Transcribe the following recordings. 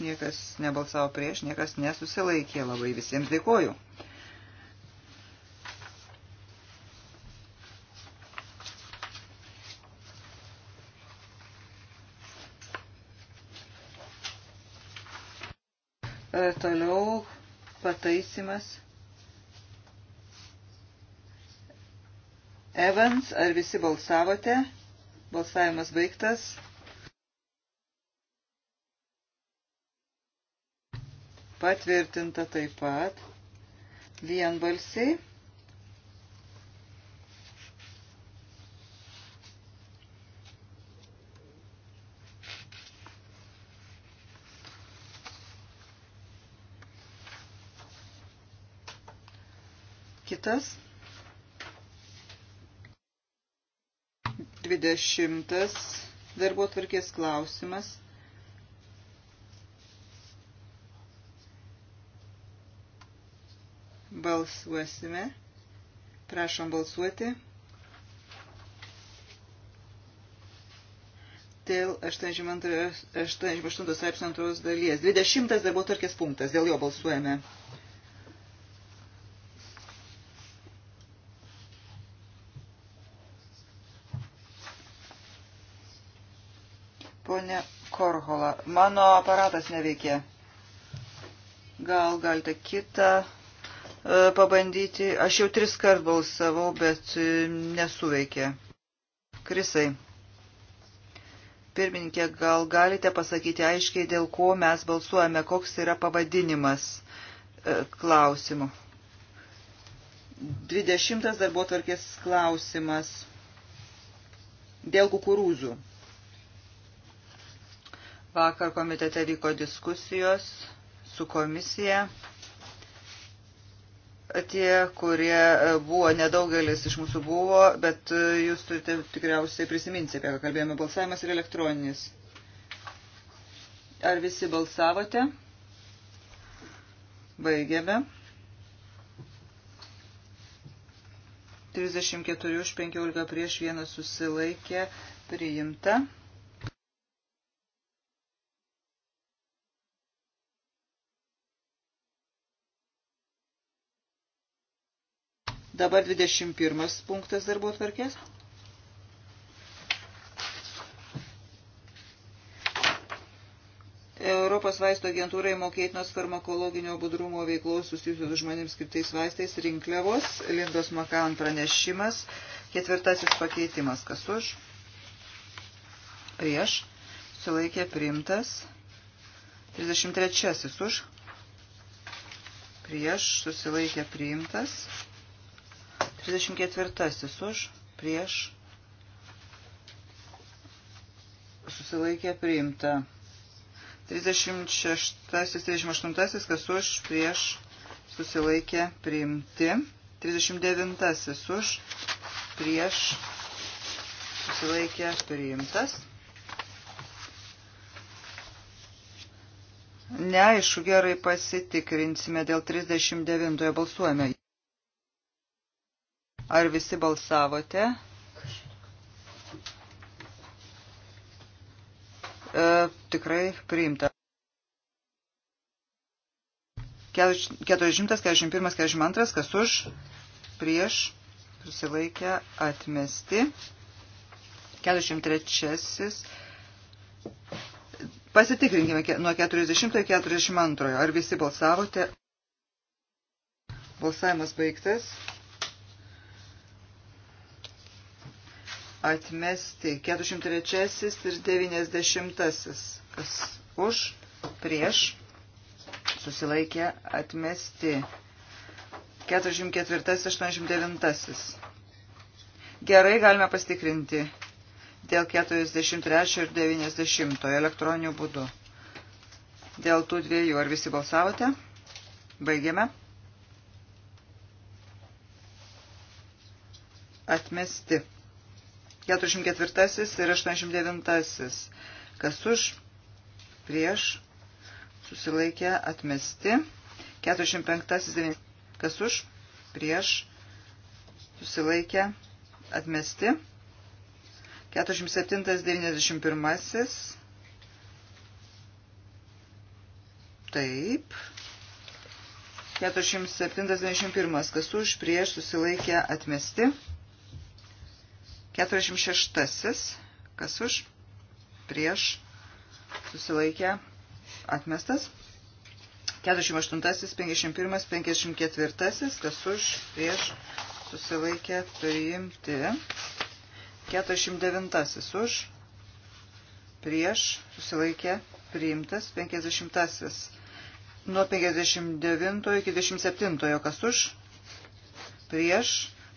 Niekas nebalsavo prieš, niekas nesusilaikė. Labai visiems dėkoju. E, toliau pataisimas. Evans, ar visi balsavote? Balsavimas baigtas. patvirtinta taip pat vienbalsiai. Kitas. Dvidešimtas darbo tvarkės klausimas. Balsuosime. Prašom balsuoti. Dėl 88 straipsnio antros dalies. 20 darbo tarkės punktas. Dėl jo balsuojame. Pone Korhola, mano aparatas neveikia. Gal galite kitą E, pabandyti. Aš jau tris kart balsavau, bet e, nesuveikė. Krisai. Pirmininkė, gal galite pasakyti aiškiai, dėl ko mes balsuojame, koks yra pavadinimas e, klausimų. 20 darbo tvarkės klausimas dėl kukurūzų. Vakar komitete vyko diskusijos su komisija tie, kurie e, buvo, nedaugelis iš mūsų buvo, bet e, jūs turite tikriausiai prisiminti, apie ką kalbėjome, balsavimas yra elektroninis. Ar visi balsavote? Baigėme. 34 už 15 prieš vieną susilaikė priimta. Dabar 21 punktas darbo tvarkės. Europos vaisto agentūrai mokėtinos farmakologinio budrumo veiklos susijusios žmonėms skirtais vaistais rinkliavos. Lindos Makan pranešimas. Ketvirtasis pakeitimas. Kas už? Prieš. Sulaikė primtas. 33 už. Prieš. Susilaikė primtas. 34 už, prieš, susilaikė priimta. 36, 38, kas už, prieš, susilaikė priimti. 39 už, prieš, susilaikė priimtas. Neaišku, gerai pasitikrinsime dėl 39 balsuojame. Ar visi balsavote? E, tikrai priimta. 441, 42, kas už, prieš, susilaikę, atmesti. 43. Pasitikrinkime nuo 40 iki 42. Ar visi balsavote? Balsavimas baigtas. atmesti 403 ir 90. Kas už, prieš, susilaikė atmesti 44, 89. Gerai galime pastikrinti dėl 43 ir 90 elektroninių būdų. Dėl tų dviejų ar visi balsavote? Baigiame. Atmesti. 44 ir 89. Kas už, prieš, susilaikė atmesti. 45, kas už, prieš, susilaikė atmesti. 47, 91. Taip. 47.91. Kas už prieš susilaikė atmesti. 46. Kas už? Prieš. Susilaikė. Atmestas. 48. 51. 54. Kas už? Prieš. Susilaikė. Priimti. 49. Už. Prieš. Susilaikė. Priimtas. 50. Nuo 59 iki 27. Kas už? Prieš.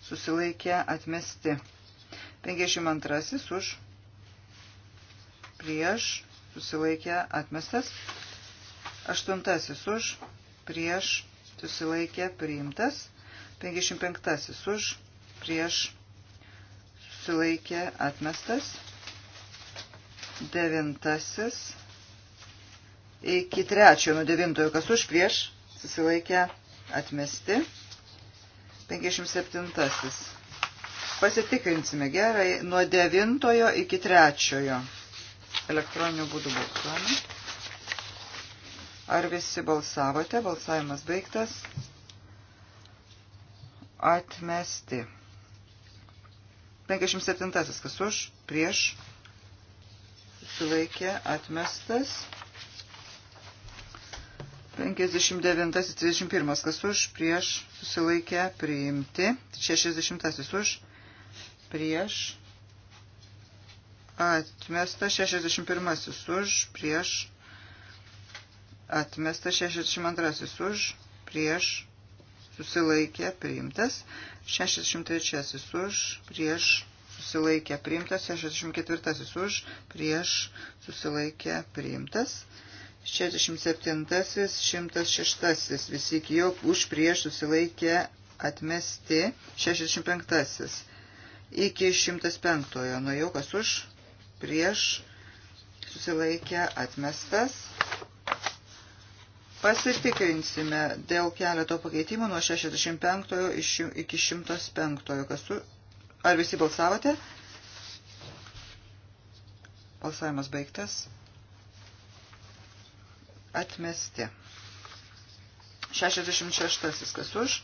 Susilaikė. Atmesti. 52 už prieš susilaikė atmestas. 8 už prieš susilaikė priimtas. 55 už prieš susilaikė atmestas. 9 iki 3 nuo 9 kas už prieš susilaikė atmesti. 57 Pasitikrinsime gerai nuo devintojo iki trečiojo. Elektroniniu būdu balsuojame. Ar visi balsavote? Balsavimas baigtas. Atmesti. 57. Kas už? Prieš. Sulaikė. Atmestas. 59-31, kas už, prieš, susilaikė, priimti, 60 už, prieš, atmesta 61 už, prieš, atmesta 62 už, prieš, susilaikė, priimtas, 63 už, prieš, susilaikė, priimtas, 64 už, prieš, susilaikė, priimtas. 67, 106, visi iki jo už prieš susilaikė atmesti 65 iki 105. Nuėjau kas už, prieš, susilaikę, atmestas. Pasitikrinsime dėl keleto pakeitimų nuo 65 iki 105. Kas tu? Ar visi balsavote? Balsavimas baigtas. Atmesti. 66. Kas už?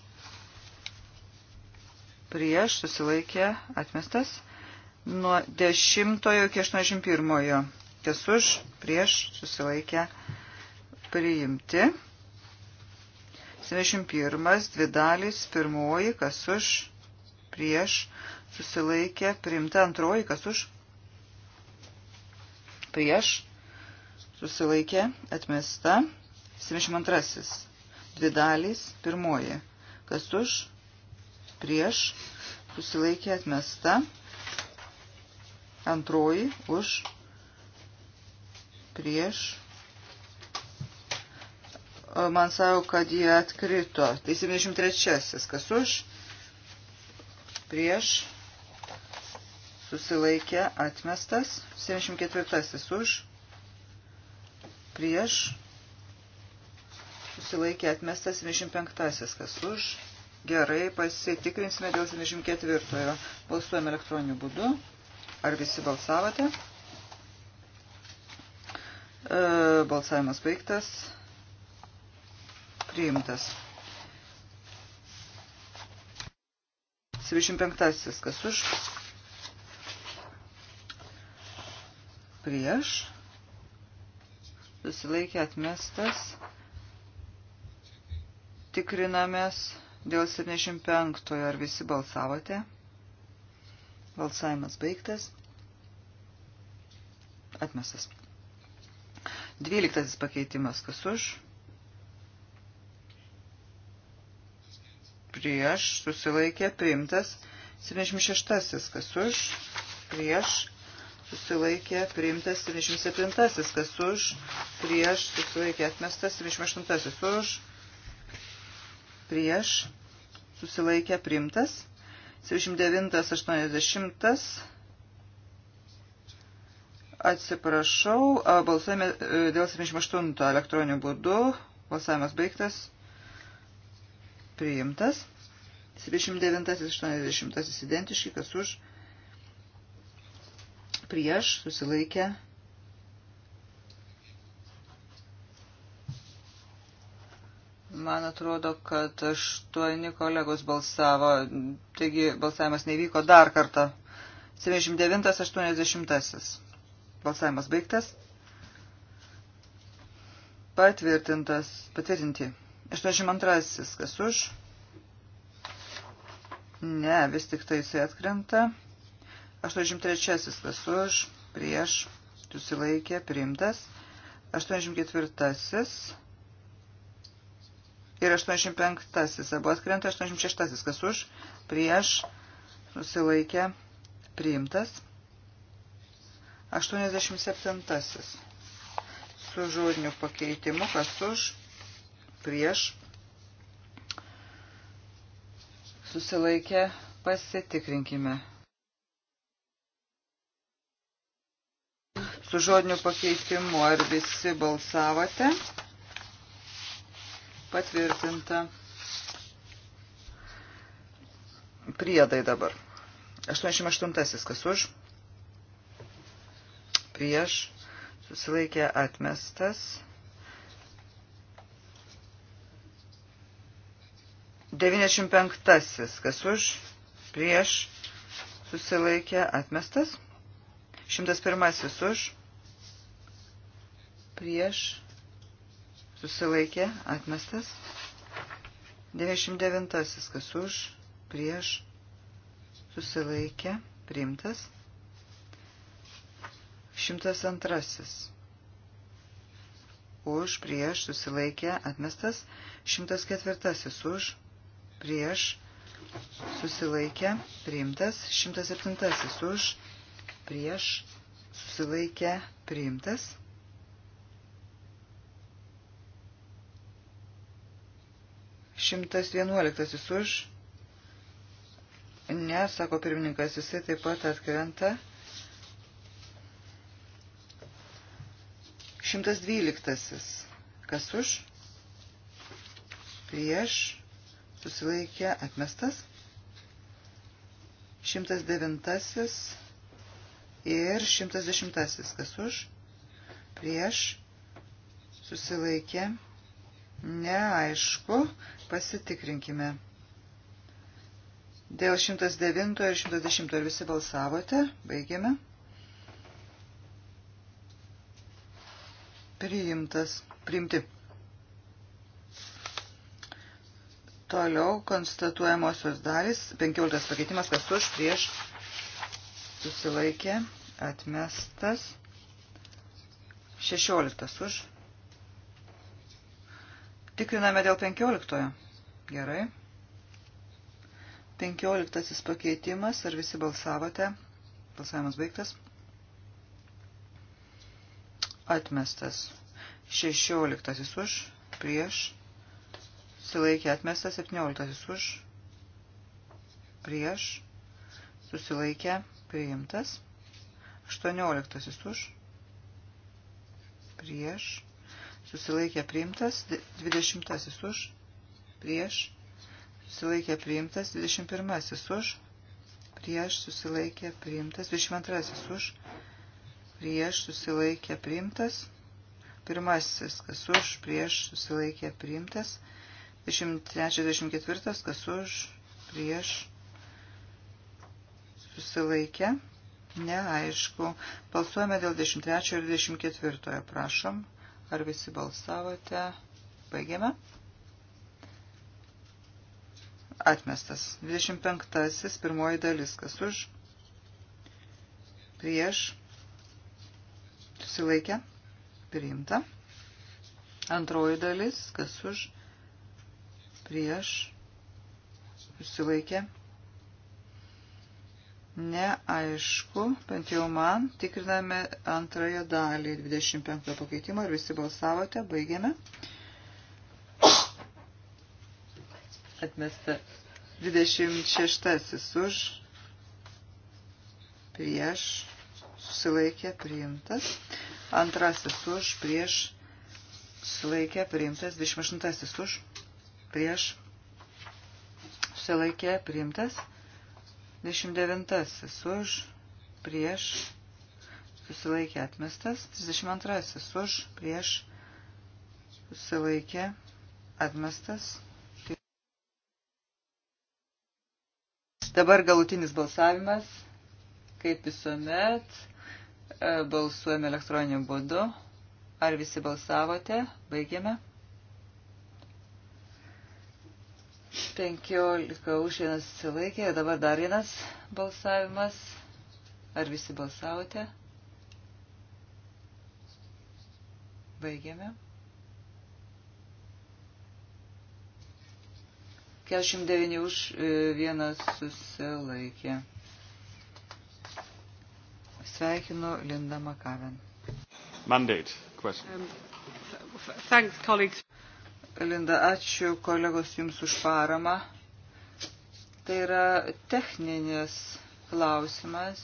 prieš susilaikė atmestas nuo 10 iki 81. Kas už prieš susilaikė priimti. 71. Dvi dalys. Pirmoji, kas už prieš susilaikė priimta. Antroji, kas už prieš susilaikė atmesta. 72. Dvi dalys. Pirmoji, kas už prieš, susilaikė atmesta, antroji už, prieš, man savo, kad jie atkrito, tai 73, kas už, prieš, susilaikė atmestas, 74 už, prieš, susilaikė atmestas 75 kas už, Gerai, pasitikrinsime dėl 74. Balsuojame elektroniniu būdu. Ar visi balsavote? E, balsavimas baigtas. Priimtas. 75. Kas už? Prieš. Susilaikė atmestas. Tikrinamės. Dėl 75-ojo ar visi balsavote? Balsavimas baigtas. Atmestas. 12 pakeitimas kas už? Prieš susilaikė priimtas. 76 kas už? Prieš susilaikė priimtas 77, kas už, prieš susilaikė atmestas 78, už, prieš, susilaikė primtas. 79-80, atsiprašau, balsuojame e, dėl 78 elektroninių būdų, balsavimas baigtas, priimtas. 79-80 identiški, kas už, prieš, susilaikė primtas Man atrodo, kad aštuoni kolegos balsavo, taigi balsavimas nevyko dar kartą. 79-80. Balsavimas baigtas. Patvirtintas. Patvirtinti. 82. Kas už? Ne, vis tik tai jisai atkrenta. 83. Kas už? Prieš. Susilaikė. Priimtas. 84 ir 85-asis. Abu atkrenta 86-asis. Kas už, prieš, susilaikė, priimtas. 87-asis. Su žodiniu pakeitimu, kas už, prieš, susilaikė, pasitikrinkime. Su žodiniu pakeitimu, ar visi balsavote? patvirtinta. Priedai dabar. 88. Kas už? Prieš. Susilaikė atmestas. 95. Kas už? Prieš. Susilaikė atmestas. 101. Už. Prieš susilaikė, atmestas. 99. Kas už, prieš, susilaikė, priimtas. 102. Už, prieš, susilaikė, atmestas. 104. Už, prieš, susilaikė, priimtas. 107. Už, prieš, susilaikė, priimtas. 111 už. Ne, sako pirmininkas, jisai taip pat atkrenta. 112. Kas už? Prieš susilaikė atmestas. 109 ir 110. Kas už? Prieš susilaikė atmestas Neaišku, pasitikrinkime. Dėl 109 ir 110 ar visi balsavote? Baigiame. Priimtas. Priimti. Toliau konstatuojamosios dalys, 15 pakeitimas, kas už prieš susilaikė, atmestas, 16 už Tikriname dėl 15. Gerai. 15 pakeitimas. Ar visi balsavote? Balsavimas baigtas. Atmestas. 16 už. Prieš. Susilaikė atmestas. 17 už. Prieš. Susilaikė priimtas. 18 už. Prieš susilaikė priimtas, 20 už, prieš, susilaikė priimtas, 21 už, prieš, susilaikė priimtas, 22 už, prieš, susilaikė priimtas, pirmasis, kas už, prieš, susilaikė priimtas, 23-24, kas už, prieš, susilaikė, neaišku, balsuojame dėl 23 ir 24, prašom. Ar visi balsavote? Baigiame. Atmestas. 25. Pirmoji dalis. Kas už? Prieš. Susilaikę. Priimta. Antroji dalis. Kas už? Prieš. Susilaikė. Prieš neaišku, bent jau man, tikriname antrąją dalį 25 pakeitimo ir visi balsavote, baigiame. Atmesta 26 už, prieš, susilaikė, priimtas. Antrasis už, prieš, susilaikė, priimtas. 28 už, prieš, susilaikė, priimtas. 29 už, prieš, susilaikė atmestas. 32 už, prieš, susilaikė atmestas. Dabar galutinis balsavimas, kaip visuomet, e, balsuojame elektroniniu būdu. Ar visi balsavote? Baigėme. 15 už vienas atsilaikė, dabar dar vienas balsavimas. Ar visi balsavote? Baigiame. 49 už e, vienas susilaikė. Sveikinu Lindą Makaven. Mandate question. Um, thanks, colleagues. Linda, ačiū kolegos Jums už paramą. Tai yra techninis klausimas.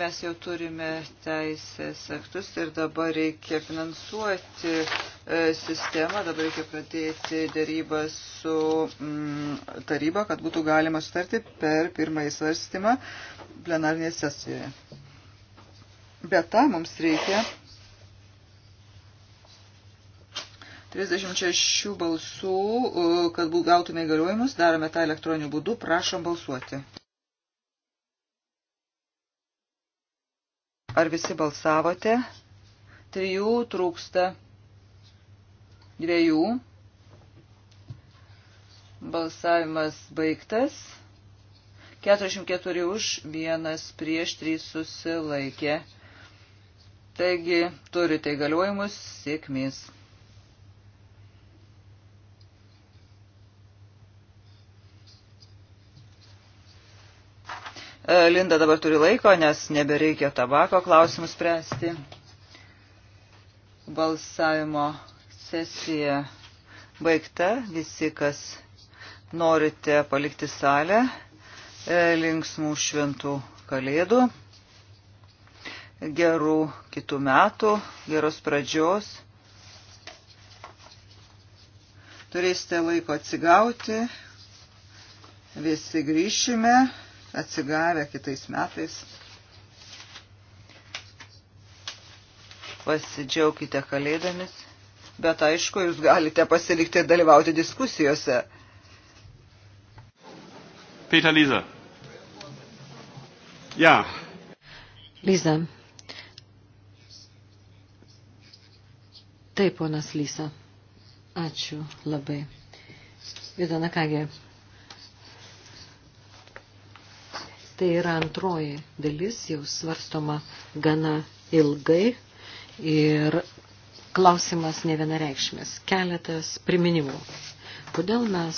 Mes jau turime teisės aktus ir dabar reikia finansuoti e, sistemą, dabar reikia pradėti dėrybą su mm, taryba, kad būtų galima sutarti per pirmąjį svarstymą plenarnėje sesijoje. Bet tą mums reikia 36 balsų, kad gautume įgaliojimus, darome tą elektroniniu būdu, prašom balsuoti. Ar visi balsavote? Trijų trūksta dviejų. Balsavimas baigtas. 44 už, vienas prieš, trys susilaikė. Taigi turite įgaliojimus, sėkmės. E, Linda dabar turi laiko, nes nebereikia tabako klausimus spręsti. Balsavimo sesija baigta. Visi, kas norite palikti salę, e, linksmų šventų kalėdų, gerų kitų metų, geros pradžios. Turėsite laiko atsigauti. Visi grįšime atsigavę kitais metais. Pasidžiaukite kalėdomis, bet aišku, jūs galite pasilikti ir dalyvauti diskusijose. Peter Lisa. Ja. Lisa. Taip, ponas Lysa. Ačiū labai. Vidana kągi, Tai yra antroji dalis, jau svarstoma gana ilgai ir klausimas ne vienareikšmės. Keletas priminimų. Kodėl mes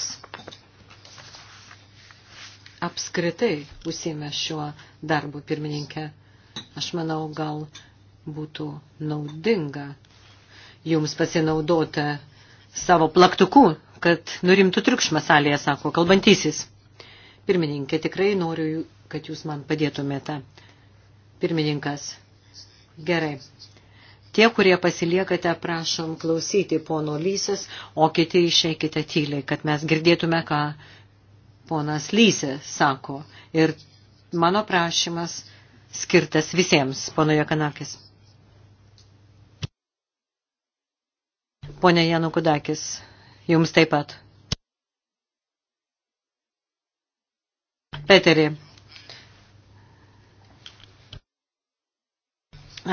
apskritai užsėmė šiuo darbu pirmininkė, aš manau, gal būtų naudinga jums pasinaudoti savo plaktuku, kad nurimtų triukšmą salėje, sako kalbantysis. Pirmininkė, tikrai noriu kad jūs man padėtumėte. Pirmininkas. Gerai. Tie, kurie pasiliekate, prašom klausyti pono Lysės, o kiti išeikite tyliai, kad mes girdėtume, ką ponas Lysė sako. Ir mano prašymas skirtas visiems, pono Jokanakis. Pone Janukudakis, jums taip pat. Peterį.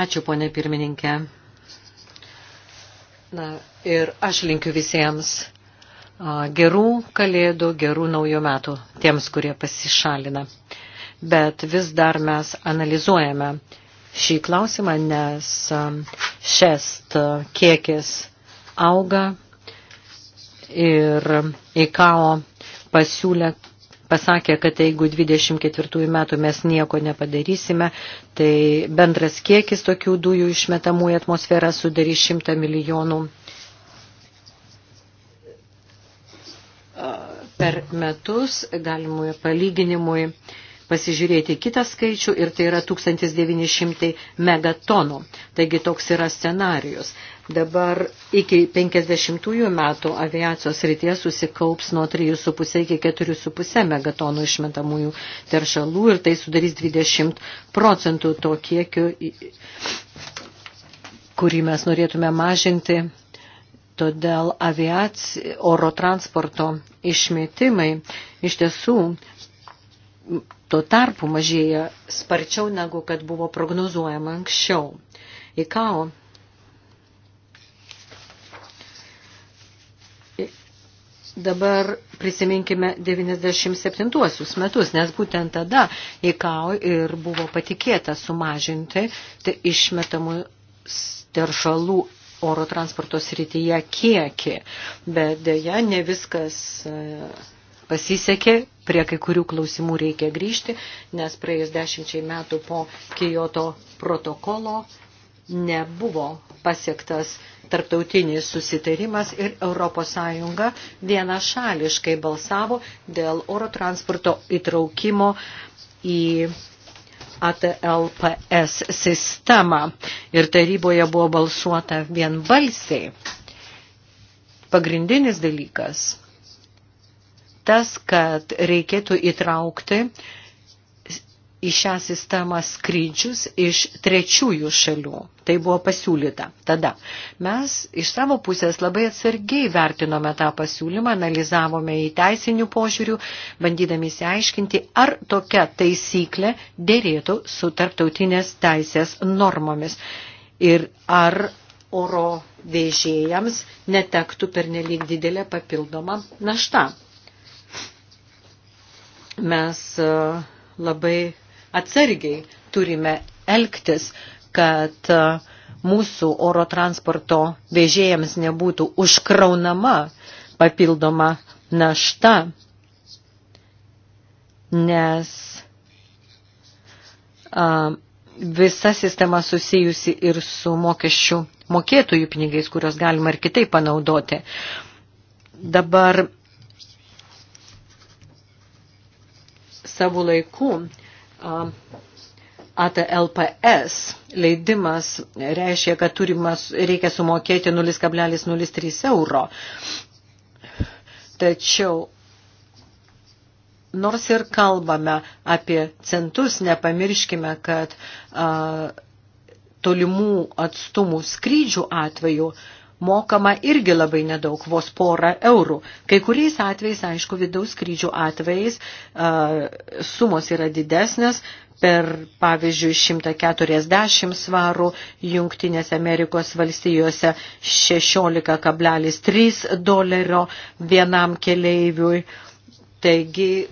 Ačiū, ponė pirmininkė. Na, ir aš linkiu visiems gerų kalėdų, gerų naujų metų tiems, kurie pasišalina. Bet vis dar mes analizuojame šį klausimą, nes šest kiekis auga ir IKAO pasiūlė pasakė, kad jeigu 24 metų mes nieko nepadarysime, tai bendras kiekis tokių dujų išmetamų į atmosferą sudarys 100 milijonų per metus galimui palyginimui pasižiūrėti kitą skaičių ir tai yra 1900 megatonų. Taigi toks yra scenarius. Dabar iki 50 metų aviacijos rytie susikaups nuo 3,5 iki 4,5 megatonų išmetamųjų teršalų ir tai sudarys 20 procentų to kiekio, kurį mes norėtume mažinti Todėl aviacija, oro transporto išmetimai iš tiesų Tuo tarpu mažėja sparčiau negu kad buvo prognozuojama anksčiau. ICAO Dabar prisiminkime 97 metus, nes būtent tada ICAO ir buvo patikėta sumažinti tai išmetamų teršalų oro transporto srityje kiekį, bet dėja ne viskas e, pasisekė, prie kai kurių klausimų reikia grįžti, nes praėjus dešimčiai metų po Kijoto protokolo nebuvo pasiektas tarptautinis susitarimas ir ES vienašališkai balsavo dėl oro transporto įtraukimo į ATLPS sistemą ir taryboje buvo balsuota vienbalsiai. Pagrindinis dalykas tas, kad reikėtų įtraukti į šią sistemą skrydžius iš trečiųjų šalių. Tai buvo pasiūlyta. Tada mes iš savo pusės labai atsargiai vertinome tą pasiūlymą, analizavome į teisinių požiūrių, bandydami įsiaiškinti, ar tokia taisyklė dėrėtų su tarptautinės teisės normomis ir ar oro vežėjams netektų pernelyg didelė papildoma našta mes e, labai atsargiai turime elgtis, kad e, mūsų oro transporto vežėjams nebūtų užkraunama papildoma našta, nes a, visa sistema susijusi ir su mokesčių mokėtojų pinigais, kurios galima ir kitaip panaudoti. Dabar savo laiku ATLPS leidimas reiškia, kad turimas, reikia sumokėti 0,03 euro. Tačiau nors ir kalbame apie centus, nepamirškime, kad a, tolimų atstumų skrydžių atveju a, mokama irgi labai nedaug, vos porą eurų. Kai kuriais atvejais, aišku, vidaus skrydžių atvejais sumos yra didesnės, per, pavyzdžiui, 140 svarų, Junktinės Amerikos valstijose 16,3 dolerio vienam keleiviui. Taigi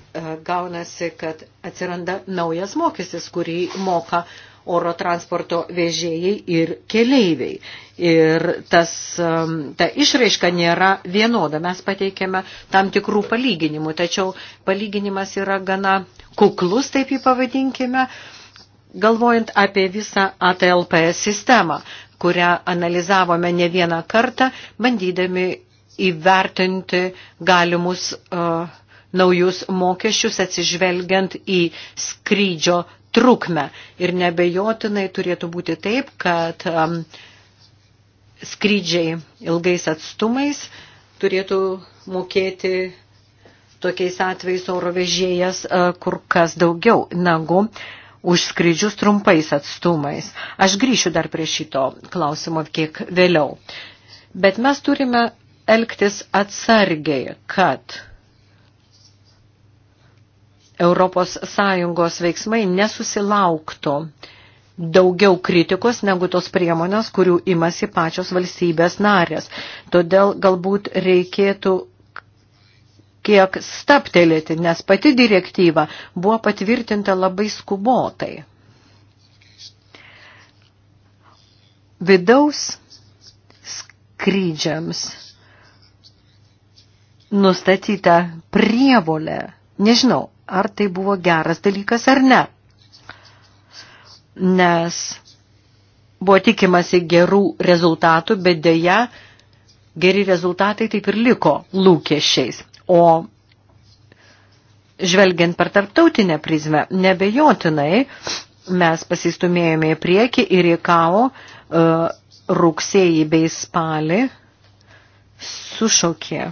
gaunasi, kad atsiranda naujas mokestis, kurį moka oro transporto vežėjai ir keleiviai. Ir tas, um, ta išraiška nėra vienoda. Mes pateikėme tam tikrų palyginimų, tačiau palyginimas yra gana kuklus, taip jį pavadinkime, galvojant apie visą ATLPS sistemą, kurią analizavome ne vieną kartą, bandydami įvertinti galimus uh, naujus mokesčius atsižvelgiant į skrydžio trukmę. Ir nebejotinai turėtų būti taip, kad um, skrydžiai ilgais atstumais turėtų mokėti tokiais atvejais oro vežėjas uh, kur kas daugiau negu už skrydžius trumpais atstumais. Aš grįšiu dar prie šito klausimo kiek vėliau. Bet mes turime elgtis atsargiai, kad ES veiksmai nesusilauktų daugiau kritikos negu tos priemonės, kurių imasi pačios valstybės narės. Todėl galbūt reikėtų kiek staptelėti, nes pati direktyva buvo patvirtinta labai skubotai. Vidaus skrydžiams nustatyta prievolė, nežinau, ar tai buvo geras dalykas ar ne. Nes buvo tikimasi gerų rezultatų, bet dėja geri rezultatai taip ir liko lūkesčiais. O žvelgiant per tarptautinę prizmę, nebejotinai mes pasistumėjome į priekį ir į kao uh, rugsėjį bei spalį sušaukė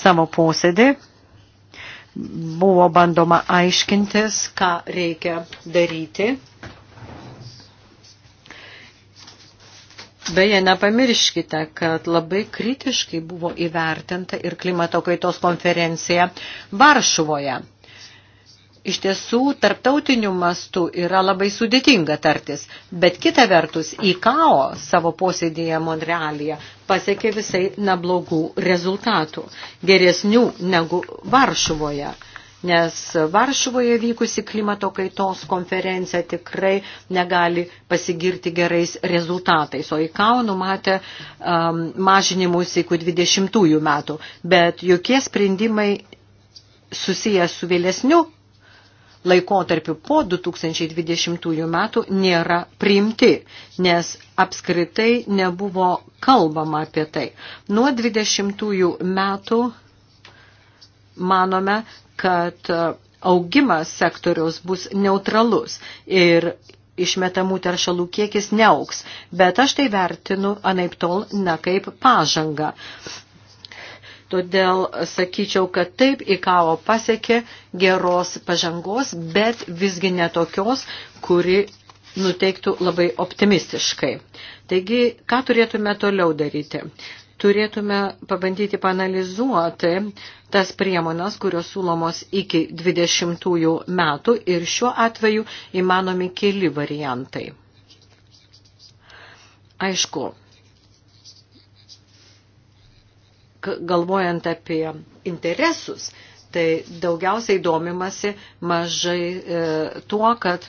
savo posėdį buvo bandoma aiškintis, ką reikia daryti. Beje, nepamirškite, kad labai kritiškai buvo įvertinta ir klimato kaitos konferencija Varšuvoje iš tiesų tarptautinių mastų yra labai sudėtinga tartis, bet kita vertus IKAO savo posėdėje Monrealyje pasiekė visai neblogų rezultatų, geresnių negu Varšuvoje. Nes Varšuvoje vykusi klimato kaitos konferencija tikrai negali pasigirti gerais rezultatais, o IKAO numatė um, mažinimus iki 20 metų, bet jokie sprendimai susijęs su vėlesniu laikotarpiu po 2020 metų nėra priimti, nes apskritai nebuvo kalbama apie tai. Nuo 20 metų manome, kad e, augimas sektoriaus bus neutralus ir išmetamų teršalų kiekis neauks, bet aš tai vertinu anaip tol ne kaip pažanga. Todėl sakyčiau, kad taip IKAO pasiekė geros pažangos, bet visgi netokios, kuri nuteiktų labai optimistiškai. Taigi, ką turėtume toliau daryti? Turėtume pabandyti panalizuoti tas priemonas, kurios siūlomos iki 20 metų ir šiuo atveju įmanomi keli variantai. Aišku, galvojant apie interesus, tai daugiausiai domimasi mažai e, tuo, kad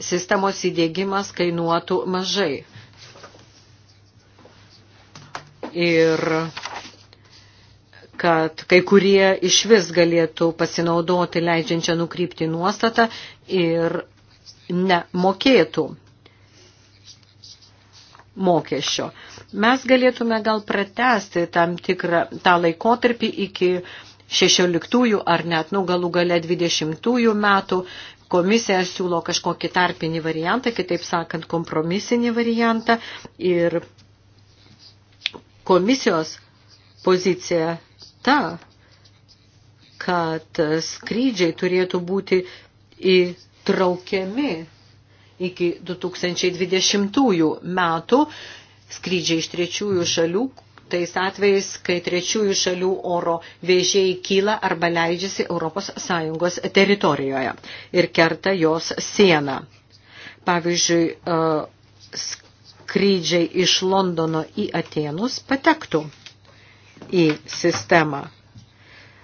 sistemos įdėgymas kainuotų mažai. Ir kad kai kurie iš vis galėtų pasinaudoti leidžiančią nukrypti nuostatą ir nemokėtų mokesčio. Mes galėtume gal pratesti tam tikrą tą laikotarpį iki 16 ar net nu galų gale 20 metų. Komisija siūlo kažkokį tarpinį variantą, kitaip sakant, kompromisinį variantą. Ir komisijos pozicija ta, kad skrydžiai turėtų būti įtraukiami iki 2020 metų skrydžiai iš trečiųjų šalių, tais atvejais, kai trečiųjų šalių oro vežėjai kyla arba leidžiasi ES teritorijoje ir kerta jos sieną. Pavyzdžiui, e, skrydžiai iš Londono į Atenus patektų į sistemą.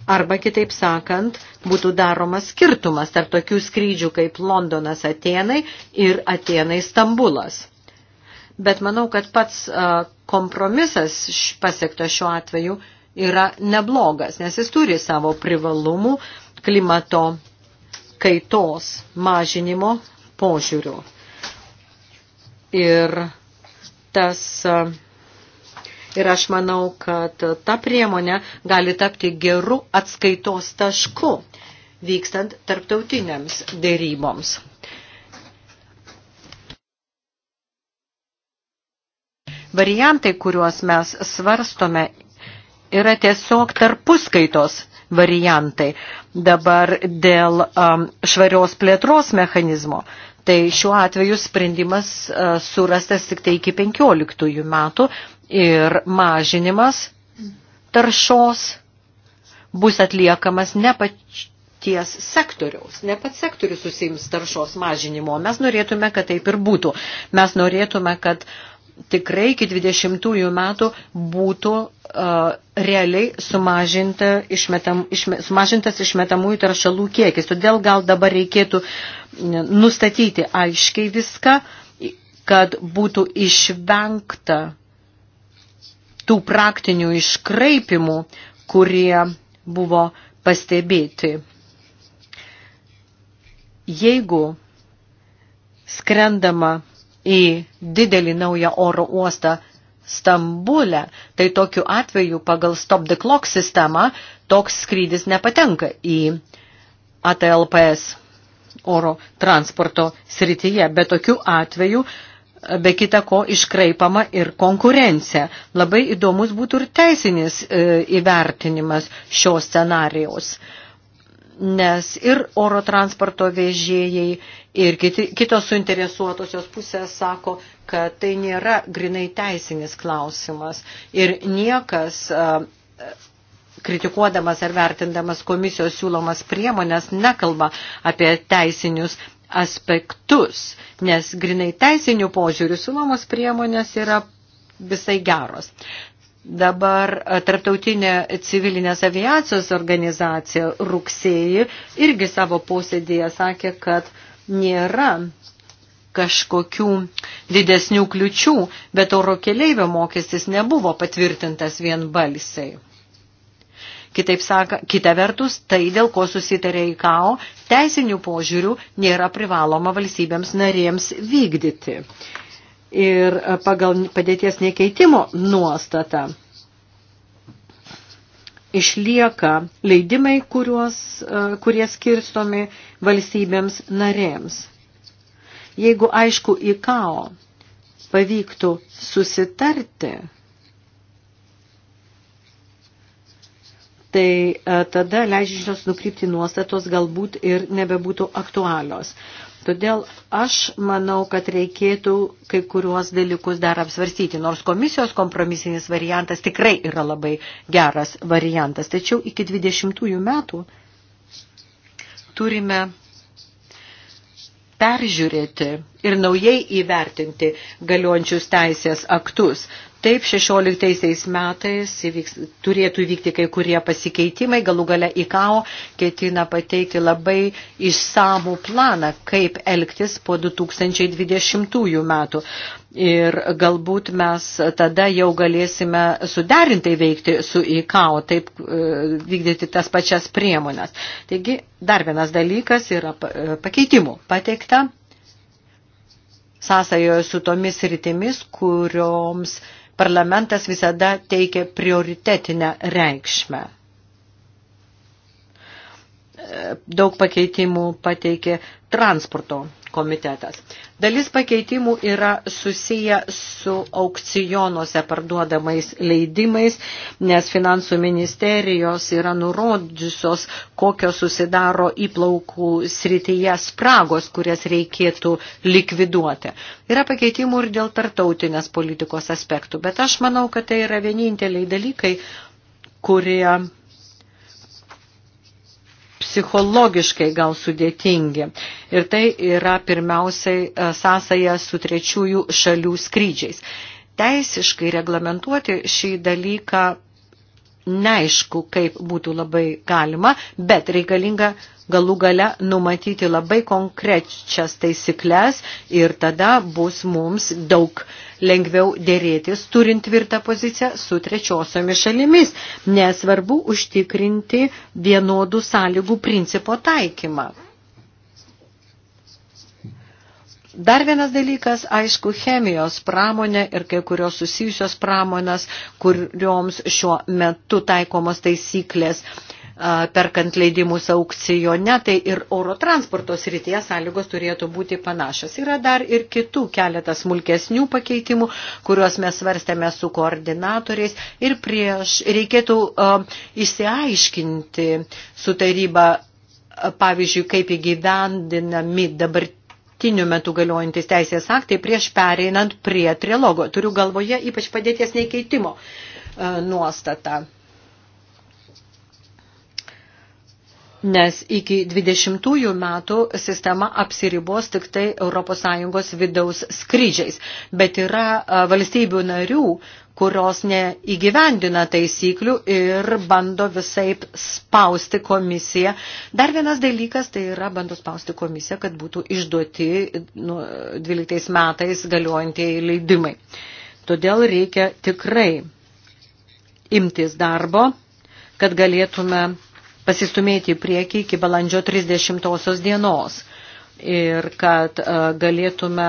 Arba kitaip sakant, būtų daromas skirtumas tarp tokių skrydžių kaip Londonas Atenai ir Atenai Stambulas bet manau, kad pats kompromisas pasiektas šiuo atveju yra neblogas, nes jis turi savo privalumų klimato kaitos mažinimo požiūrių. Ir tas ir aš manau, kad ta priemonė gali tapti geru atskaitos tašku vykstant tarptautiniams dėryboms. Variantai, kuriuos mes svarstome, yra tiesiog tarpuskaitos variantai dabar dėl um, švarios plėtros mechanizmo. Tai šiuo atveju sprendimas uh, surastas tik tai iki 15 metų ir mažinimas taršos bus atliekamas ne paties sektoriaus, ne pats sektorius susims taršos mažinimo. Mes norėtume, kad taip ir būtų. Mes norėtume, kad tikrai iki 20 metų būtų uh, realiai sumažinta išmetam, išme, sumažintas išmetamųjų taršalų kiekis. Todėl gal dabar reikėtų nustatyti aiškiai viską, kad būtų išvengta tų praktinių iškraipimų, kurie buvo pastebėti. Jeigu skrendama į didelį naują oro uostą Stambulę, tai tokiu atveju pagal Stop the Clock sistemą toks skrydis nepatenka į ATLPS oro transporto srityje, bet tokiu atveju be kita ko iškraipama ir konkurencija. Labai įdomus būtų ir teisinis e, įvertinimas šios scenarijaus. E, nes ir oro transporto vežėjai, ir kiti, kitos suinteresuotosios pusės sako, kad tai nėra grinai teisinis klausimas. Ir niekas kritikuodamas ar vertindamas komisijos siūlomas priemonės nekalba apie teisinius aspektus, nes grinai teisinių požiūrių siūlomos priemonės yra visai geros. Dabar e, Tarptautinė civilinės aviacijos organizacija rugsėjį irgi savo posėdėje sakė, kad nėra kažkokių didesnių kliučių, bet oro keleivio mokestis nebuvo patvirtintas vienbalsiai. Kitaip saka, kita vertus, tai dėl ko susitarė IKAO, teisinių požiūrių nėra privaloma valstybėms narėms vykdyti ir e, pagal padėties nekeitimo nuostatą išlieka leidimai, kuriuos, e, kurie skirstomi valstybėms narėms. Jeigu aišku į kao pavyktų susitarti, tai e, tada leidžiančios nukrypti nuostatos galbūt ir nebebūtų aktualios. Todėl aš manau, kad reikėtų kai kuriuos dalykus dar apsvarstyti, nors komisijos kompromisinis variantas tikrai yra labai geras variantas. Tačiau iki 20 metų turime peržiūrėti ir naujai įvertinti galiojančius teisės aktus. Taip, 16 metais įvyks, turėtų įvykti kai kurie pasikeitimai, galų gale IKAO ketina pateikti labai išsamų planą, kaip elgtis po 2020 metų. Ir galbūt mes tada jau galėsime suderintai veikti su ICAO, taip e, vykdyti tas pačias priemonės. Taigi, dar vienas dalykas yra e, pakeitimų pateikta sąsajoje su tomis rytimis, kurioms parlamentas visada teikia prioritetinę reikšmę. E, daug pakeitimų pateikė transporto komitetas. Dalis pakeitimų yra susiję su aukcijonuose parduodamais leidimais, nes finansų ministerijos yra nurodžiusios, kokios susidaro įplaukų srityje spragos, kurias reikėtų likviduoti. Yra pakeitimų ir dėl tartautinės politikos aspektų, bet aš manau, kad tai yra vieninteliai dalykai, kurie psichologiškai gal sudėtingi. Ir tai yra pirmiausiai e, sąsaja su trečiųjų šalių skrydžiais. Teisiškai reglamentuoti šį dalyką neaišku, kaip būtų labai galima, bet reikalinga galų gale numatyti labai konkrečias taisyklės ir tada bus mums daug lengviau dėrėtis, turint tvirtą poziciją su trečiosiomis šalimis, nesvarbu užtikrinti vienodų sąlygų principo taikymą. Dar vienas dalykas, aišku, chemijos pramonė ir kai kurios susijusios pramonės, kurioms šiuo metu taikomos taisyklės perkant leidimus aukcijone, tai ir oro transporto srityje sąlygos turėtų būti panašios. Yra dar ir kitų keletas smulkesnių pakeitimų, kuriuos mes svarstėme su koordinatoriais ir prieš reikėtų uh, išsiaiškinti su taryba, uh, pavyzdžiui, kaip įgyvendinami dabar dabartiniu metu galiojantis teisės aktai prieš pereinant prie trilogo. Turiu galvoje ypač padėties nekeitimo nuostatą. nes iki 20 metų sistema apsiribos tik tai ES vidaus skrydžiais, bet yra valstybių narių, kurios neįgyvendina taisyklių ir bando visaip spausti komisiją. Dar vienas dalykas tai yra bando spausti komisiją, kad būtų išduoti nu, 12 metais galiojantieji leidimai. Todėl reikia tikrai imtis darbo, kad galėtume pasistumėti į priekį iki balandžio 30 dienos ir kad e, galėtume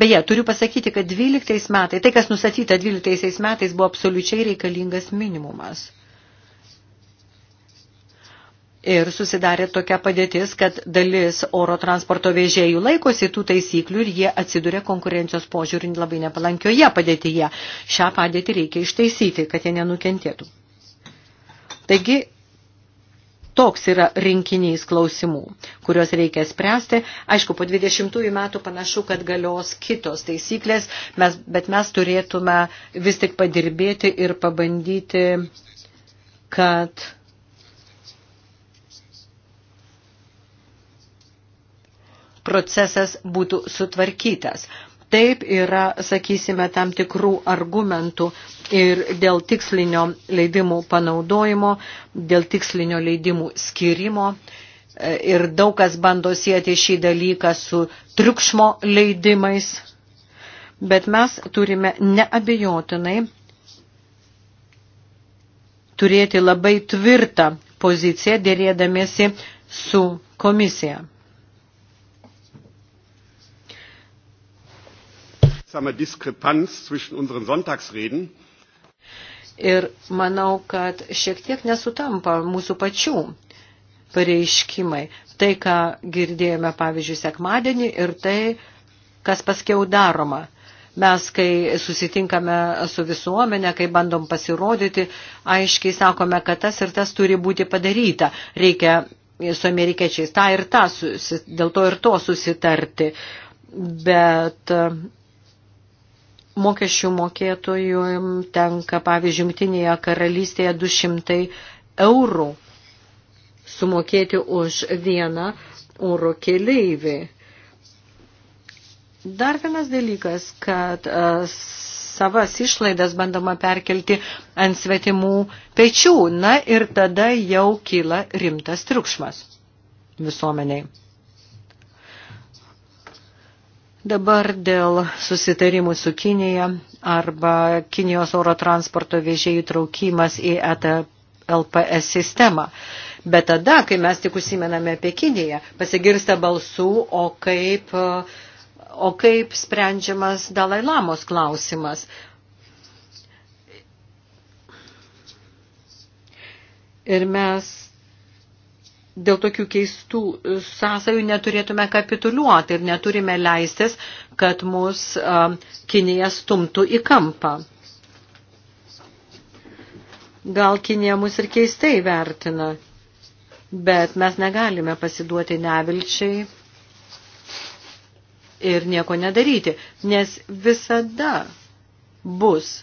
Beje, turiu pasakyti, kad 12 metai, tai kas nustatyta 12 metais, buvo absoliučiai reikalingas minimumas ir susidarė tokia padėtis, kad dalis oro transporto vežėjų laikosi tų taisyklių ir jie atsiduria konkurencijos požiūrį labai nepalankioje padėtyje. Šią padėtį reikia ištaisyti, kad jie nenukentėtų. Taigi, Toks yra rinkinys klausimų, kuriuos reikia spręsti. Aišku, po 20 metų panašu, kad galios kitos taisyklės, mes, bet mes turėtume vis tik padirbėti ir pabandyti, kad procesas būtų sutvarkytas. Taip yra, sakysime, tam tikrų argumentų ir dėl tikslinio leidimų panaudojimo, dėl tikslinio leidimų skirimo. E, ir daug kas bando sieti šį dalyką su triukšmo leidimais. Bet mes turime neabejotinai turėti labai tvirtą poziciją dėrėdamėsi su komisija. seltsamer Diskrepanz zwischen unseren Sonntagsreden. Ir manau, kad šiek tiek nesutampa mūsų pačių pareiškimai. Tai, ką girdėjome, pavyzdžiui, sekmadienį ir tai, kas paskiau daroma. Mes, kai susitinkame su visuomenė, kai bandom pasirodyti, aiškiai sakome, kad tas ir tas turi būti padaryta. Reikia su amerikiečiais tą ir tą, susi, dėl to ir to susitarti. Bet mokesčių mokėtojų tenka, pavyzdžiui, Jungtinėje karalystėje 200 eurų sumokėti už vieną oro keleivį. Dar vienas dalykas, kad e, savas išlaidas bandoma perkelti ant svetimų pečių. Na ir tada jau kyla rimtas triukšmas visuomeniai. Dabar dėl susitarimų su Kinėje arba Kinijos oro transporto vežėjų traukimas į ETLPS sistemą. Bet tada, kai mes tik užsimename apie Kiniją, pasigirsta balsų, o kaip, o kaip sprendžiamas Dalai Lamos klausimas. Ir mes dėl tokių keistų e, sąsajų neturėtume kapituliuoti ir neturime leistis, kad mus e, Kinija stumtų į kampą. Gal Kinija mus ir keistai vertina, bet mes negalime pasiduoti nevilčiai ir nieko nedaryti, nes visada bus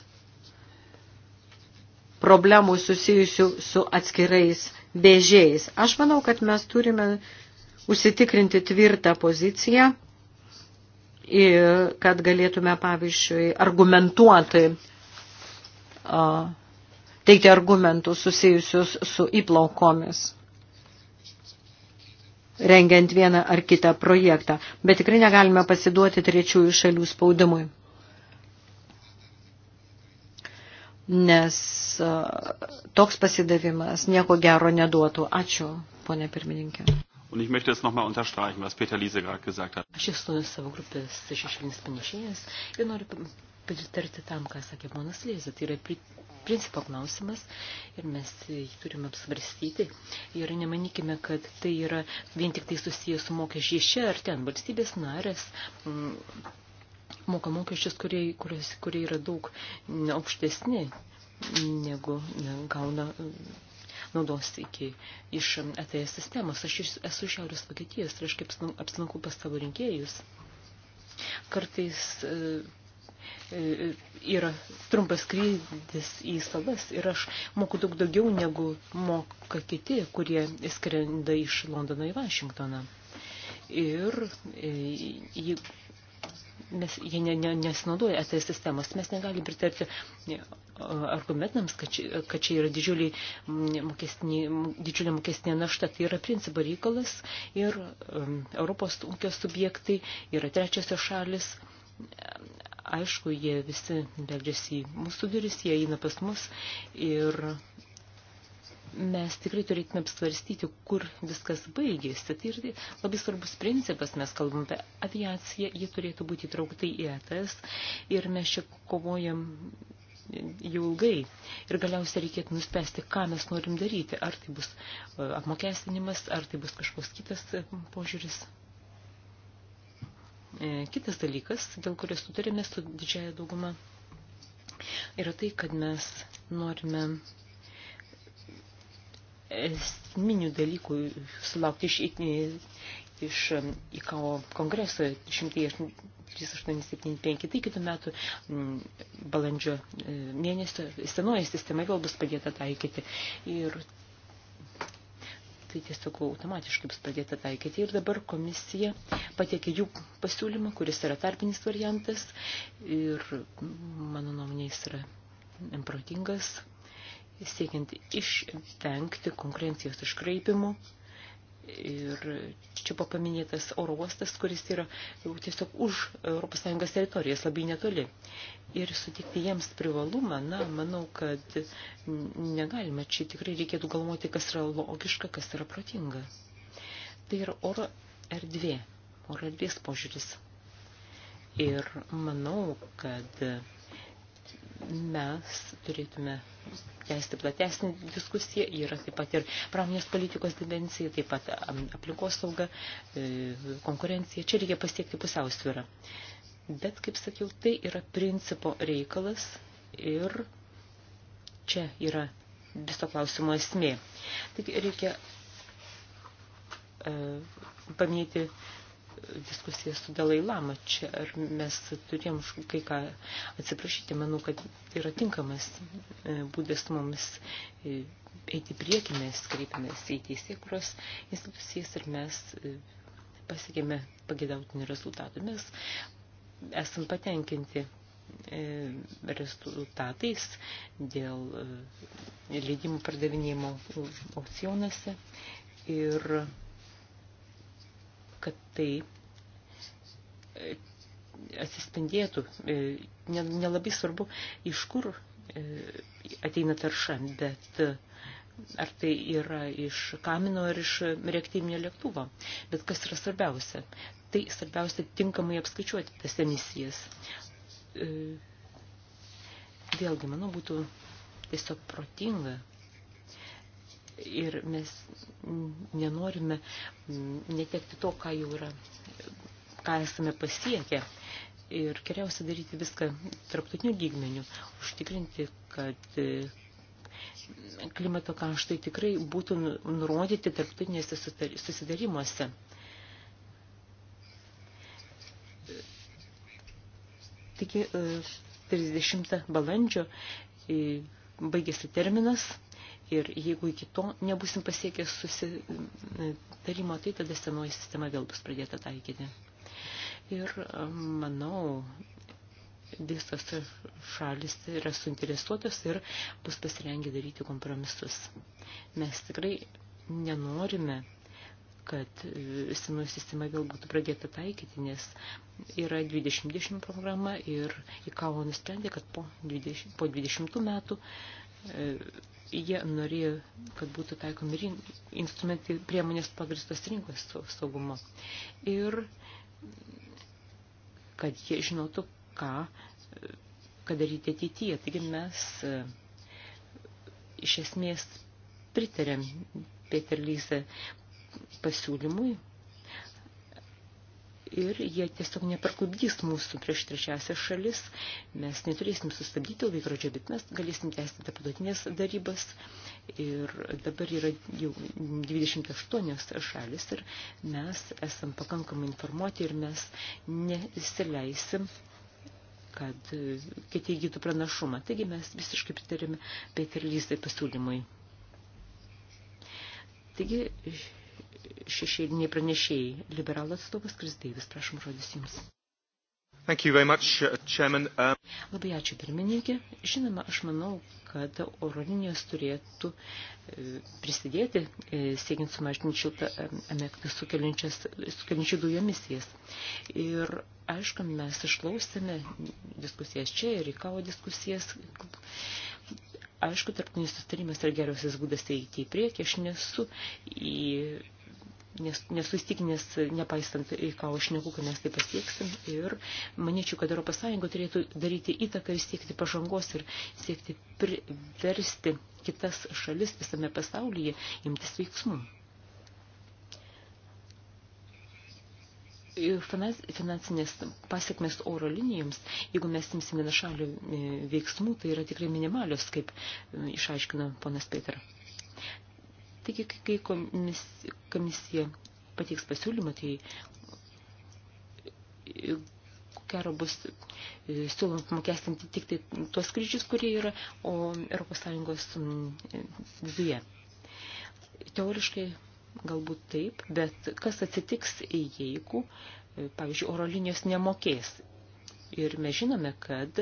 problemų susijusių su atskirais vežėjais. Aš manau, kad mes turime užsitikrinti tvirtą poziciją, kad galėtume, pavyzdžiui, argumentuoti, teikti argumentus susijusius su įplaukomis rengiant vieną ar kitą projektą, bet tikrai negalime pasiduoti trečiųjų šalių spaudimui. nes toks pasidavimas nieko gero neduotų. Ačiū, ponė pirmininkė. Und ich möchte es nochmal unterstreichen, was Peter Liese gerade gesagt hat. Aš esu savo grupės šešėlinis panašėjas ir noriu pritarti tam, ką sakė ponas Liese. Tai yra pri, principo klausimas ir mes jį turime apsvarstyti. Ir nemanykime, kad tai yra vien tik tai susijęs su mokesčiai čia ar ten valstybės narės. M, mm, moka mokesčius, kurie, kuris, kurie yra daug aukštesni negu gauna naudos iki iš ETS sistemos. Aš esu Šiaurės Vokietijos ir aš kaip apsilankau pas savo rinkėjus. Kartais e, e, yra trumpas skrydis į salas ir aš moku daug daugiau negu moka kiti, kurie skrenda iš Londono į Vašingtoną. Ir e, mes, jie ne, ne, nesinaudoja ETS sistemos. Mes negalime pritarti argumentams, kad čia, kad čia yra didžiulė mokestinė našta. Tai yra principo reikalas ir um, Europos ūkio subjektai yra trečiosios šalis. Aišku, jie visi beldžiasi į mūsų duris, jie eina pas mus ir mes tikrai turėtume apsvarstyti, kur viskas baigėsi. Tai yra labai svarbus principas, mes kalbam apie aviaciją, ji turėtų būti įtraukta į ETS ir mes čia kovojam jau ilgai. Ir galiausiai reikėtų nuspręsti, ką mes norim daryti. Ar tai bus e, apmokestinimas, ar tai bus kažkoks kitas e, požiūris. E, kitas dalykas, dėl kurio sutarėme su didžiaja dauguma, yra tai, kad mes norime esminių dalykų sulaukti iš, iš um, IKO kongreso 13875. Tai kitų metų mm, balandžio e, mėnesio senoji sistema vėl bus padėta taikyti. Ir tai tiesiog automatiškai bus pradėta taikyti. Ir dabar komisija patiekė jų pasiūlymą, kuris yra tarpinis variantas ir mano nuomonė jis yra protingas, siekiant išvengti konkurencijos iškraipimų. Ir čia buvo paminėtas oro uostas, kuris yra tiesiog už ES teritorijas labai netoli. Ir sutikti jiems privalumą, na, manau, kad negalime. Čia tikrai reikėtų galvoti, kas yra logiška, kas yra protinga. Tai yra oro erdvė, oro erdvės požiūris. Ir manau, kad mes turėtume tęsti platesnį diskusiją, yra taip pat ir pramonės politikos dimensija, taip pat aplinkosauga, e, konkurencija, čia reikia pasiekti pusiausvyrą. Bet, kaip sakiau, tai yra principo reikalas ir čia yra viso klausimo esmė. Taigi reikia e, paminėti diskusija su Dalai Lama čia, ar mes turėjom kai ką atsiprašyti, manau, kad yra tinkamas e, būdas mums e, eiti priekį, mes kreipiamės į teisėkuros institucijas ir mes e, pasiekėme pagėdautinį rezultatą. Mes esam patenkinti rezultatais dėl leidimų pardavinėjimo aukcionuose ir kad tai atsispindėtų. E, nelabai svarbu, iš kur e, ateina tarša, bet e, ar tai yra iš kamino ar iš reaktyvinio lėktuvo. Bet kas yra svarbiausia? Tai svarbiausia tinkamai apskaičiuoti tas emisijas. Vėlgi, manau, būtų tiesiog protinga ir mes nenorime netekti to, ką jau yra ką esame pasiekę. Ir geriausia daryti viską tarptautiniu lygmeniu, užtikrinti, kad e, klimato kaštai tikrai būtų nu, nurodyti tarptautinėse susidarimuose. Taigi 30 e, balandžio e, baigėsi terminas ir jeigu iki to nebusim pasiekę susitarimo, tai tada senoji sistema vėl bus pradėta taikyti. Ir manau, visas šalis yra suinteresuotas ir bus pasirengę daryti kompromisus. Mes tikrai nenorime, kad senų sistema vėl būtų pradėta taikyti, nes yra 2020 programa ir ICAO nusprendė, kad po 20, po 20 metų e, jie norėjo, kad būtų taikomi rin, instrumentai priemonės pagristos rinkos saugumo. Ir kad jie žinotų, ką, ką daryti ateityje. Taigi mes e, iš esmės pritarėm Peter Lyse pasiūlymui ir jie tiesiog neparklubdys mūsų prieš trečiasias šalis. Mes neturėsim sustabdyti laikrodžio, bet mes galėsim tęsti tarptautinės darybas Ir dabar yra jau 28 šalis ir mes esam pakankamai informuoti ir mes nesileisim kad kiti įgytų pranašumą. Taigi mes visiškai pritarėme Peterlystai pasiūlymui. Taigi šešėliniai pranešėjai, liberalų atstovas Krisdeivis, prašom žodis jums. Much, uh, um... Labai ačiū pirmininkė. Žinoma, aš manau, kad oro linijos turėtų e, prisidėti e, siekiant sumažinti šiltą efektą sukeliančių dujų emisijas. Ir aišku, mes išklausėme diskusijas čia ir įkavo diskusijas. Aišku, tarptinis sustarimas yra geriausias būdas eiti į priekį. Aš nesu į nes, nesu įstikinęs, nepaisant į ką aš neku, kad mes tai pasieksim. Ir manyčiau, kad Europos Sąjunga turėtų daryti įtaką ir siekti pažangos ir siekti priversti kitas šalis visame pasaulyje imtis veiksmų. finansinės pasiekmes oro linijoms, jeigu mes imsime našalių e, veiksmų, tai yra tikrai minimalios, kaip e, išaiškino ponas Petra. Taigi, kai komisija pateiks pasiūlymą, tai e, gero bus e, siūlom apmokestinti tik tai tuos skrydžius, kurie yra o Europos Sąjungos e, viduje. Teoriškai galbūt taip, bet kas atsitiks, jeigu, pavyzdžiui, oro linijos nemokės Ir mes žinome, kad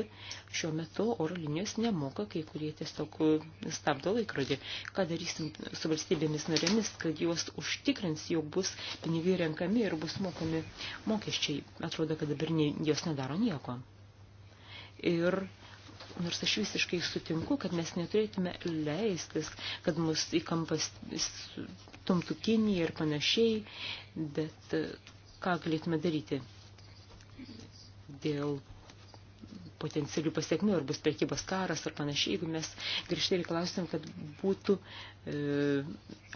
šiuo metu oro linijos nemoka, kai kurie tiesiog e, stabdo laikrodį. Ką darysim su valstybėmis narėmis, kad juos užtikrins, jog bus pinigai renkami ir bus mokami mokesčiai. Atrodo, kad dabar jos nedaro nieko. Ir nors aš visiškai sutinku, kad mes neturėtume leistis, kad mus į kampas stumtų Kinija ir panašiai, bet e, ką galėtume daryti? dėl potencialių pasiekmių, ar bus prekybos karas ar panašiai, jeigu mes grįžtai reikalausim, kad būtų e,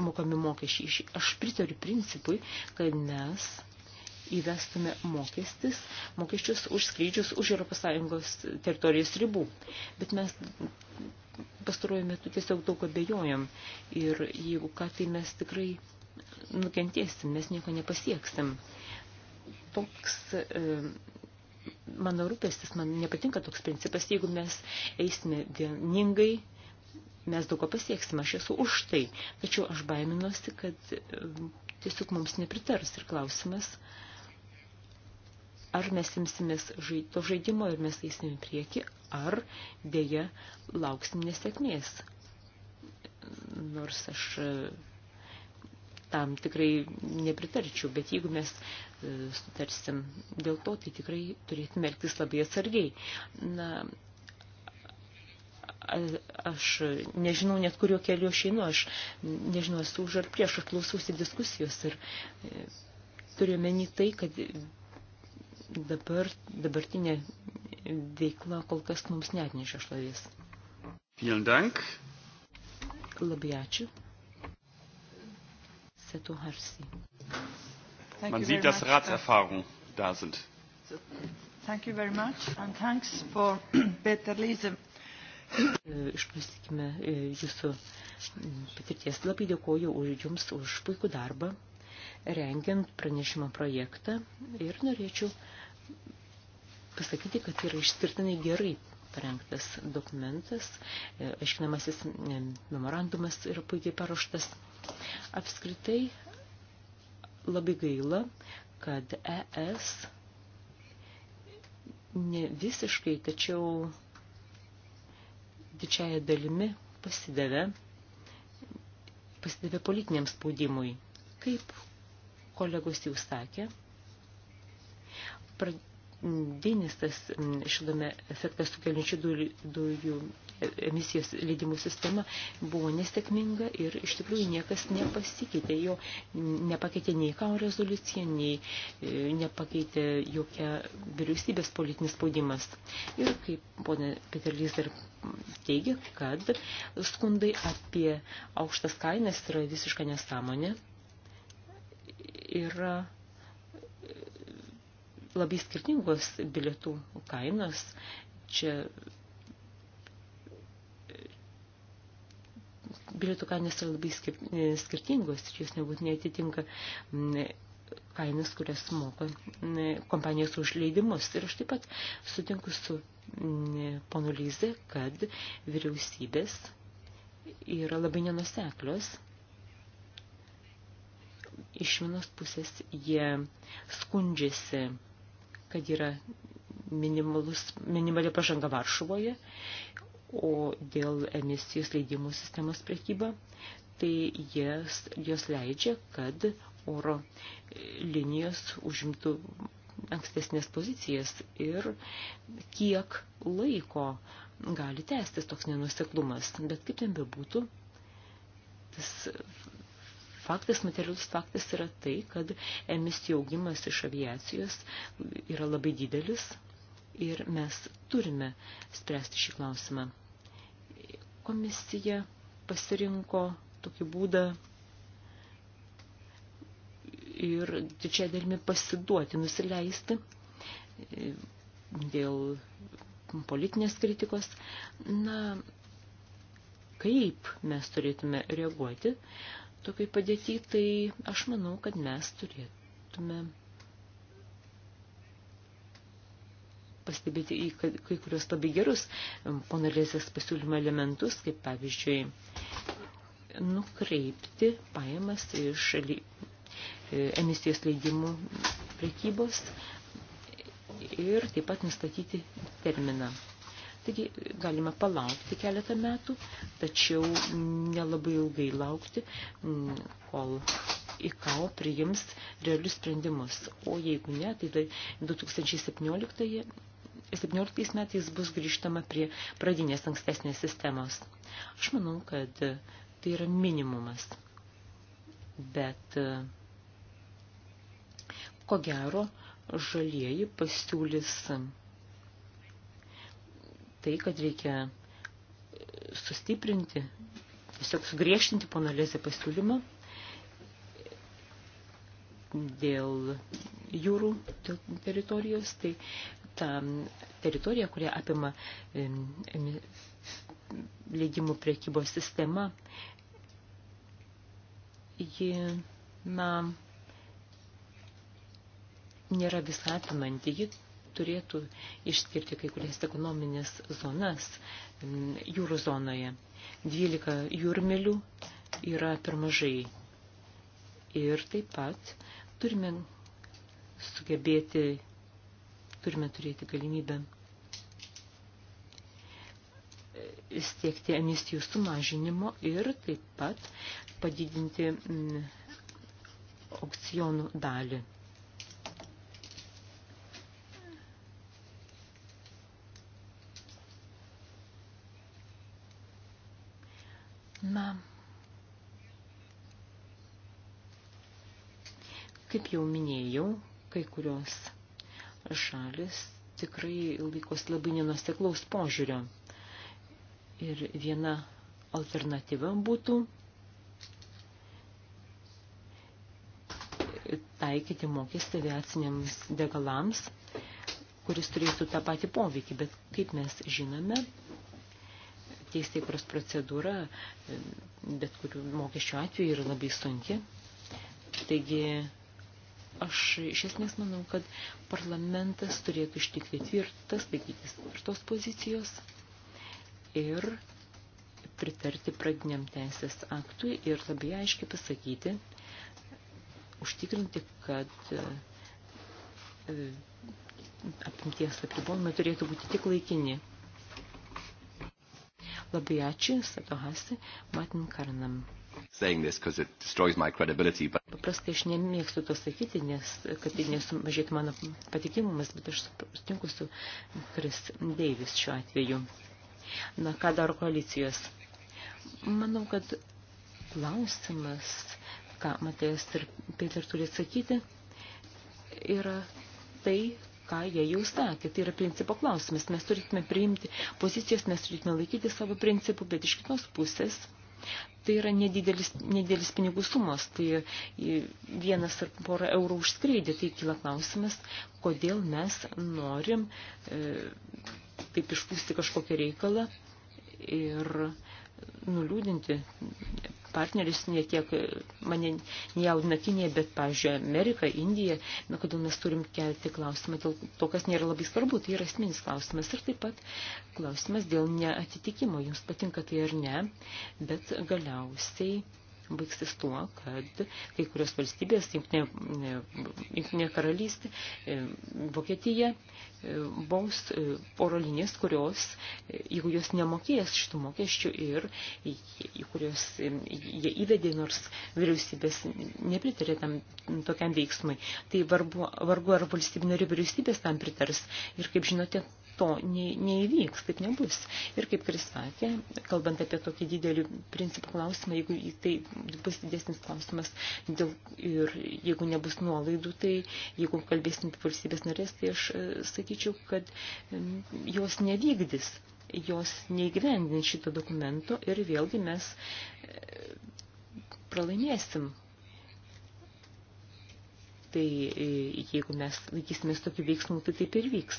mokami mokesčiai. Aš pritariu principui, kad mes įvestume mokestis, mokesčius už skrydžius už ES teritorijos ribų. Bet mes pastaruoju metu tiesiog daug abejojam ir jeigu ką, tai mes tikrai nukentėsim, mes nieko nepasieksim. Toks e, mano rūpestis, man nepatinka toks principas, jeigu mes eisime vieningai, mes daug ko pasieksime, aš esu už tai, tačiau aš baiminuosi, kad um, tiesiog mums nepritars ir klausimas, ar mes imsimės to žaidimo ir mes eisime į priekį, ar dėja lauksim nesėkmės. Nors aš tam tikrai nepritarčiau, bet jeigu mes e, sutarsim dėl to, tai tikrai turėtume elgtis labai atsargiai. Na, aš nežinau net kurio keliu aš einu, aš nežinau, esu už ar prieš, aš klausausi diskusijos ir e, turiu meni tai, kad dabar, dabartinė veikla kol kas mums net nešia šlovės. Vielen Dank. Labai ačiū. Setuharsi. Man sieht, dass Ratserfahrungen da sind. So, thank you very much and thanks for Peter Lise. E, išklausykime e, jūsų patirties. Labai dėkoju už jums už puikų darbą, rengiant pranešimą projektą ir norėčiau pasakyti, kad yra išskirtinai gerai parengtas dokumentas, e, aiškinamasis memorandumas yra puikiai paruoštas Apskritai labai gaila, kad ES ne visiškai, tačiau didžiaja dalimi pasidavė, pasidavė politiniam spaudimui. Kaip kolegos jau sakė, pagrindinis tas mm, šiltame efektą sukeliančių dujų emisijos leidimų sistema buvo nesėkminga ir iš tikrųjų niekas nepasikeitė. Jo mm, nepakeitė nei kau rezoliucija, nei e, nepakeitė jokia vyriausybės politinis spaudimas. Ir kaip ponė Peterlys dar teigia, kad skundai apie aukštas kainas yra visiška nesąmonė. Yra labai skirtingos bilietų kainos. Čia bilietų kainos yra labai skirtingos ir jos nebūtinai atitinka kainas, kurias moka kompanijos už leidimus. Ir aš taip pat sutinku su ponu Lyze, kad vyriausybės yra labai nenuseklios. Iš vienos pusės jie skundžiasi kad yra minimali pažanga Varšuvoje, o dėl emisijos leidimų sistemos prekyba, tai jas, jos leidžia, kad oro linijos užimtų ankstesnės pozicijas ir kiek laiko gali tęstis toks nenuseklumas. Bet kaip ten bebūtų, tas faktas, materialus faktas yra tai, kad emisijų augimas iš aviacijos yra labai didelis ir mes turime spręsti šį klausimą. Komisija pasirinko tokį būdą ir didžiai dalimi pasiduoti, nusileisti dėl politinės kritikos. Na, kaip mes turėtume reaguoti, tokiai padėti, tai aš manau, kad mes turėtume pastebėti į kai kurios labai gerus ponalėsės pasiūlymo elementus, kaip pavyzdžiui, nukreipti pajamas iš e, emisijos leidimų prekybos ir taip pat nustatyti terminą. Taigi galima palaukti keletą metų, tačiau nelabai ilgai laukti, mm, kol ICAO priims realius sprendimus. O jeigu ne, tai 2017 tai 2017 metais bus grįžtama prie pradinės ankstesnės sistemos. Aš manau, kad tai yra minimumas. Bet e, ko gero, žalieji pasiūlys tai, kad reikia sustiprinti, tiesiog sugriežtinti pono Lėzė pasiūlymą dėl jūrų teritorijos, tai ta teritorija, kurie apima leidimų priekybos sistema, ji, na, nėra visą apimanti, ji turėtų išskirti kai kurias ekonominės zonas jūrų zonoje. 12 jūrmelių yra per mažai. Ir taip pat turime sugebėti, turime turėti galimybę e, siekti emisijų sumažinimo ir taip pat padidinti aukcionų dalį. Na, kaip jau minėjau, kai kurios šalis tikrai laikos labai nenusteklaus požiūrio. Ir viena alternatyva būtų taikyti mokestį aviaciniams degalams, kuris turėtų tą patį poveikį, bet kaip mes žinome, teisėkros procedūra bet kurių mokesčių atveju yra labai sunki. Taigi aš iš esmės manau, kad parlamentas turėtų ištikti tvirtas, laikytis tvirtos pozicijos ir pritarti pradiniam teisės aktui ir labai aiškiai pasakyti, užtikrinti, kad e, apimties apribojimai turėtų būti tik laikini. Labai ačiū, Satohasi, Matin Karnam. But... Paprastai aš nemėgstu to sakyti, nes kad tai nesumažėtų mano patikimumas, bet aš sutinku su Chris Davis šiuo atveju. Na, ką daro koalicijos? Manau, kad klausimas, ką Matėjas ir Peter turi atsakyti, yra tai, ką jie jau sakė. Tai yra principo klausimas. Mes turėtume priimti pozicijas, mes turėtume laikyti savo principų, bet iš kitos pusės tai yra nedidelis, nedidelis pinigų sumos, tai e, vienas ar porą eurų užskleidė, tai kyla klausimas, kodėl mes norim e, taip išpūsti kažkokią reikalą ir nuliūdinti partneris netiek e, mane nejaudina Kinija, bet, pavyzdžiui, Amerika, Indija, na, kodėl mes turim kelti klausimą dėl to, kas nėra labai svarbu, tai yra esminis klausimas ir taip pat klausimas dėl neatitikimo, jums patinka tai ar ne, bet galiausiai baigsis tuo, kad kai kurios valstybės, jungtinė e, karalystė, e, Vokietija, e, baus oro linijas, kurios, jeigu jos nemokės šitų mokesčių ir kurios jie įvedė, nors vyriausybės nepritarė tam tokiam veiksmui, tai vargu, vargu ar valstybinio ir vyriausybės tam pritars. Ir kaip žinote, to ne, neįvyks, taip nebus. Ir kaip Kris sakė, kalbant apie tokį didelį principų klausimą, jeigu tai bus didesnis klausimas dėl, ir jeigu nebus nuolaidų, tai jeigu kalbėsim apie valstybės narės, tai aš e, sakyčiau, kad e, jos nevykdys jos neįgyvendint šito dokumento ir vėlgi mes e, pralaimėsim Tai e, jeigu mes laikysimės tokių veiksmų, tai taip ir vyks.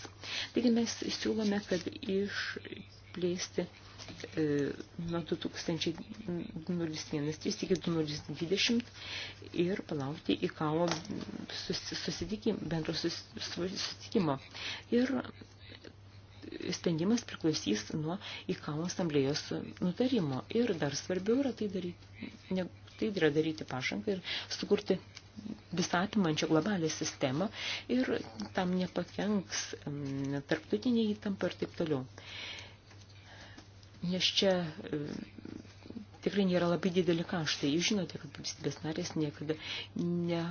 Taigi mes siūlome, kad išplėsti e, nuo 2013 iki 2020 ir palaukti į kavo susitikim, bendro susitikimo. Ir sprendimas priklausys nuo IKAO asamblėjos nutarimo. Ir dar svarbiau yra tai daryti, ne, tai yra daryti pažangą ir sukurti visatimančią globalią sistemą ir tam nepakenks tarptautinė įtampa ir taip toliau. Nes čia tikrai nėra labai dideli kaštai. Jūs žinote, kad valstybės narės niekada ne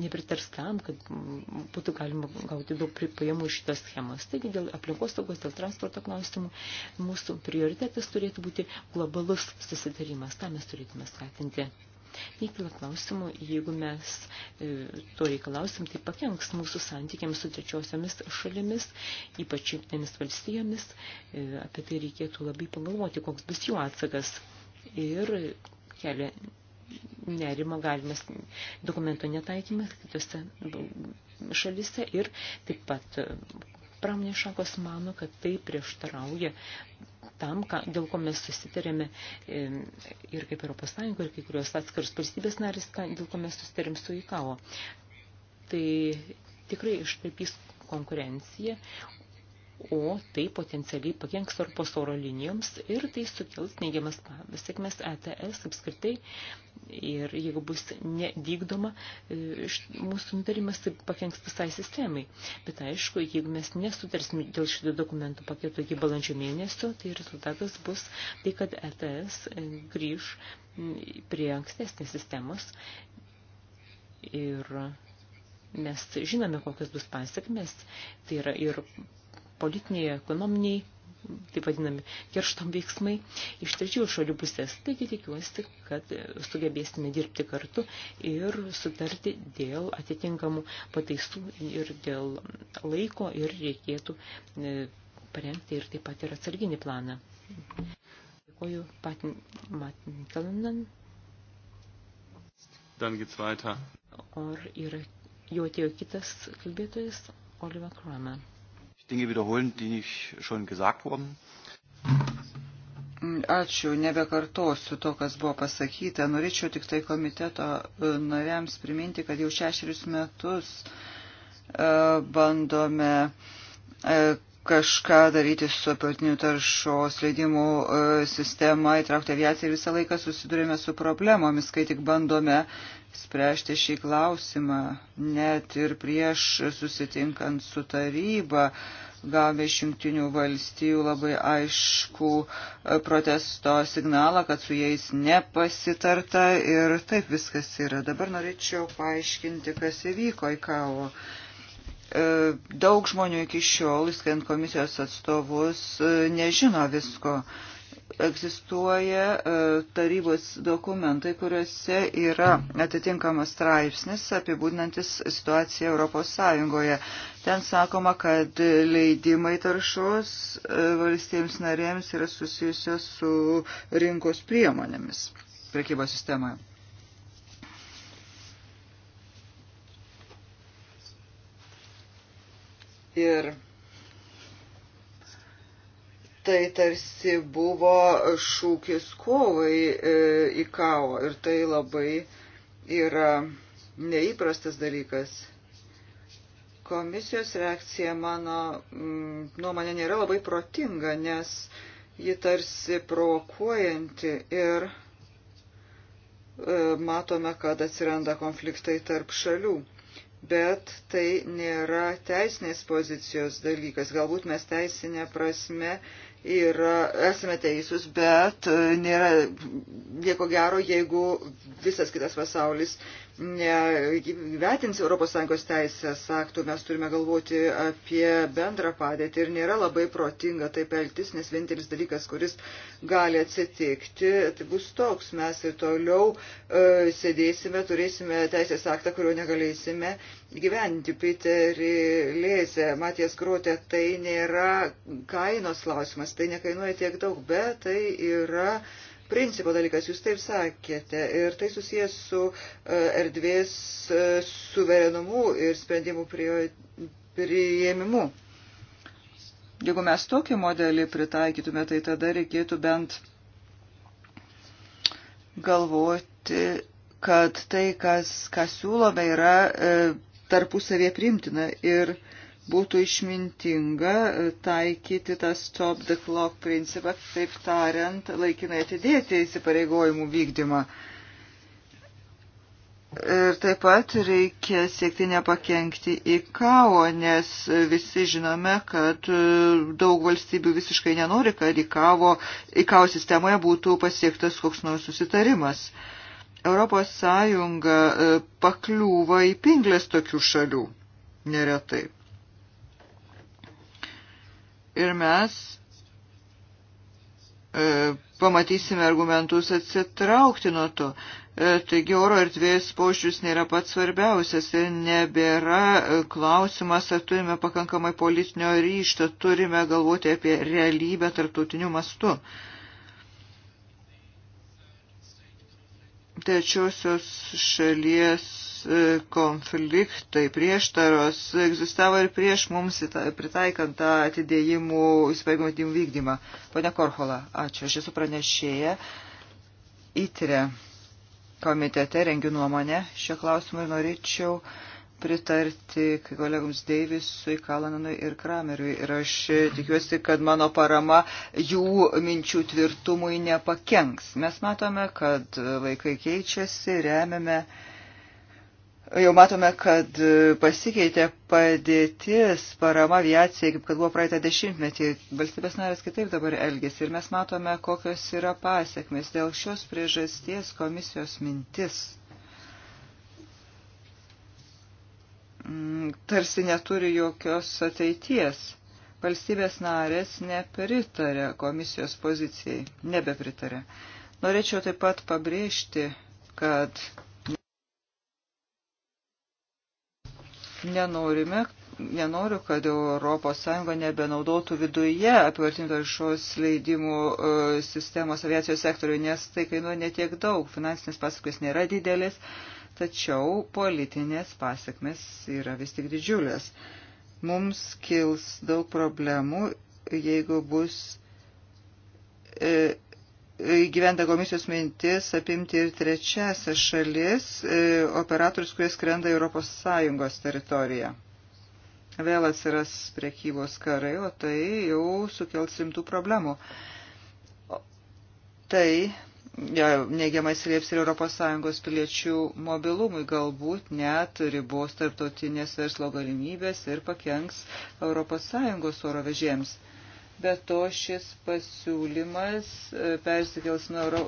nepritars tam, kad būtų galima gauti daug pajamų iš šitas schemas. Taigi dėl aplinkos saugos, dėl transporto klausimų mūsų prioritetas turėtų būti globalus susitarimas. Tą mes turėtume skatinti. Nekyla klausimų, jeigu mes e, to reikalausim, tai pakenks mūsų santykiams su trečiosiomis šalimis, ypač jungtinėmis valstijomis. E, apie tai reikėtų labai pagalvoti, koks bus jų atsakas. Ir kelia nerimo galimas dokumento netaikymas kitose šalise ir taip pat e, pramonės šakos mano, kad tai prieštarauja tam, ką, dėl ko mes susitarėme e, ir kaip Europos Sąjunga, ir kai kurios atskirs valstybės narys, dėl ko mes susitarėm su IKAO. Tai tikrai ištaipys konkurenciją, o tai potencialiai pakenks Europos oro linijoms ir tai sukels neigiamas pasiekmes ETS apskritai ir jeigu bus nedygdoma, e, mūsų nutarimas pakenks visai sistemai. Bet aišku, jeigu mes nesutarsim dėl šito dokumentų paketo iki balandžio mėnesio, tai rezultatas bus tai, kad ETS e, grįž prie ankstesnės sistemos ir mes žinome, kokios bus pasiekmes, tai yra ir politiniai, ekonominiai, taip vadinami, kerštom veiksmai iš trečiųjų šalių pusės. Taigi tikiuosi, kad sugebėsime dirbti kartu ir sutarti dėl atitinkamų pataisų ir dėl laiko ir reikėtų e, parengti ir taip pat ir atsarginį planą. Dėkuoju pat Matinkanan. Dann geht's weiter. Or yra, jau atėjo kitas kalbėtojas, Oliver Kramer. Dinge wiederholen, die nicht schon gesagt wurden. Ačiū, nebekartosiu to, kas buvo pasakyta. Norėčiau tik tai komiteto e, nariams priminti, kad jau šešerius metus e, bandome e, kažką daryti su apatinių taršos leidimų sistema, įtraukti aviaciją ir visą laiką susidurėme su problemomis, kai tik bandome spręsti šį klausimą, net ir prieš susitinkant su taryba gavome iš jungtinių valstijų labai aišku e, protesto signalą, kad su jais nepasitarta ir taip viskas yra. Dabar norėčiau paaiškinti, kas įvyko į kavo. E, daug žmonių iki šiol, įskant komisijos atstovus, e, nežino visko egzistuoja e, tarybos dokumentai, kuriuose yra atitinkamas straipsnis apibūdinantis situaciją Europos Sąjungoje. Ten sakoma, kad leidimai taršos e, valstybėms narėms yra susijusios su rinkos priemonėmis prekybos sistemoje. Ir tai tarsi buvo šūkis kovai e, į kavo ir tai labai yra neįprastas dalykas. Komisijos reakcija mano mm, nuomonė nėra labai protinga, nes ji tarsi provokuojanti ir e, matome, kad atsiranda konfliktai tarp šalių. Bet tai nėra teisinės pozicijos dalykas. Galbūt mes teisinė prasme yra, esame teisūs, bet e, nėra nieko gero, jeigu visas kitas pasaulis nevertins ES teisės aktų, mes turime galvoti apie bendrą padėtį ir nėra labai protinga taip elgtis, nes vienintelis dalykas, kuris gali atsitikti, tai bus toks. Mes ir toliau e, sėdėsime, turėsime teisės aktą, kurio negalėsime gyventi. Piterį Lėzę, Matijas Kruotė, tai nėra kainos klausimas, tai nekainuoja tiek daug, bet tai yra. E, principo dalykas, jūs taip sakėte, ir tai susijęs su e, erdvės e, suverenumu ir sprendimų priėmimu. Jeigu mes tokį modelį pritaikytume, tai tada reikėtų bent galvoti, kad tai, kas, kas siūlome, yra e, tarpusavė primtina ir e, būtų išmintinga e, taikyti tą stop the clock principą, taip tariant, laikinai atidėti įsipareigojimų vykdymą. Ir taip pat reikia siekti nepakenkti į kavo, nes visi žinome, kad e, daug valstybių visiškai nenori, kad į kavo, į kavo sistemoje būtų pasiektas koks nors susitarimas. Europos Sąjunga e, pakliūva į pinglės tokių šalių neretai ir mes e, pamatysime argumentus atsitraukti nuo to. E, taigi oro erdvės požiūris nėra pats svarbiausias ir nebėra e, klausimas, ar turime pakankamai politinio ryšto, turime galvoti apie realybę tarptautiniu mastu. Trečiosios šalies E, konfliktai, prieštaros egzistavo ir prieš mums pritaikant tą atidėjimų įsipareigojimų atidėjimų vykdymą. Pane Korhola, ačiū. Aš esu pranešėja. Įtrė komitete rengiu nuomonę šio klausimu ir norėčiau pritarti kolegams Deivisui, Kalananui ir Krameriui. Ir aš tikiuosi, kad mano parama jų minčių tvirtumui nepakenks. Mes matome, kad laikai keičiasi, remiame Jau matome, kad pasikeitė padėtis parama aviacijai, kaip kad buvo praeitą dešimtmetį. Valstybės narės kitaip dabar elgesi ir mes matome, kokios yra pasiekmes. Dėl šios priežasties komisijos mintis mm, tarsi neturi jokios ateities. Valstybės narės nepritarė komisijos pozicijai, nebepritarė. Norėčiau taip pat pabrėžti, kad Nenorime, nenoriu, kad ES nebenaudotų viduje apivartinto išos leidimų e, sistemos aviacijos sektoriui, nes tai kainuoja netiek daug, finansinės pasakos nėra didelės, tačiau politinės pasakmes yra vis tik didžiulės. Mums kils daug problemų, jeigu bus. E, įgyventa komisijos mintis apimti ir trečiasią šalis e, operatorius, kurie skrenda Europos Sąjungos teritoriją. Vėl atsiras priekybos karai, o tai jau sukels rimtų problemų. Tai ja, neigiamai slėps ir ES piliečių mobilumui, galbūt net ribos tarptautinės verslo galimybės ir pakenks ES oro vežėjams. Be to šis pasiūlymas e, persikels nuo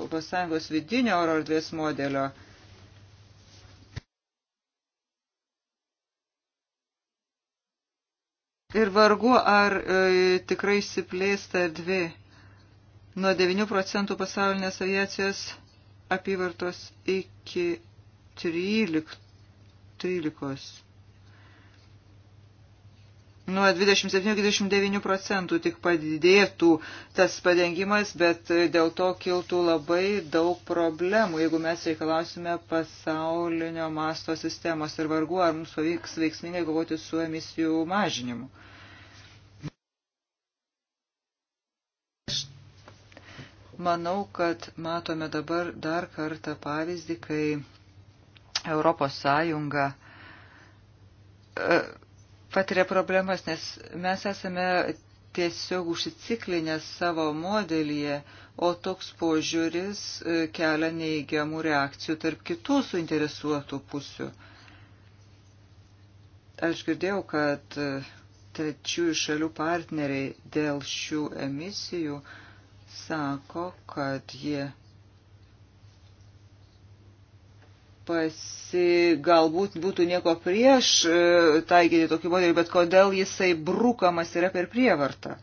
ES vidinio oro erdvės modelio. Ir vargu, ar e, tikrai išsiplėsta erdvė nuo 9 procentų pasaulinės aviacijos apyvartos iki 13. 13 nuo 27-29 procentų tik padidėtų tas padengimas, bet dėl to kiltų labai daug problemų, jeigu mes reikalausime pasaulinio masto sistemos ir vargu, ar mums pavyks veiksmingai kovoti su emisijų mažinimu. Manau, kad matome dabar dar kartą pavyzdį, kai Europos Sąjunga e, patiria problemas, nes mes esame tiesiog užsiciklinę savo modelyje, o toks požiūris e, kelia neįgiamų reakcijų tarp kitų suinteresuotų pusių. Aš girdėjau, kad e, trečiųjų šalių partneriai dėl šių emisijų sako, kad jie pasi galbūt būtų nieko prieš e, taikyti tokį modelį, bet kodėl jisai brukamas yra per prievartą?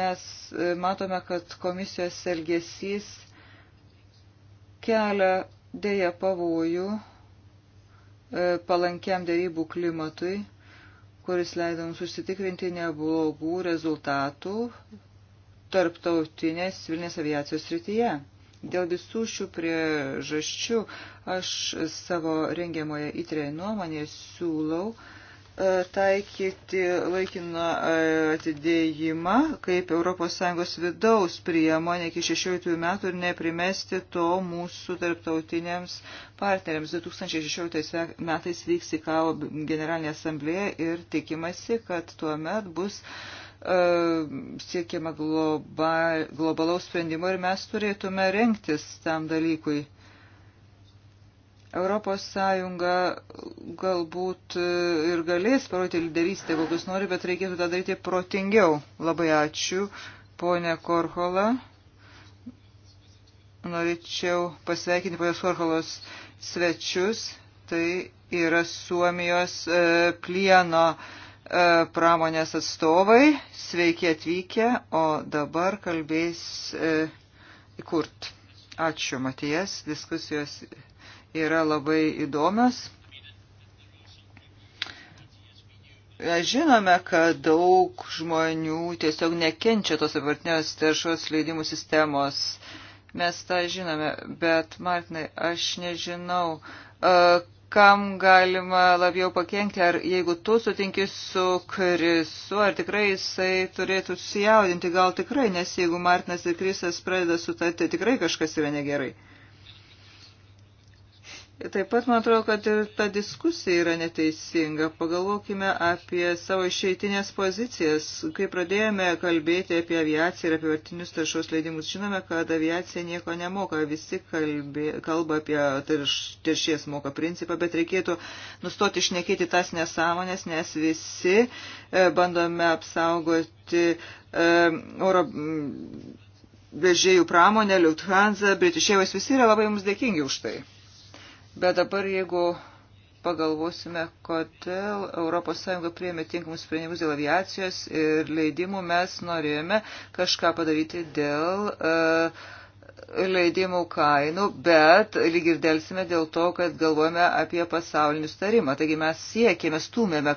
Mes e, matome, kad komisijos elgesys kelia dėja pavojų e, palankiam dėrybų klimatui, kuris leido mums užsitikrinti neblogų rezultatų tarptautinės civilinės aviacijos srityje. Dėl visų šių priežasčių aš savo rengiamoje įtrėje nuomonėje siūlau e, taikyti laikiną e, atidėjimą kaip ES vidaus priemonė iki 16 metų ir neprimesti to mūsų tarptautiniams partneriams. 2016 metais vyks į KAO generalinę asamblėją ir tikimasi, kad tuo met bus uh, E, siekiama globa, globalaus sprendimo ir mes turėtume renktis tam dalykui. Europos Sąjunga galbūt e, ir galės parodyti lyderystę, kokius nori, bet reikėtų tą daryti protingiau. Labai ačiū, ponė Korhola. Norėčiau pasveikinti ponios Korholos svečius. Tai yra Suomijos e, plieno. E, E, pramonės atstovai, sveiki atvykę, o dabar kalbės įkurt. E, Ačiū, Matijas, diskusijos yra labai įdomios. E, žinome, kad daug žmonių tiesiog nekenčia tos apartinės teršos leidimų sistemos. Mes tą žinome, bet, Martinai, aš nežinau, kam galima labiau pakengti, ar jeigu tu sutinki su Krisu, ar tikrai jisai turėtų susijaudinti, gal tikrai, nes jeigu Martinas ir Krisas pradeda sutarti, tikrai kažkas yra negerai. Taip pat man atrodo, kad ir ta diskusija yra neteisinga. Pagalvokime apie savo išeitinės pozicijas. Kai pradėjome kalbėti apie aviaciją ir apie vertinius taršos leidimus, žinome, kad aviacija nieko nemoka. Visi kalbė, kalba apie terš, teršies moka principą, bet reikėtų nustoti išnekėti tas nesąmonės, nes visi e, bandome apsaugoti e, oro. Vežėjų pramonė, Lufthansa, Britišėvas visi yra labai mums dėkingi už tai. Bet dabar, jeigu pagalvosime, kodėl ES priėmė tinkamus sprendimus dėl aviacijos ir leidimų, mes norėjome kažką padaryti dėl uh, leidimų kainų, bet lyg ir dėlsime dėl to, kad galvojame apie pasaulinį sustarimą. Taigi mes siekėme, stumėme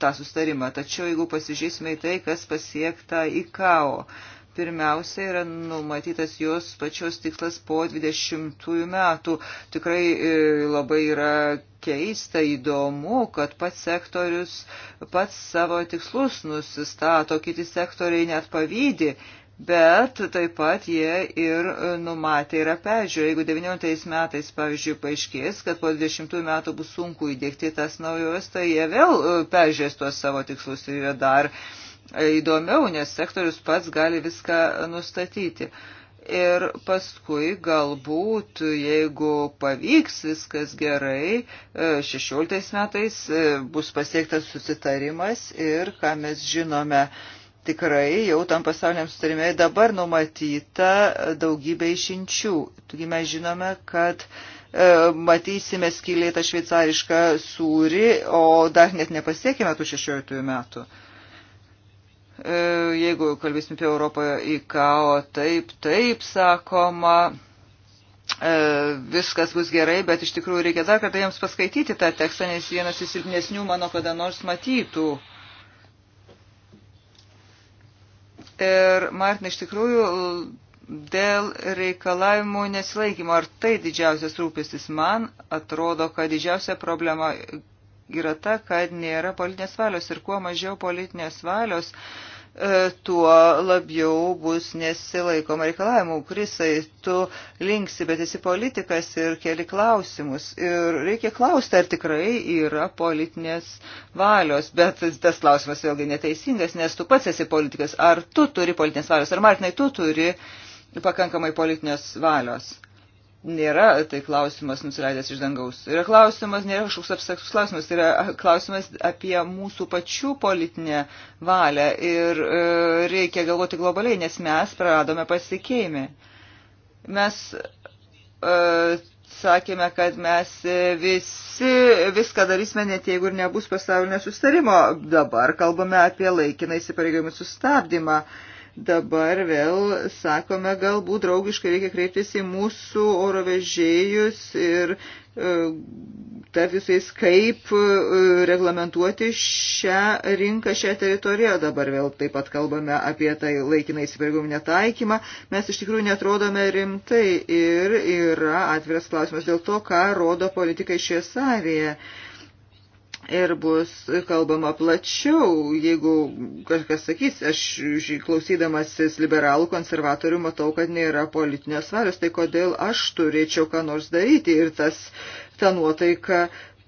tą sustarimą, tačiau jeigu pasižiūrėsime į tai, kas pasiekta į KAO pirmiausia yra numatytas jos pačios tikslas po 20 metų. Tikrai e, labai yra keista, įdomu, kad pats sektorius pats savo tikslus nusistato, kiti sektoriai net pavydi. Bet taip pat jie ir e, numatė yra peržiūrė. Jeigu 19 metais, pavyzdžiui, paaiškės, kad po 20 metų bus sunku įdėkti tas naujoves, tai jie vėl e, peržiūrės tuos savo tikslus ir tai yra dar uh, įdomiau, nes sektorius pats gali viską nustatyti. Ir paskui galbūt, jeigu pavyks viskas gerai, 16 e, metais e, bus pasiektas susitarimas ir, ką mes žinome, tikrai jau tam pasauliniam sutarime dabar numatyta daugybė išinčių. Taigi mes žinome, kad e, matysime skylėtą šveicarišką sūrį, o dar net nepasiekime tų 16 metų. E, jeigu kalbėsime apie Europą į kao, taip, taip sakoma, e, viskas bus gerai, bet iš tikrųjų reikia dar kartą jiems paskaityti tą tekstą, nes vienas iš silpnesnių mano kada nors matytų. Ir Martin, iš tikrųjų, dėl reikalavimų nesilaikymo, ar tai didžiausias rūpestis? Man atrodo, kad didžiausia problema yra ta, kad nėra politinės valios ir kuo mažiau politinės valios, e, tuo labiau bus nesilaikoma reikalavimų. Krisai, tu linksi, bet esi politikas ir keli klausimus. Ir reikia klausti, ar tikrai yra politinės valios. Bet tas klausimas vėlgi neteisingas, nes tu pats esi politikas. Ar tu turi politinės valios? Ar Martinai, tu turi pakankamai politinės valios? nėra tai klausimas nusileidęs iš dangaus. Yra klausimas, nėra kažkoks abstraktus klausimas, tai yra klausimas apie mūsų pačių politinę valią ir e, reikia galvoti globaliai, nes mes praradome pasikeimį. Mes e, sakėme, kad mes visi viską darysime, net jeigu ir nebus pasaulinio sustarimo. Dabar kalbame apie laikiną įsipareigojimų sustabdymą. E, dabar vėl sakome, galbūt draugiškai reikia kreiptis į mūsų oro vežėjus ir e, tartis jais, kaip e, reglamentuoti šią rinką, šią teritoriją. Dabar vėl taip pat kalbame apie tai laikinai įsipareigojimų netaikymą. Mes iš tikrųjų netrodome rimtai ir yra atviras klausimas dėl to, ką rodo politikai šioje sąvėje ir bus kalbama plačiau, jeigu kažkas sakys, aš klausydamasis liberalų konservatorių matau, kad nėra politinės valios, tai kodėl aš turėčiau ką nors daryti ir tas, ta nuotaika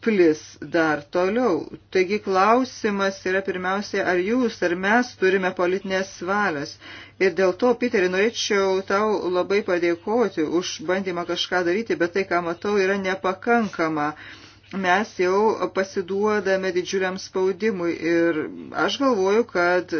plis dar toliau. Taigi klausimas yra pirmiausia, ar jūs, ar mes turime politinės valios. Ir dėl to, Piterį, norėčiau tau labai padėkoti už bandymą kažką daryti, bet tai, ką matau, yra nepakankama. Uh, mes jau pasiduodame didžiuliam spaudimui ir aš galvoju, kad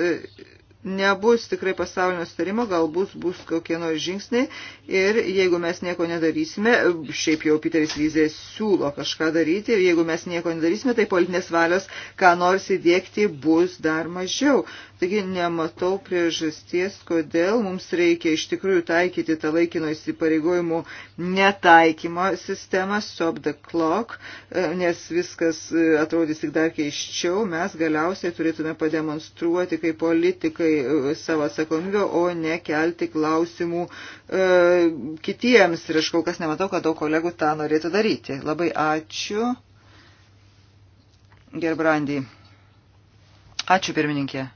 nebus tikrai pasaulinio starimo, galbūt bus kokie nors žingsniai ir jeigu mes nieko nedarysime, šiaip jau Piteris Lyzė siūlo kažką daryti ir jeigu mes nieko nedarysime, tai politinės valios ką nors įdėkti bus dar mažiau. Taigi nematau priežasties, kodėl mums reikia iš tikrųjų taikyti tą laikino įsipareigojimų netaikymo sistemą, stop the clock, e, nes viskas e, atrodys tik dar keiščiau. Mes galiausiai turėtume pademonstruoti kaip politikai e, savo atsakomybę, o ne kelti klausimų e, kitiems. Ir aš kol kas nematau, kad daug kolegų tą norėtų daryti. Labai ačiū. Gerbrandį. Ačiū pirmininkė.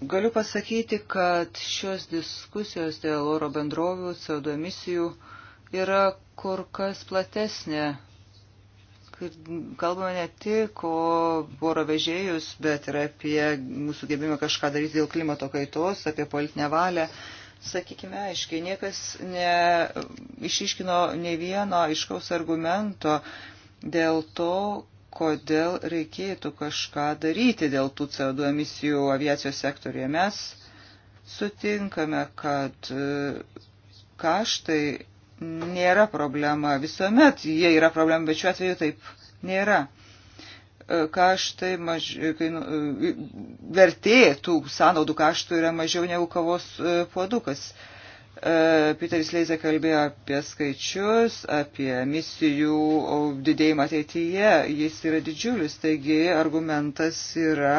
Galiu pasakyti, kad šios diskusijos dėl oro bendrovių CO2 emisijų yra kur kas platesnė. Kalbame ne tik oro vežėjus, bet ir apie mūsų gebėjimą kažką daryti dėl klimato kaitos, apie politinę valią. Sakykime aiškiai, niekas neišiškino ne vieno aiškaus argumento dėl to, kodėl reikėtų kažką daryti dėl tų CO2 emisijų aviacijos sektorėje. Mes sutinkame, kad e, kaštai nėra problema. Visuomet jie yra problema, bet šiuo atveju taip nėra. E, kaštai maž... kainu... E, vertė tų sąnaudų kaštų yra mažiau negu kavos puodukas. Uh, E, Piteris Leizė kalbėjo apie skaičius, apie misijų didėjimą ateityje. Jis yra didžiulis, taigi argumentas yra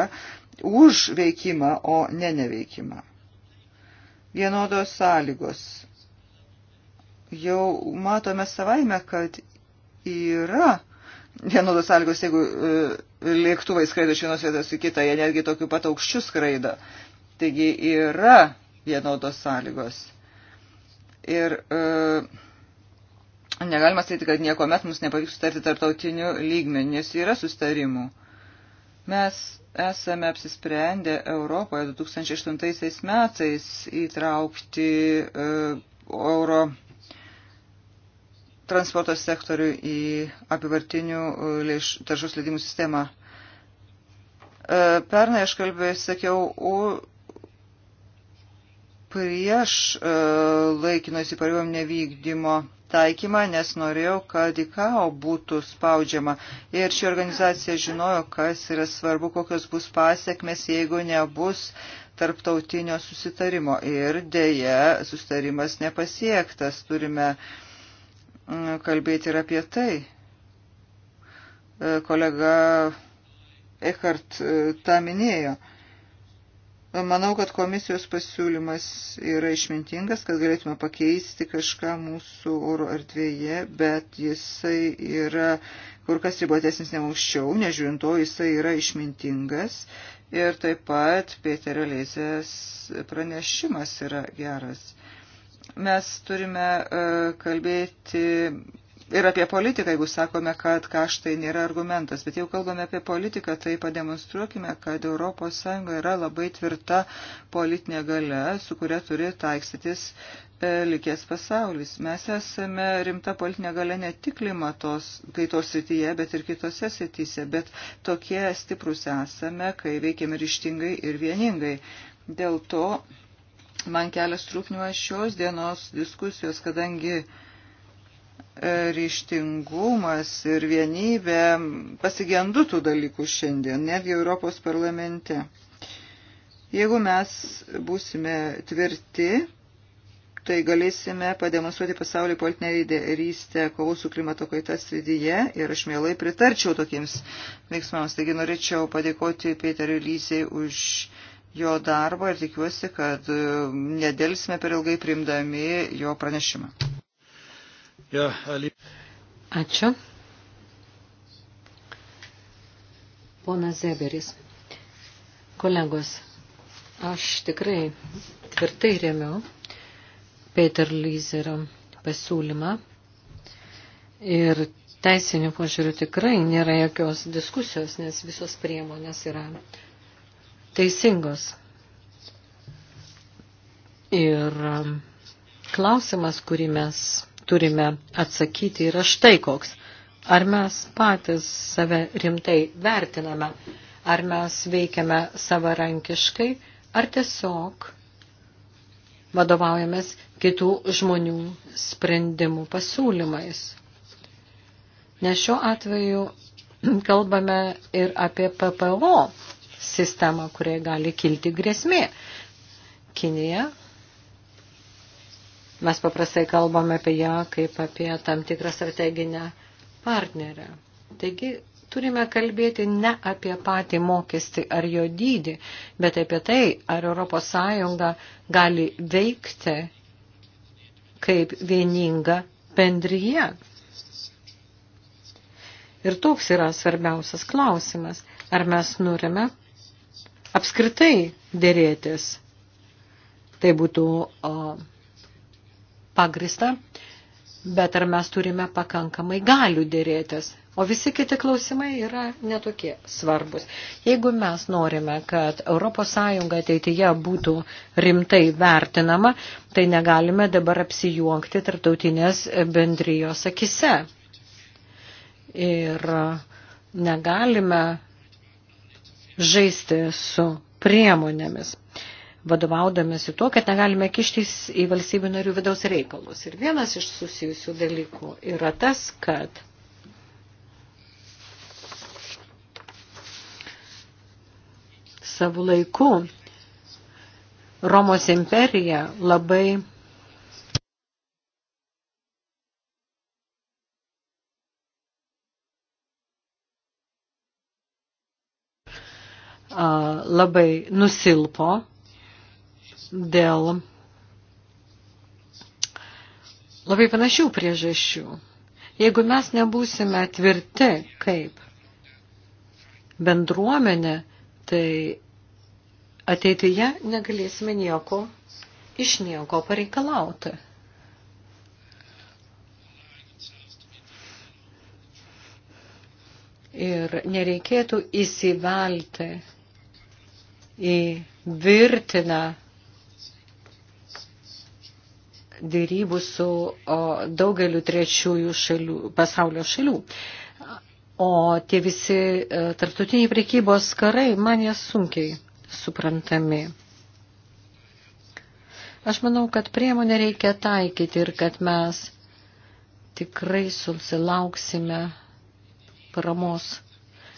už veikimą, o ne neveikimą. Vienodos sąlygos. Jau matome savaime, kad yra vienodos sąlygos, jeigu e, lėktuvai skraido iš vienos vietos į kitą, jie netgi tokiu pat aukščiu skraido. Taigi yra vienodos sąlygos Ir e, negalima sakyti, kad nieko met mums nepavyks sutarti tarptautiniu lygmeniu, nes yra sustarimų. Mes esame apsisprendę Europoje 2008 metais įtraukti e, euro transporto sektorių į apivartinių e, taršos leidimų sistemą. E, pernai aš kalbėjau, sakiau, prieš e, laikino įsipareigojimų nevykdymo taikymą, nes norėjau, kad IKAO būtų spaudžiama. Ir ši organizacija žinojo, kas yra svarbu, kokios bus pasiekmes, jeigu nebus tarptautinio susitarimo. Ir dėje susitarimas nepasiektas. Turime kalbėti ir apie tai. E, kolega Ekart e, tą minėjo. Manau, kad komisijos pasiūlymas yra išmintingas, kad galėtume pakeisti kažką mūsų oro erdvėje, bet jisai yra kur kas ribotesnis negu anksčiau, nežiūrint to, jisai yra išmintingas. Ir taip pat Pėterio Leizės pranešimas yra geras. Mes turime e, kalbėti ir apie politiką, jeigu sakome, kad kaštai nėra argumentas, bet jau kalbame apie politiką, tai pademonstruokime, kad ES yra labai tvirta politinė gale, su kuria turi taikstytis e, likęs pasaulis. Mes esame rimta politinė gale ne tik klimatos kaitos srityje, bet ir kitose srityse, bet tokie stiprus esame, kai veikiame ryštingai ir vieningai. Dėl to man kelias trūkniuoja šios dienos diskusijos, kadangi uh, ryštingumas ir vienybė pasigendu tų dalykų šiandien, netgi Europos parlamente. Jeigu mes būsime tvirti, tai galėsime pademonstruoti pasaulio politinę lyderystę kovos su klimato kaita srityje ir aš mielai pritarčiau tokiems veiksmams. Taigi norėčiau padėkoti Peteriu Lysiai už jo darbą ir tikiuosi, kad nedėlsime per ilgai primdami jo pranešimą. Ačiū. Ponas Zeberis. Kolegos, aš tikrai tvirtai remiu Peter Lyzerio pasiūlymą ir teisinių požiūrių tikrai nėra jokios diskusijos, nes visos priemonės yra teisingos. Ir um, klausimas, kurį mes turime atsakyti yra štai koks. Ar mes patys save rimtai vertiname, ar mes veikiame savarankiškai, ar tiesiog vadovaujamės kitų žmonių sprendimų pasiūlymais. Nes šiuo atveju kalbame ir apie PPO sistemą, kuriai gali kilti grėsmė. Kinija Mes paprastai kalbame apie ją kaip apie tam tikrą strateginę partnerę. Taigi turime kalbėti ne apie patį mokestį ar jo dydį, bet apie tai, ar ES gali veikti kaip vieninga bendryje. Ir toks yra svarbiausias klausimas, ar mes norime apskritai dėrėtis. Tai būtų o, pagrista, bet ar mes turime pakankamai galių dėrėtis. O visi kiti klausimai yra netokie svarbus. Jeigu mes norime, kad ES ateityje būtų rimtai vertinama, tai negalime dabar apsijuokti tarptautinės bendrijos akise. Ir negalime žaisti su priemonėmis. Uh, vadovaudamėsi tuo, kad negalime kištis į valstybių narių vidaus reikalus. Ir vienas iš susijusių dalykų yra tas, kad savų laikų Romos imperija labai labai nusilpo dėl labai panašių priežasčių. Jeigu mes nebūsime tvirti kaip bendruomenė, tai ateityje negalėsime nieko iš nieko pareikalauti. Ir nereikėtų įsivelti į virtiną dėrybų su daugeliu trečiųjų šalių, pasaulio šalių. O tie visi e, tarptautiniai prekybos karai man jie sunkiai suprantami. Aš manau, kad priemonę reikia taikyti ir kad mes tikrai susilauksime paramos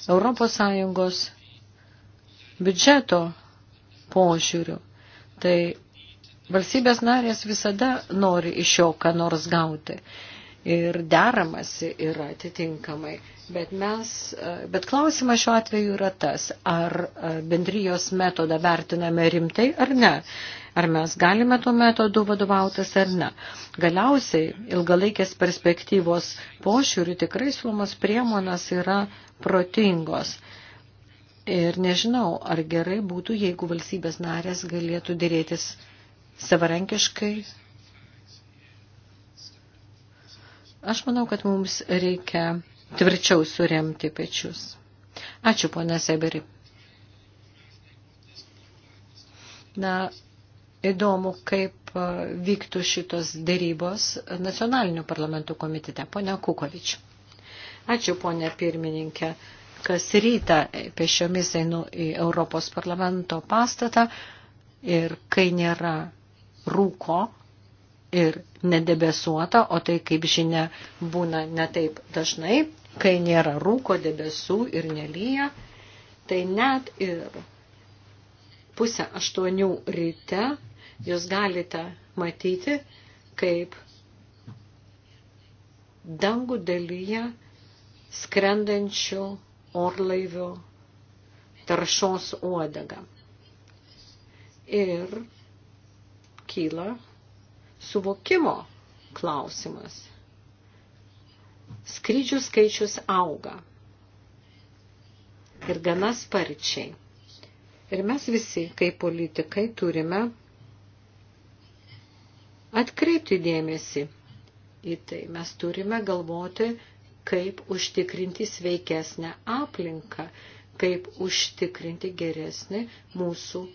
Europos Sąjungos biudžeto požiūrių. Tai Valstybės narės visada nori iš jo ką nors gauti. Ir deramasi yra atitinkamai. Bet, mes, e, bet klausimas šiuo atveju yra tas, ar e, bendrijos metodą vertiname rimtai ar ne. Ar mes galime tuo metodu vadovautis ar ne. Galiausiai ilgalaikės perspektyvos pošiūrių tikrai siūlomas priemonas yra protingos. Ir nežinau, ar gerai būtų, jeigu valstybės narės galėtų dėrėtis savarankiškai. Aš manau, kad mums reikia tvirčiau suremti pečius. Ačiū, ponė Seberi. Na, įdomu, kaip vyktų šitos dėrybos nacionalinių parlamentų komitete. Pone Kukovič. Ačiū, ponė pirmininkė. Kas rytą pešiomis einu į Europos parlamento pastatą ir kai nėra rūko ir nedebesuota, o tai, kaip žinia, būna netaip dažnai, kai nėra rūko debesų ir nelyja, tai net ir pusę aštuonių ryte jūs galite matyti, kaip dangų dalyje skrendančių orlaivių taršos uodega. Ir kyla suvokimo klausimas. Skrydžių skaičius auga ir gana sparčiai. Ir mes visi, kaip politikai, turime atkreipti dėmesį į tai. Mes turime galvoti, kaip užtikrinti sveikesnę aplinką, kaip užtikrinti geresnį mūsų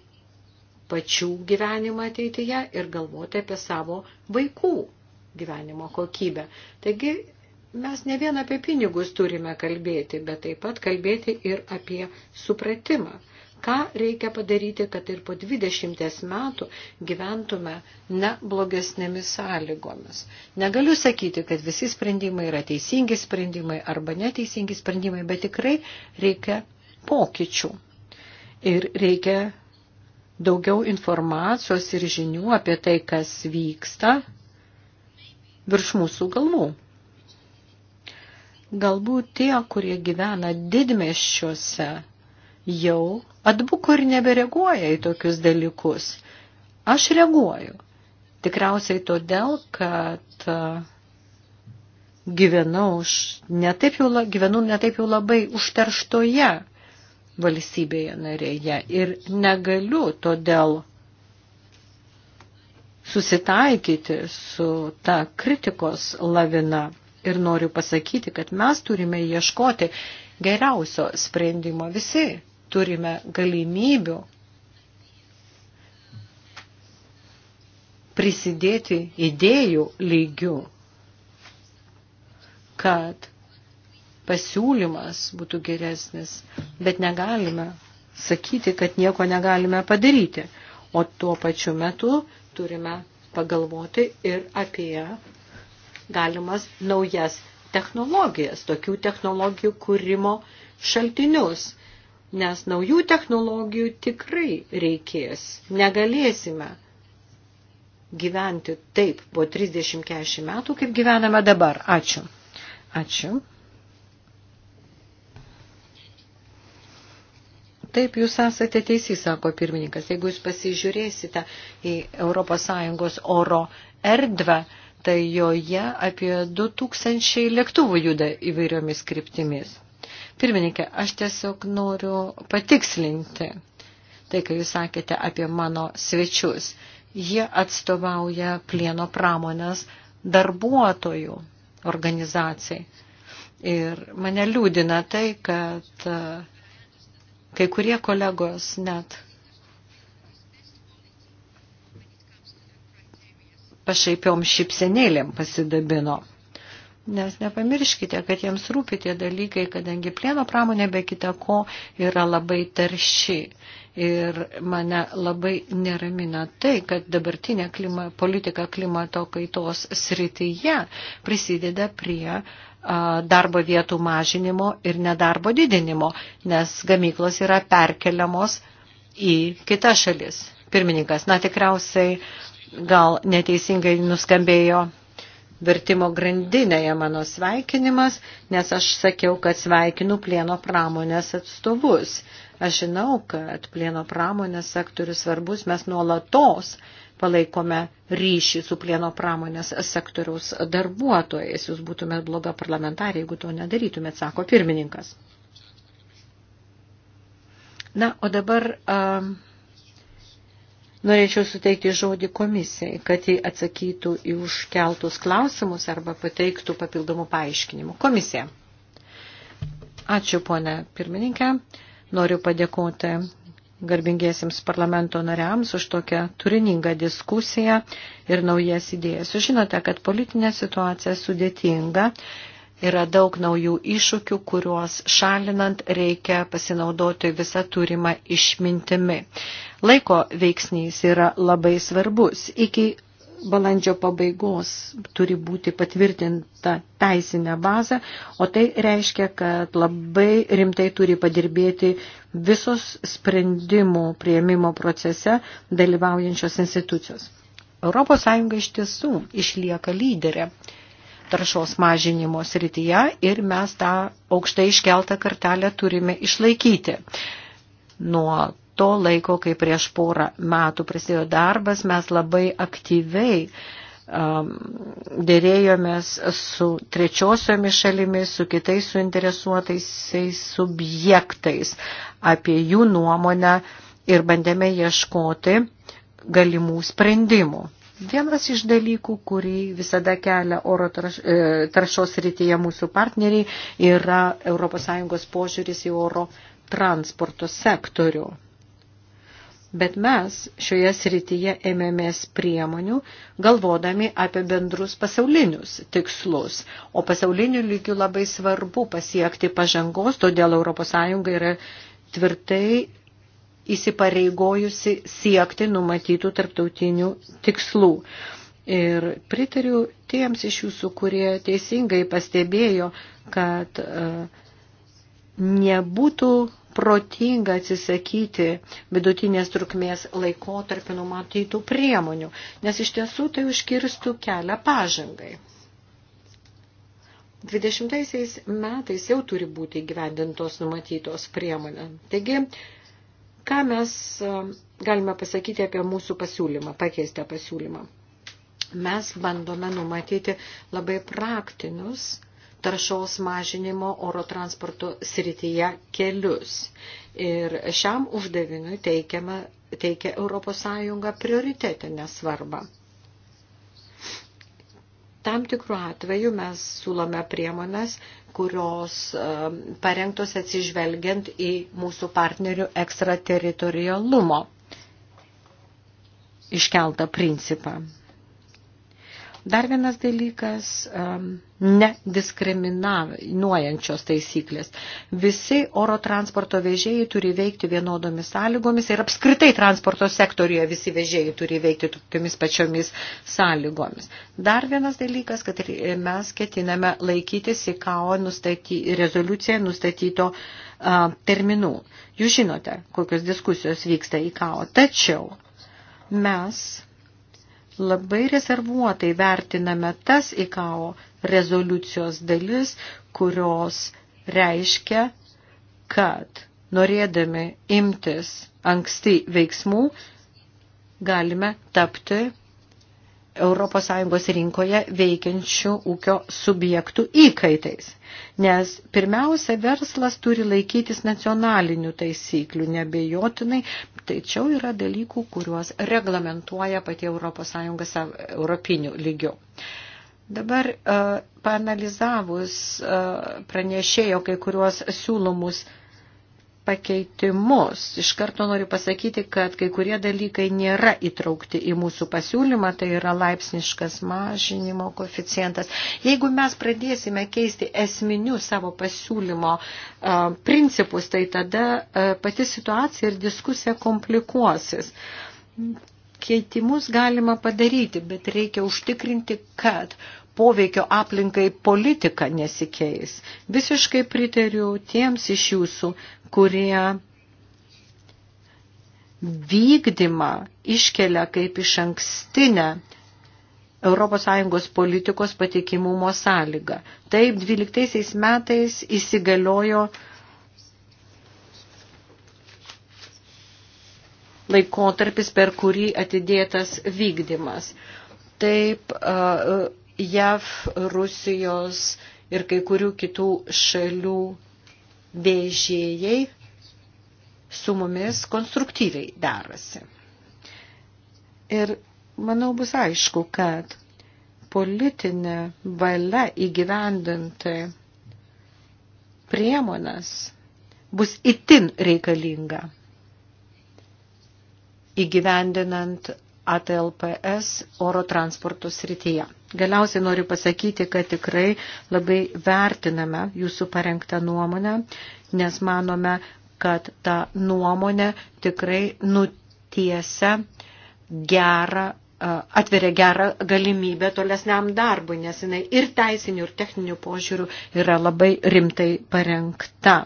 pačių gyvenimą ateityje ir galvoti apie savo vaikų gyvenimo kokybę. Taigi mes ne vien apie pinigus turime kalbėti, bet taip pat kalbėti ir apie supratimą. Ką reikia padaryti, kad ir po 20 metų gyventume ne blogesnėmis sąlygomis. Negaliu sakyti, kad visi sprendimai yra teisingi sprendimai arba neteisingi sprendimai, bet tikrai reikia pokyčių. Ir reikia daugiau informacijos ir žinių apie tai, kas vyksta virš mūsų galvų. Galbūt tie, kurie gyvena didmeščiuose, jau atbuko ir nebereaguoja į tokius dalykus. Aš reaguoju. Tikriausiai todėl, kad gyvenau, už, netaip jau, gyvenu netaip jau labai užterštoje valstybėje narėje ir negaliu todėl susitaikyti su ta kritikos lavina ir noriu pasakyti, kad mes turime ieškoti geriausio sprendimo. Visi turime galimybių prisidėti idėjų lygių, kad pasiūlymas būtų geresnis, bet negalime sakyti, kad nieko negalime padaryti. O tuo pačiu metu turime pagalvoti ir apie galimas naujas technologijas, tokių technologijų kūrimo šaltinius. Nes naujų technologijų tikrai reikės. Negalėsime gyventi taip po 30-40 metų, kaip gyvename dabar. Ačiū. Ačiū. Taip, jūs esate teisys, sako pirmininkas. Jeigu jūs pasižiūrėsite į ES oro erdvę, tai joje apie 2000 lėktuvų juda įvairiomis kryptimis. Pirmininkė, aš tiesiog noriu patikslinti tai, ką jūs sakėte apie mano svečius. Jie atstovauja plieno pramonės darbuotojų organizacijai. Ir mane liūdina tai, kad Kai kurie kolegos net pašaipiom šipsenėlėm pasidabino. Nes nepamirškite, kad jiems rūpi tie dalykai, kadangi plieno pramonė be kita ko yra labai tarši. Ir mane labai neramina tai, kad dabartinė klima, politika klimato kaitos srityje prisideda prie darbo vietų mažinimo ir nedarbo didinimo, nes gamyklos yra perkeliamos į kitas šalis. Pirmininkas, na tikriausiai gal neteisingai nuskambėjo vertimo grandinėje mano sveikinimas, nes aš sakiau, kad sveikinu plieno pramonės atstovus. Aš žinau, kad plieno pramonės sektorius svarbus, mes nuolatos uh, palaikome ryšį su plieno pramonės sektoriaus darbuotojais. Jūs būtumėt bloga parlamentarė, jeigu to nedarytumėt, sako pirmininkas. Na, o dabar a, norėčiau suteikti žodį komisijai, kad jį atsakytų į užkeltus klausimus arba pateiktų papildomų paaiškinimų. Komisija. Ačiū, ponė pirmininkė. Noriu padėkoti garbingiesiems parlamento nariams už tokią turiningą diskusiją ir naujas idėjas. Jūs žinote, kad politinė situacija sudėtinga, yra daug naujų iššūkių, kuriuos šalinant reikia pasinaudoti visą turimą išmintimi. Laiko veiksnys yra labai svarbus. Iki balandžio pabaigos turi būti patvirtinta teisinė bazė, o tai reiškia, kad labai rimtai turi padirbėti visos sprendimų prieimimo procese dalyvaujančios institucijos. ES iš tiesų išlieka lyderė taršos mažinimo srityje ir mes tą aukštai iškeltą kartelę turime išlaikyti. Nuo to laiko, kai prieš porą metų prasidėjo darbas, mes labai aktyviai um, dėrėjomės su trečiosiomis šalimis, su kitais suinteresuotaisiais subjektais apie jų nuomonę ir bandėme ieškoti galimų sprendimų. Vienas iš dalykų, kurį visada kelia oro tarš, e, taršos rytyje mūsų partneriai, yra ES požiūris į oro transporto sektorių. Bet mes šioje srityje ėmėmės priemonių, galvodami apie bendrus pasaulinius tikslus. O pasaulinių lygių labai svarbu pasiekti pažangos, todėl ES yra tvirtai įsipareigojusi siekti numatytų tarptautinių tikslų. Ir pritariu tiems iš jūsų, kurie teisingai pastebėjo, kad uh, nebūtų protinga atsisakyti vidutinės trukmės laikotarpį numatytų priemonių, nes iš tiesų tai užkirstų kelią pažangai. 20 metais jau turi būti gyvendintos numatytos priemonė. Taigi, ką mes galime pasakyti apie mūsų pasiūlymą, pakeistą pasiūlymą? Mes bandome numatyti labai praktinius taršos mažinimo oro transporto srityje kelius. Ir šiam uždaviniui teikiama, teikia ES prioritetinę svarbą. Tam tikrų atveju mes siūlome priemonės, kurios um, parengtos atsižvelgiant į mūsų partnerių ekstrateritorialumo iškeltą principą. Dar vienas dalykas - nediskriminuojančios taisyklės. Visi oro transporto vežėjai turi veikti vienodomis sąlygomis ir apskritai transporto sektorijoje visi vežėjai turi veikti tokiamis pačiomis sąlygomis. Dar vienas dalykas, kad mes ketiname laikytis į KAO nustaty, rezoliuciją nustatyto a, terminų. Jūs žinote, kokios diskusijos vyksta į KAO. Tačiau mes Labai rezervuotai vertiname tas IKAO rezoliucijos dalis, kurios reiškia, kad norėdami imtis anksti veiksmų galime tapti ES rinkoje veikiančių ūkio subjektų įkaitais. Nes pirmiausia, verslas turi laikytis nacionalinių taisyklių, nebejotinai, tačiau yra dalykų, kuriuos reglamentuoja pati ES europinių lygių. Dabar e, panalizavus e, pranešėjo kai kuriuos siūlomus pakeitimus. Iš karto noriu pasakyti, kad kai kurie dalykai nėra įtraukti į mūsų pasiūlymą, tai yra laipsniškas mažinimo koeficientas. Jeigu mes pradėsime keisti esminius savo pasiūlymo principus, tai tada pati situacija ir diskusija komplikuosis. Keitimus galima padaryti, bet reikia užtikrinti, kad poveikio aplinkai politika nesikeis. Visiškai pritariu tiems iš jūsų, kurie vykdymą iškelia kaip iš ankstinę ES politikos patikimumo sąlygą. Taip 12 metais įsigaliojo laikotarpis, per kurį atidėtas vykdymas. Taip JAV, Rusijos ir kai kurių kitų šalių vežėjai su mumis konstruktyviai darasi. Ir manau bus aišku, kad politinė valia įgyvendinti priemonas bus itin reikalinga įgyvendinant ATLPS oro transporto srityje. Galiausiai noriu pasakyti, kad tikrai labai vertiname jūsų parengtą nuomonę, nes manome, kad ta nuomonė tikrai nutiesia gerą atveria gerą galimybę tolesniam darbui, nes jinai ir teisinių, ir techninių požiūrių yra labai rimtai parengta.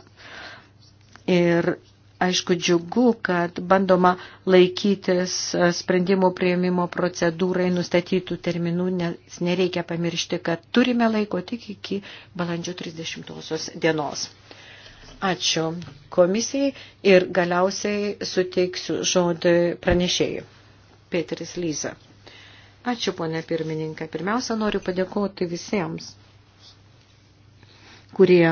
Ir aišku, džiugu, kad bandoma laikytis e, sprendimų prieimimo procedūrai nustatytų terminų, nes nereikia pamiršti, kad turime laiko tik iki balandžio 30 dienos. Ačiū komisijai ir galiausiai suteiksiu žodį pranešėjai. Peteris Lyza. Ačiū, ponė pirmininkė. Pirmiausia, noriu padėkoti visiems, kurie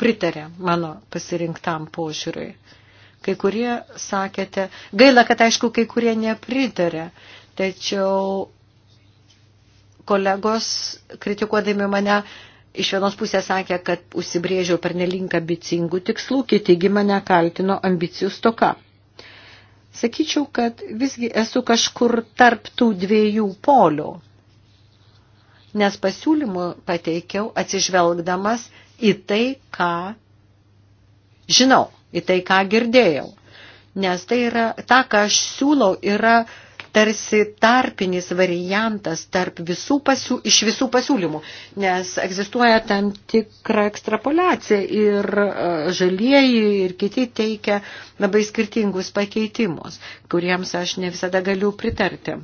pritarė mano pasirinktam požiūriui. Kai kurie sakėte, gaila, kad aišku, kai kurie nepritarė, tačiau kolegos kritikuodami mane iš vienos pusės sakė, kad užsibrėžiau per nelink ambicingų tikslų, kitigi mane kaltino ambicijų stoka. Sakyčiau, kad visgi esu kažkur tarp tų dviejų polių, nes pasiūlymų pateikiau atsižvelgdamas į tai, ką žinau, į tai, ką girdėjau. Nes tai yra, ta, ką aš siūlau, yra tarsi tarpinis variantas tarp visų pasiū, iš visų pasiūlymų, nes egzistuoja tam tikra ekstrapolacija ir e, žalieji ir kiti teikia labai skirtingus pakeitimus, kuriems aš ne visada galiu pritarti.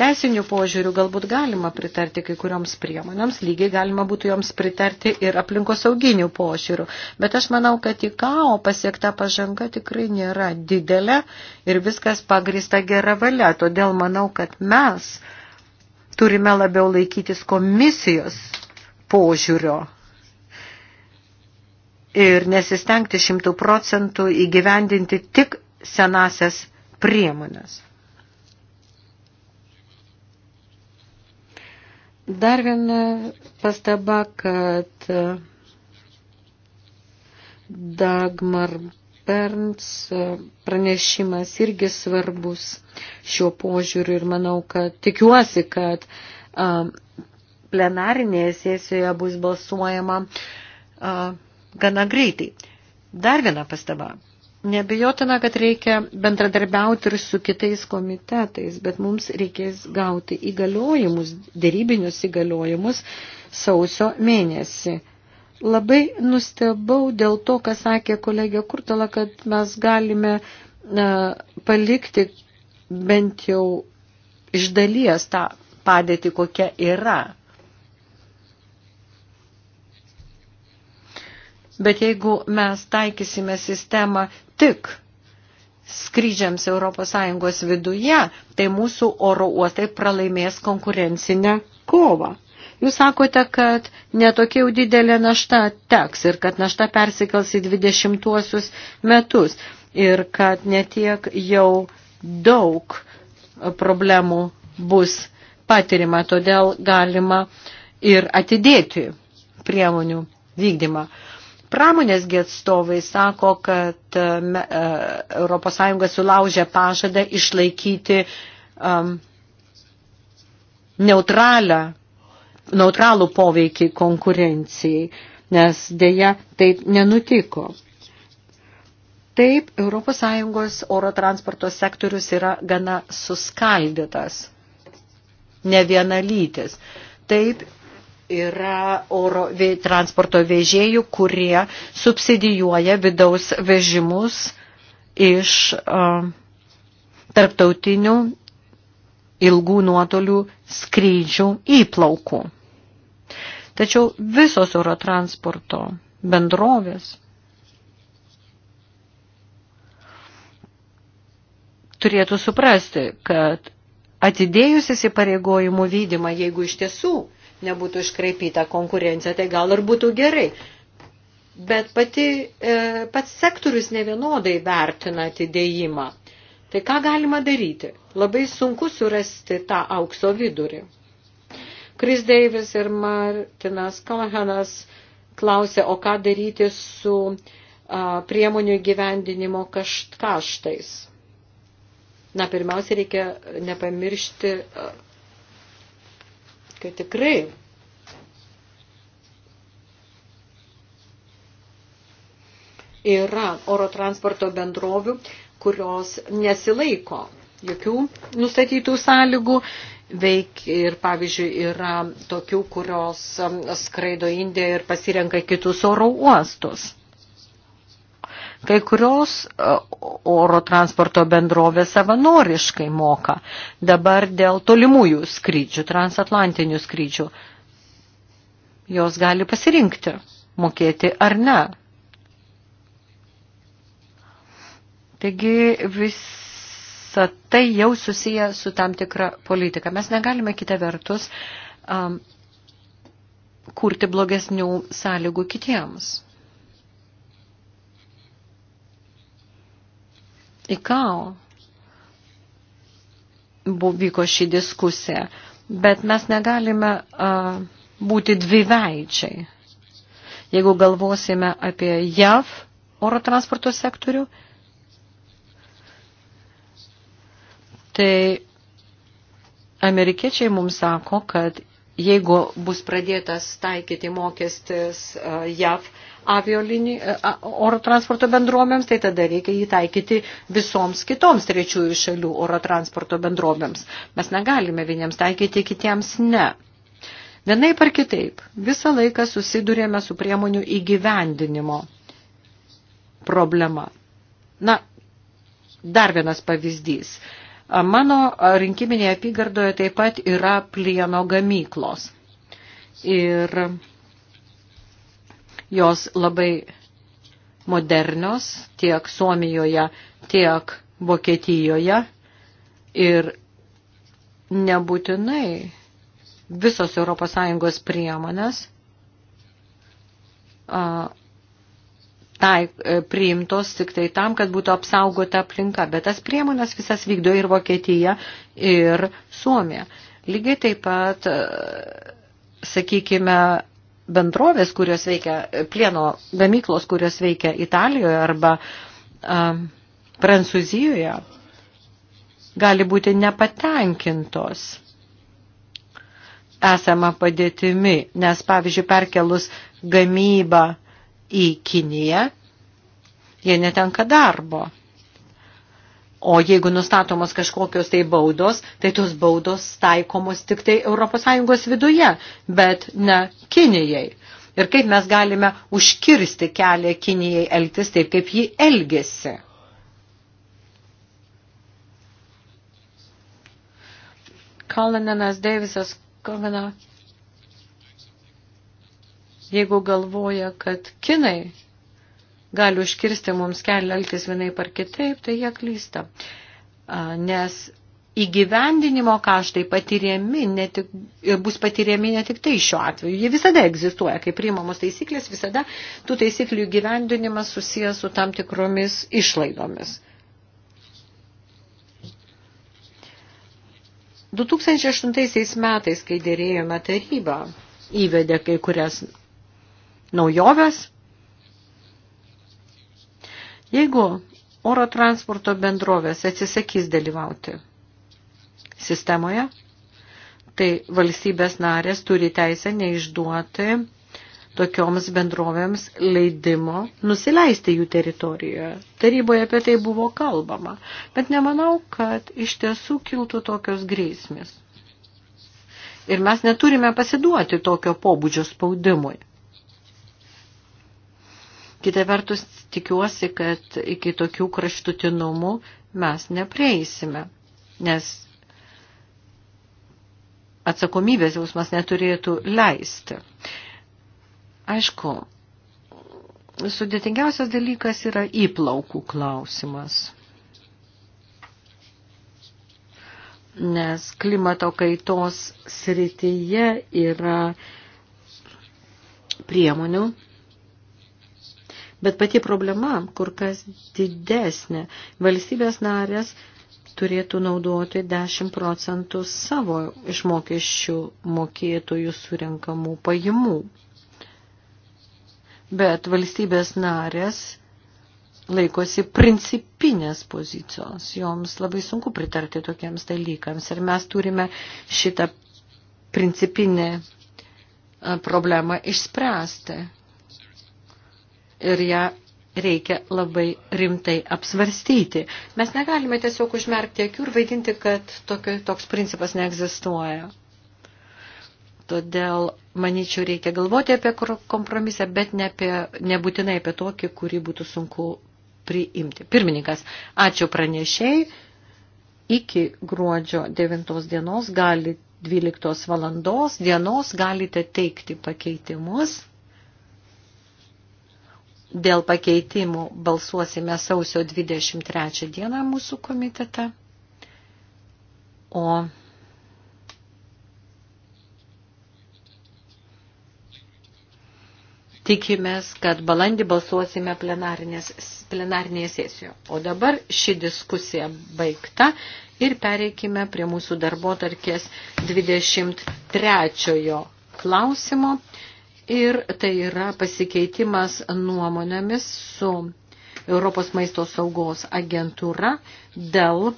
Teisinių požiūrių galbūt galima pritarti kai kurioms priemonėms, lygiai galima būtų joms pritarti ir aplinkosauginių požiūrių, bet aš manau, kad į KAO pasiekta pažanga tikrai nėra didelė ir viskas pagrįsta gera valia, todėl manau, kad mes turime labiau laikytis komisijos požiūrio ir nesistengti šimtų procentų įgyvendinti tik senasias priemonės. Dar viena pastaba, kad e, Dagmar Berns e, pranešimas irgi svarbus šiuo požiūriu ir manau, kad tikiuosi, kad e, plenarinėje sesijoje bus balsuojama gana greitai. Dar viena pastaba. Nebejotina, kad reikia bendradarbiauti ir su kitais komitetais, bet mums reikės gauti įgaliojimus, dėrybinius įgaliojimus sausio mėnesį. Labai nustebau dėl to, ką sakė kolegė Kurtala, kad mes galime na, e, palikti bent jau iš dalies tą padėtį, kokia yra. Bet jeigu mes taikysime sistemą tik skrydžiams ES viduje, tai mūsų oro uostai pralaimės konkurencinę kovą. Jūs sakote, kad netokia jau didelė našta teks ir kad našta persikels į 20 metus ir kad netiek jau daug problemų bus patirima, todėl galima ir atidėti priemonių vykdymą. Pramonės atstovai sako, kad ES e, sulaužė pažadą išlaikyti um, neutralią, neutralų poveikį konkurencijai, nes dėja taip nenutiko. Taip, ES oro transporto sektorius yra gana suskaldytas, ne vienalytis. Taip, yra oro transporto vežėjų, kurie subsidijuoja vidaus vežimus iš uh, tarptautinių ilgų nuotolių skrydžių įplaukų. Tačiau visos oro transporto bendrovės turėtų suprasti, kad atidėjus įsipareigojimų vydimą, jeigu iš tiesų nebūtų iškraipyta konkurencija, tai gal ir būtų gerai. Bet pati, e, pats sektorius nevienodai vertina atidėjimą. Tai ką galima daryti? Labai sunku surasti tą aukso vidurį. Chris Davis ir Martinas Callahanas klausė, o ką daryti su a, priemonių gyvendinimo kašt, kaštais. Na, pirmiausia, reikia nepamiršti kad tikrai yra oro transporto bendrovių, kurios nesilaiko jokių nustatytų sąlygų. Veik ir, pavyzdžiui, yra tokių, kurios um, skraido Indiją ir pasirenka kitus oro uostus. Kai kurios e, oro transporto bendrovės savanoriškai moka dabar dėl tolimųjų skrydžių, transatlantinių skrydžių. Jos gali pasirinkti, mokėti ar ne. Taigi visa tai jau susiję su tam tikra politika. Mes negalime kitą vertus um, kurti blogesnių sąlygų kitiems. ICAO vyko ši diskusija, bet mes negalime a, būti dviveidžiai. Jeigu galvosime apie JAV oro transporto sektorių, tai amerikiečiai mums sako, kad jeigu bus pradėtas taikyti mokestis JAV aviolinį, e, oro transporto bendrovėms, tai tada reikia jį taikyti visoms kitoms trečiųjų šalių oro transporto bendrovėms. Mes negalime vieniems taikyti, kitiems ne. Vienai par kitaip, visą laiką susidurėme su priemonių įgyvendinimo problema. Na, dar vienas pavyzdys. Mano rinkiminėje apygardoje taip pat yra plieno gamyklos. Ir Jos labai modernios tiek Suomijoje, tiek Vokietijoje ir nebūtinai visos ES priemonės a, tai, e, priimtos tik tai tam, kad būtų apsaugota aplinka. Bet tas priemonės visas vykdo ir Vokietija, ir Suomija. Lygiai taip pat, e, sakykime, bendrovės, kurios veikia, e, plieno gamyklos, kurios veikia Italijoje arba um, Prancūzijoje, gali būti nepatenkintos esama padėtimi, nes, pavyzdžiui, perkelus gamybą į Kiniją, jie netenka darbo. O jeigu nustatomos kažkokios tai baudos, tai tos baudos taikomos tik tai ES viduje, bet ne Kinijai. Ir kaip mes galime užkirsti kelią Kinijai elgtis taip, kaip ji elgesi. Kalaninas Deivisas Kovina, jeigu galvoja, kad Kinai gali užkirsti mums kelią elgtis vienai par kitaip, tai jie klysta. Nes įgyvendinimo kaštai patiriami ne tik, bus patiriami ne tik tai šiuo atveju. Jie visada egzistuoja, kai priimamos taisyklės, visada tų taisyklių įgyvendinimas susijęs su tam tikromis išlaidomis. 2008 metais, kai dėrėjome tarybą, įvedė kai kurias naujoves, Jeigu oro transporto bendrovės atsisakys dalyvauti sistemoje, tai valstybės narės turi teisę neišduoti tokioms bendrovėms leidimo nusileisti jų teritorijoje. Taryboje apie tai buvo kalbama, bet nemanau, kad iš tiesų kiltų tokios grėsmės. Ir mes neturime pasiduoti tokio pobūdžio spaudimui. Kita vertus, tikiuosi, kad iki tokių kraštutinumų mes neprieisime, nes atsakomybės jausmas neturėtų leisti. Aišku, sudėtingiausias dalykas yra įplaukų klausimas. Nes klimato kaitos srityje yra priemonių, Bet pati problema kur kas didesnė. Valstybės narės turėtų naudoti 10 procentų savo iš mokesčių mokėtojų surinkamų pajamų. Bet valstybės narės laikosi principinės pozicijos. Joms labai sunku pritarti tokiems dalykams. Ir mes turime šitą principinę problemą išspręsti ir ją reikia labai rimtai apsvarstyti. Mes negalime tiesiog užmerkti akių ir vaidinti, kad tokio, toks principas neegzistuoja. Todėl, manyčiau, reikia galvoti apie kompromisą, bet ne apie, nebūtinai apie tokį, kurį būtų sunku priimti. Pirmininkas, ačiū pranešėjai. Iki gruodžio 9 dienos gali 12 valandos dienos galite teikti pakeitimus. Dėl pakeitimų balsuosime sausio 23 dieną mūsų komitete. O tikimės, kad balandį balsuosime plenarinėje sesijoje. O dabar ši diskusija baigta ir pereikime prie mūsų darbo tarkės 23 klausimo. Ir tai yra pasikeitimas nuomonėmis su Europos maisto saugos agentūra dėl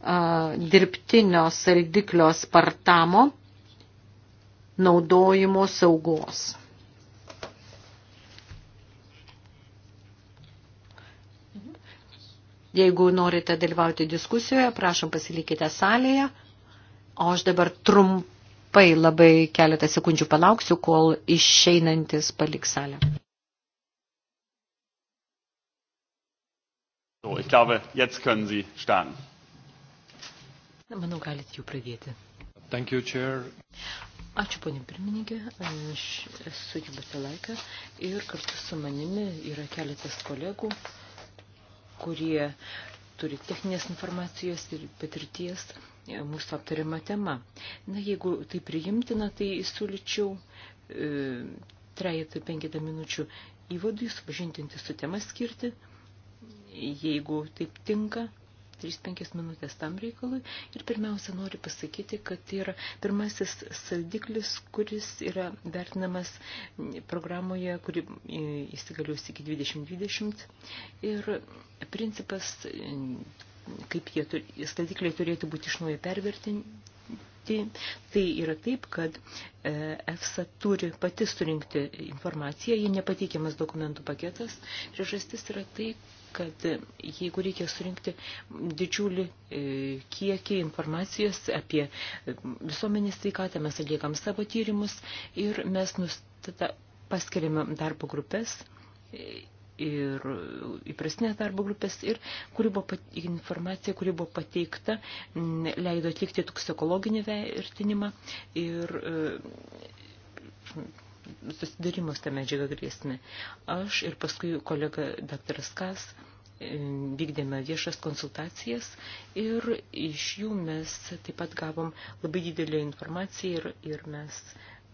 a, dirbtinio saldiklio spartamo naudojimo saugos. Jeigu norite dalyvauti diskusijoje, prašom pasilikite salėje, o aš dabar trumpai trumpai labai keletą sekundžių palauksiu, kol išeinantis paliks salę. So, ich glaube, jetzt können Sie starten. Na, manau, galite jau pradėti. Thank you, Chair. Ačiū, ponė pirmininkė, aš esu Jubatelaiką ir kartu su manimi yra keletas kolegų, kurie turi techninės informacijos ir patirties e, mūsų aptariama tema. Na, jeigu tai priimtina, tai siūlyčiau e, trejatą penkitą minučių įvadui supažintinti su tema skirti, jeigu taip tinka. 3-5 minutės tam reikalui. Ir pirmiausia, noriu pasakyti, kad tai yra pirmasis saldiklis, kuris yra vertinamas programoje, kuri e, įsigaliaus iki 2020. Ir principas, e, kaip jie, saldikliai turėtų būti iš naujo pervertinti surinkti. Tai yra taip, kad e, EFSA turi pati surinkti informaciją, ji nepateikiamas dokumentų paketas. Priežastis yra tai, kad jeigu reikia surinkti didžiulį e, kiekį informacijos apie e, visuomenės sveikatą, mes atliekam savo tyrimus ir mes nustata, paskiriame darbo grupės e, ir įprastinės darbo grupės, ir kuri buvo pat, informacija, kuri buvo pateikta, leido atlikti toksikologinį vertinimą ir susidarimus tą medžiagą grėsmę. Aš ir paskui kolega daktaras Kas e, vykdėme viešas konsultacijas ir iš jų mes taip pat gavom labai didelį informaciją ir, ir mes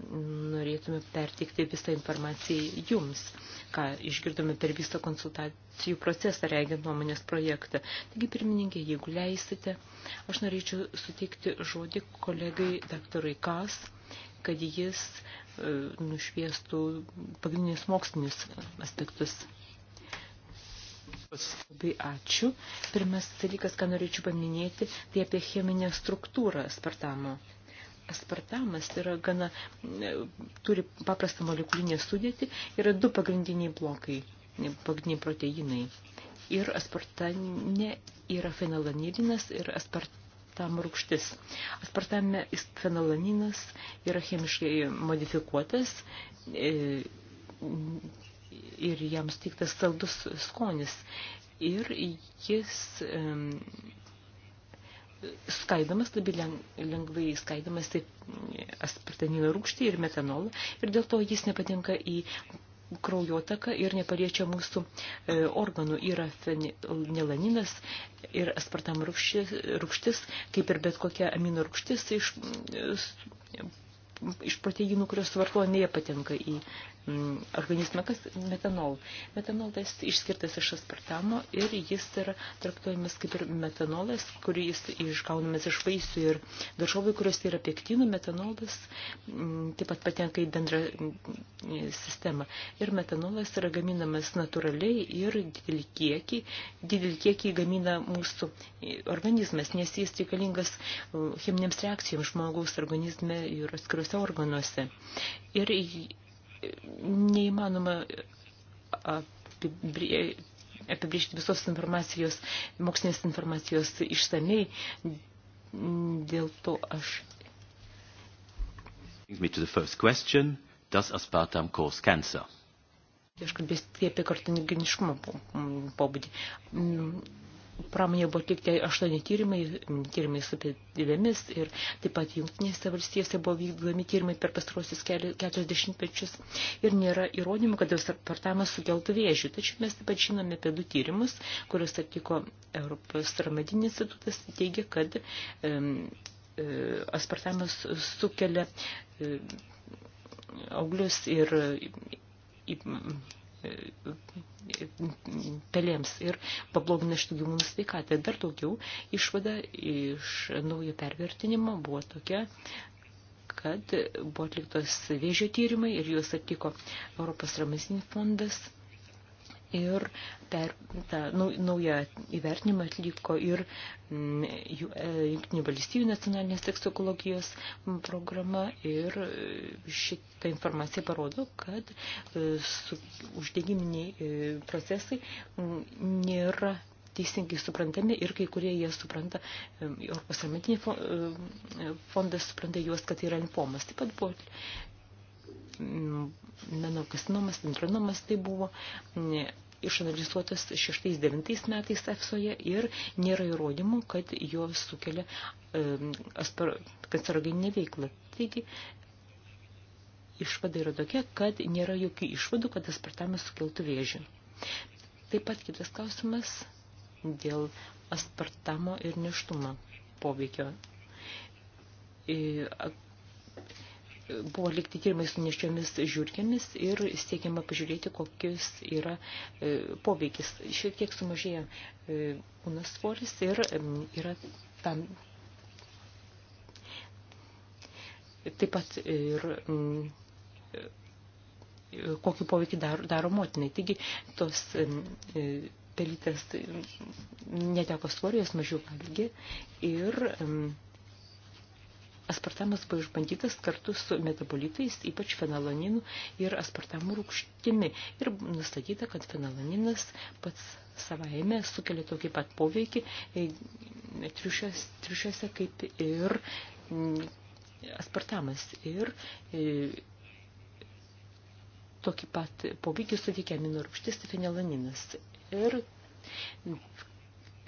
norėtume perteikti visą informaciją jums, ką išgirdome per visą konsultacijų procesą reigiant nuomonės projektą. Taigi, pirmininkė, jeigu leisite, aš norėčiau suteikti žodį kolegai daktarui Kas, kad jis E, nušviestų pagrindinius mokslinius aspektus. Labai ačiū. Pirmasis dalykas, ką norėčiau paminėti, tai apie cheminę struktūrą aspartamo. Aspartamas yra gana, e, turi paprastą molekulinę sudėtį, yra du pagrindiniai blokai, pagrindiniai proteinai. Ir aspartane yra fenalanilinas ir aspart, tam rūkštis. Aspartame fenolaninas yra chemiškai modifikuotas e, ir jam stiktas saldus skonis ir jis skaidamas, labai lengvai skaidamas tai aspartanino rūgštį ir metanolą ir dėl to jis nepatinka į kraujotaka ir nepaliečia mūsų e, organų. Yra fenilaninas ir aspartam rūgštis, kaip ir bet kokia amino rūgštis iš, e, iš proteinų, kurios vartojame, jie patenka į organizme, kas metanol. Metanolas išskirtas iš aspartamo ir jis yra traktuojamas kaip ir metanolas, kuris išgaunamas iš vaisių ir daržovių, kurios yra pektinų, metanolas taip pat patenka į bendrą sistemą. Ir metanolas yra gaminamas natūraliai ir didelį kiekį. Didelį kiekį gamina mūsų organizmas, nes jis reikalingas cheminėms reakcijoms žmogaus organizme ir atskiriuose organuose. Ir neįmanoma apibriežti visos informacijos, mokslinės informacijos išsamei, dėl to aš. Brings me to the first question, does aspartam cause cancer? Aš kalbėsiu apie kartonigeniškumo pobūdį. Po, po, po, po, po, po, po, po, pramonėje buvo atlikti aštuoni tyrimai, tyrimai su epidėmis ir taip pat jungtinėse valstijose buvo vykdomi tyrimai per pastarosius keturis dešimtmečius ir nėra įrodymų, kad departamentas sukeltų vėžių. Tačiau mes taip pat žinome apie du tyrimus, kuriuos atliko Europos Ramadinis institutas, tai teigia, kad e, e, aspartamas sukelia e, auglius ir e, e, pelėms ir pablogina šitų gyvūnų sveikatą. Dar daugiau išvada iš naujo pervertinimo buvo tokia, kad buvo atliktos vėžio tyrimai ir juos atliko Europos ramasinis fondas – ir per tą nu, naują įvertinimą atliko ir mm, e, Junktinių valstybių nacionalinės toksikologijos programa ir e, šitą informaciją parodo, kad e, su, uždegiminiai procesai nėra teisingai suprantami ir kai kurie jie supranta, Europos remetinį fondas supranta juos, kad tai yra limfomas. Taip pat buvo meno nu, kastinumas, antronomas tai buvo išanalizuotas 6-9 metais EFSOje ir nėra įrodymų, kad jos sukelia e, kancerogeninę veiklą. Taigi, išvada yra tokia, kad nėra jokių išvadų, kad aspartamas sukeltų vėžį. Taip pat kitas klausimas dėl aspartamo ir neštumo poveikio. E, buvo likti tyrimai su nešiomis žiūrkėmis ir siekiama pažiūrėti, kokius yra e, poveikis. Šiek tiek sumažėjo e, kūnas svoris ir yra tam taip pat ir mm, e, kokį poveikį daro, daro motinai. Taigi tos pelytės mm, neteko svorio, jos mažiau valgė ir Aspartamas buvo išbandytas kartu su metabolitais, ypač fenaloninu ir aspartamų rūkštimi. Ir nustatyta, kad fenaloninas pats savaime sukelia tokį pat poveikį e, triušiuose, triušiuose kaip ir mm, aspartamas. Ir e, tokį pat poveikį suteikia amino rūgštis tai fenaloninas. Ir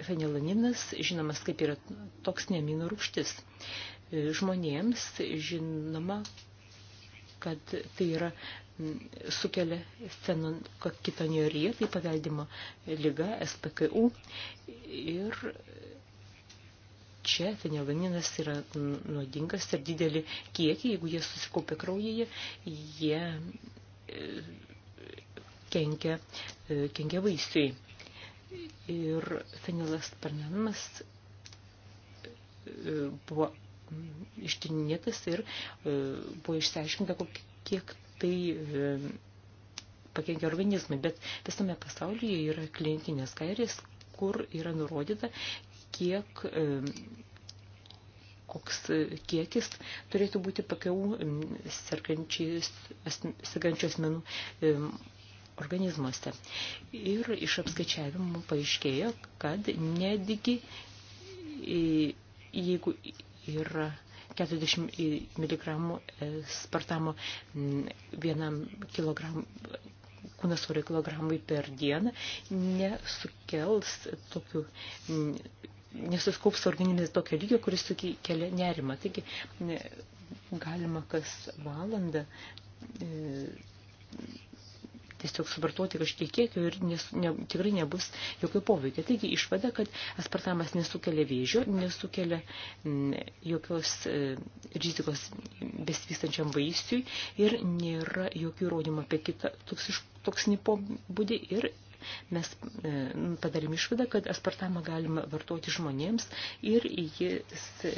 fenaloninas žinomas kaip yra toksinė amino rūgštis žmonėms žinoma, kad tai yra sukelia fenokokitoniorija, tai paveldimo lyga SPKU ir čia fenilaninas yra nuodingas ir didelį kiekį, jeigu jie susikaupia kraujyje, jie e, kenkia, e, kenkia vaisiui. Ir fenilas parnaninas e, buvo ištininėtas ir e, buvo išsiaiškinta, kiek tai e, pakenkia organizmui. Bet visame pasaulyje yra klinikinės kairės, kur yra nurodyta, kiek, e, koks kiekis turėtų būti pakiau sergančių asmenų organizmuose. Ir iš apskaičiavimų paaiškėjo, kad netgi jeigu ir 40 mg e, spartamo vienam kilogramui kūno svorio kilogramui per dieną nesukels tokių, nesuskaups organizmas tokio lygio, kuris kelia nerimą. Taigi galima kas valandą e, tiesiog suvartoti kažkiek kiekio ir nes, ne, tikrai nebus jokio poveikio. Taigi išvada, kad aspartamas nesukelia vėžio, nesukelia m, mm, jokios e, rizikos besivystančiam vaisiui ir nėra jokių įrodymų apie kitą toksiš, toksinį pobūdį ir mes e, padarėm išvadą, kad aspartamą galima vartoti žmonėms ir jis e,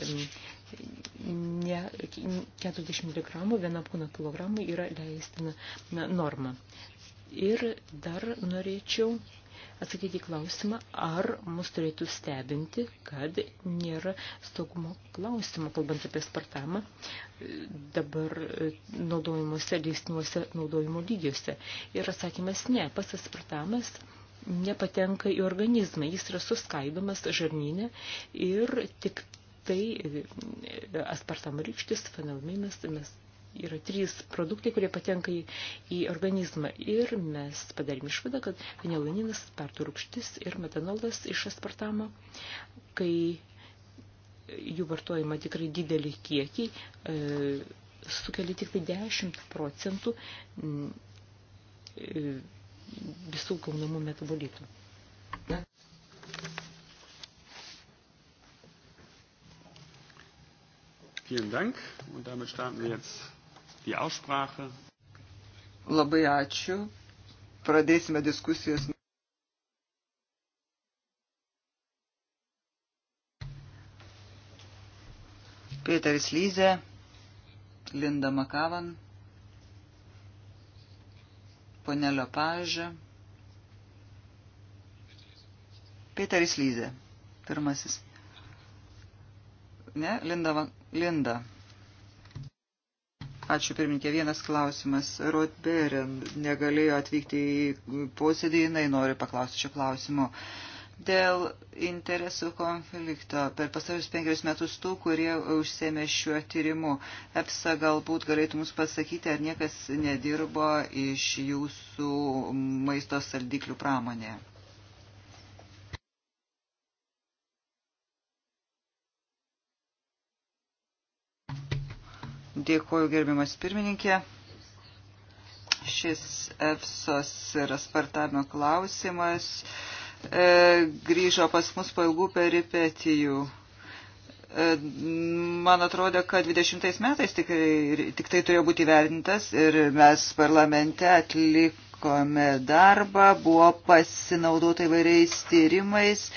ne 40 mg vienam kūno kilogramui yra leistina norma. Ir dar norėčiau atsakyti klausimą, ar mus turėtų stebinti, kad nėra saugumo klausimo, kalbant apie spartamą, dabar naudojimuose, leistiniuose naudojimo lygiuose. Ir atsakymas ne, pas spartamas nepatenka į organizmą, jis yra suskaidomas žarnyne ir tik tai aspartamo rykštis, fenominas, mes yra trys produktai, kurie patenka į, į organizmą. Ir mes padarėm išvadą, kad fenilaninas, aspartų rūgštis ir metanolas iš aspartamo, kai jų vartojama tikrai didelį kiekį, e, sukelia tik tai 10 procentų e, visų gaunamų metabolitų. Na. Vielen Dank. Und damit starten wir jetzt die Aussprache. Labai ačiū. Pradėsime diskusijas. Peteris Lyze, Linda Makavan, Ponelio Pažė. Peteris Lyze, pirmasis. Ne, Linda, Linda Ačiū, pirminkė. Vienas klausimas. Rod Beren negalėjo atvykti į posėdį, jinai nori paklausti šio klausimo. Dėl interesų konflikto per pasarius penkerius metus tų, kurie užsėmė šiuo tyrimu, EPSA galbūt galėtų mums pasakyti, ar niekas nedirbo iš jūsų maisto saldiklių pramonėje. Dėkuoju gerbiamas pirmininkė. Šis EFSOS ir aspartano klausimas e, grįžo pas mus po ilgų peripetijų. E, man atrodo, kad 20 metais tik, tik tai turėjo būti vertintas ir mes parlamente atlikome darbą, buvo pasinaudota įvairiais tyrimais,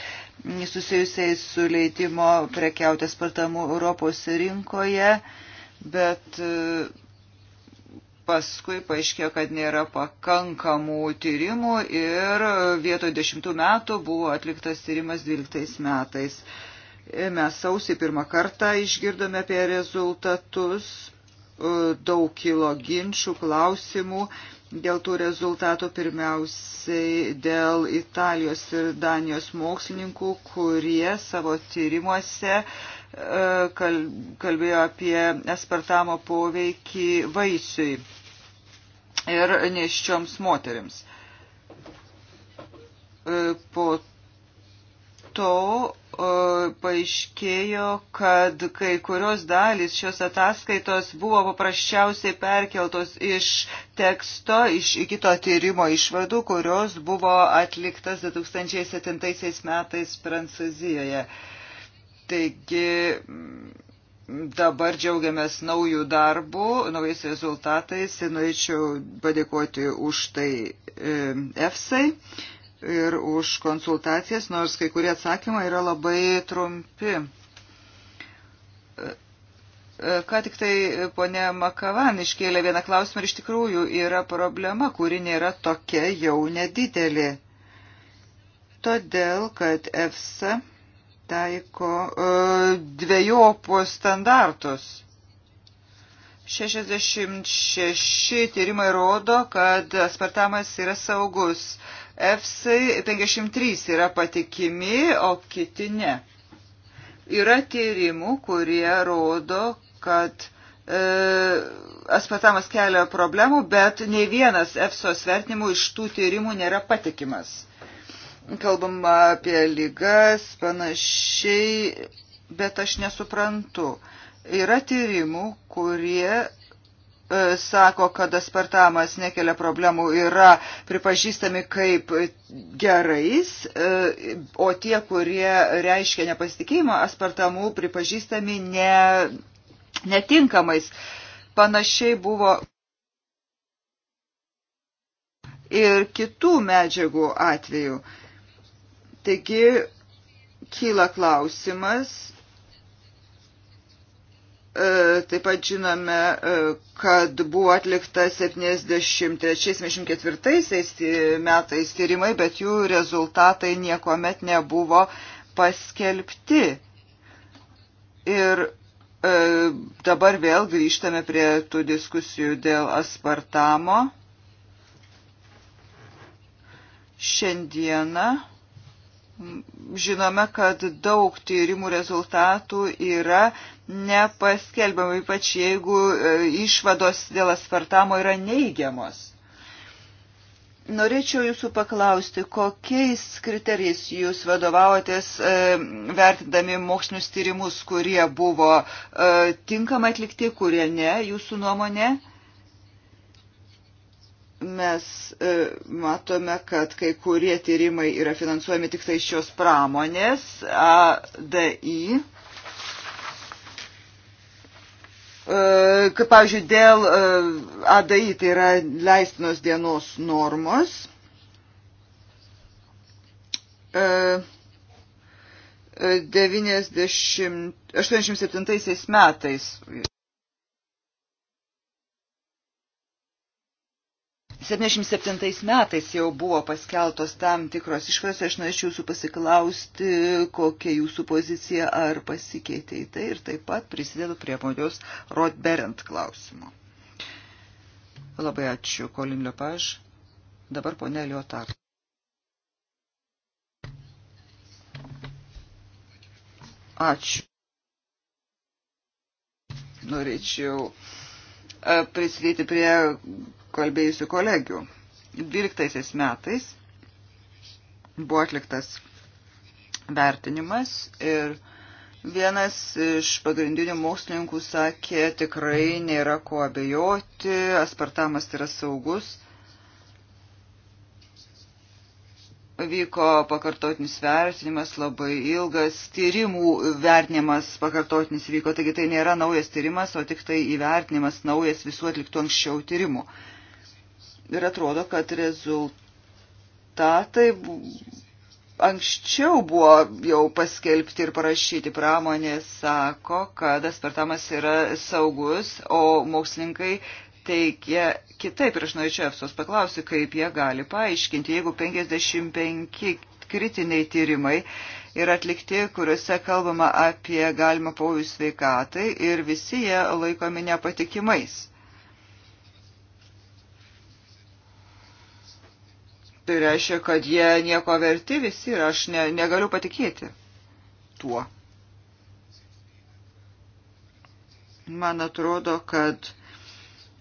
susijusiais su leidimo prekiauti spartamu Europos rinkoje. E, bet e, paskui paaiškėjo, kad nėra pakankamų tyrimų ir e, vietoj 10 metų buvo atliktas tyrimas 12 metais. E, mes sausį pirmą kartą išgirdome apie rezultatus, daug kilo ginčių, klausimų dėl tų rezultatų pirmiausiai dėl Italijos ir Danijos mokslininkų, kurie savo tyrimuose uh, kalbėjo apie espartamo poveikį vaisiui ir neščioms moteriams. E, po to e, paaiškėjo, kad kai kurios dalys šios ataskaitos buvo paprasčiausiai perkeltos iš teksto, iš kito tyrimo išvadų, kurios buvo atliktas 2007 metais Prancūzijoje. Taigi dabar džiaugiamės naujų darbų, naujais rezultatais ir norėčiau padėkoti už tai e, EFSAI ir už konsultacijas, nors kai kurie atsakymai yra labai trumpi. E, e, ką tik tai ponė Makavan iškėlė vieną klausimą ir iš tikrųjų yra problema, kuri nėra tokia jau nedidelė. Todėl, kad EFSA taiko e, dviejopos standartus. 66 tyrimai rodo, kad aspartamas yra saugus. EFSA 53 yra patikimi, o kiti ne. Yra tyrimų, kurie rodo, kad e, aspartamas kelia problemų, bet nei vienas EFSOS vertinimų iš tų tyrimų nėra patikimas kalbama apie lygas, panašiai, bet aš nesuprantu. Yra tyrimų, kurie e, sako, kad aspartamas nekelia problemų, yra pripažįstami kaip gerais, e, o tie, kurie reiškia nepasitikėjimą aspartamų, pripažįstami ne, netinkamais. Panašiai buvo ir kitų medžiagų atveju. Taigi, kyla klausimas, e, taip pat žinome, e, kad buvo atlikta 73-74 metais tyrimai, bet jų rezultatai niekuomet nebuvo paskelbti. Ir e, dabar vėl grįžtame prie tų diskusijų dėl aspartamo. Šiandieną žinome, kad daug tyrimų rezultatų yra nepaskelbiama, ypač jeigu e, išvados dėl aspartamo yra neigiamos. Norėčiau jūsų paklausti, kokiais kriterijais jūs vadovaujatės e, vertindami mokslinius tyrimus, kurie buvo e, tinkamai atlikti, kurie ne, jūsų nuomonė? E, mes e, matome, kad kai kurie tyrimai yra finansuojami tik tai šios pramonės, ADI. E, kaip pavyzdžiui, dėl e, ADI tai yra leistinos dienos normos. E, 90, e, 87 metais 77 metais jau buvo paskeltos tam tikros išvados, aš norėčiau jūsų pasiklausti, kokia jūsų pozicija ar pasikeitė į tai ir taip pat prisidedu prie ponios Rodberent klausimo. Labai ačiū, Kolin Lepaž. Dabar ponė Liotar. Ačiū. Norėčiau e, prisidėti prie kalbėjusių kolegių. 12 metais buvo atliktas vertinimas ir Vienas iš pagrindinių mokslininkų sakė, tikrai nėra ko abejoti, aspartamas yra saugus. Vyko pakartotinis vertinimas, labai ilgas tyrimų vertinimas pakartotinis vyko, taigi tai nėra naujas tyrimas, o tik tai įvertinimas naujas visų atliktų anksčiau tyrimų ir atrodo, kad rezultatai anksčiau buvo jau paskelbti ir parašyti. Pramonė sako, kad aspartamas yra saugus, o mokslininkai teikia kitaip. Ir aš norėčiau EFSOS paklausti, kaip jie gali paaiškinti, jeigu 55 kritiniai tyrimai yra atlikti, kuriuose kalbama apie galimą pavojų sveikatai ir visi jie laikomi nepatikimais. Tai reiškia, kad jie nieko verti visi ir aš ne, negaliu patikėti tuo. Man atrodo, kad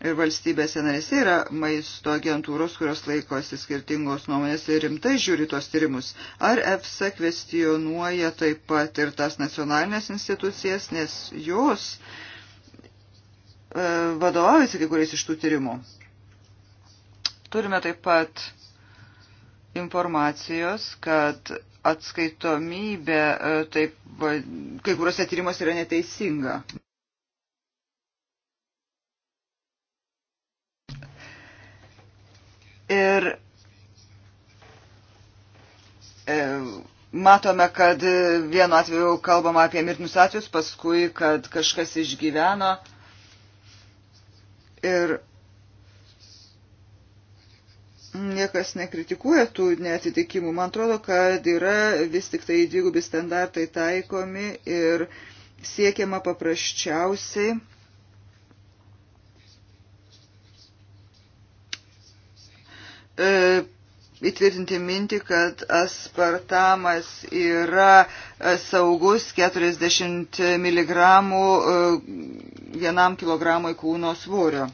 ir valstybėse narėse yra maisto agentūros, kurios laikosi skirtingos nuomonės ir rimtai žiūri tos tyrimus. Ar EFSA kvestionuoja taip pat ir tas nacionalinės institucijas, nes jos e, vadovaujasi kai kuriais iš tų tyrimų. Turime taip pat informacijos, kad atskaitomybė e, taip, kai kuriuose tyrimuose yra neteisinga. Ir e, matome, kad vienu atveju kalbama apie mirtinus atvejus, paskui, kad kažkas išgyveno. Ir niekas nekritikuoja tų netitikimų. Man atrodo, kad yra vis tik tai dvigubi standartai taikomi ir siekiama paprasčiausiai e, įtvirtinti mintį, kad aspartamas yra saugus 40 mg e, vienam kilogramui kūno svorio.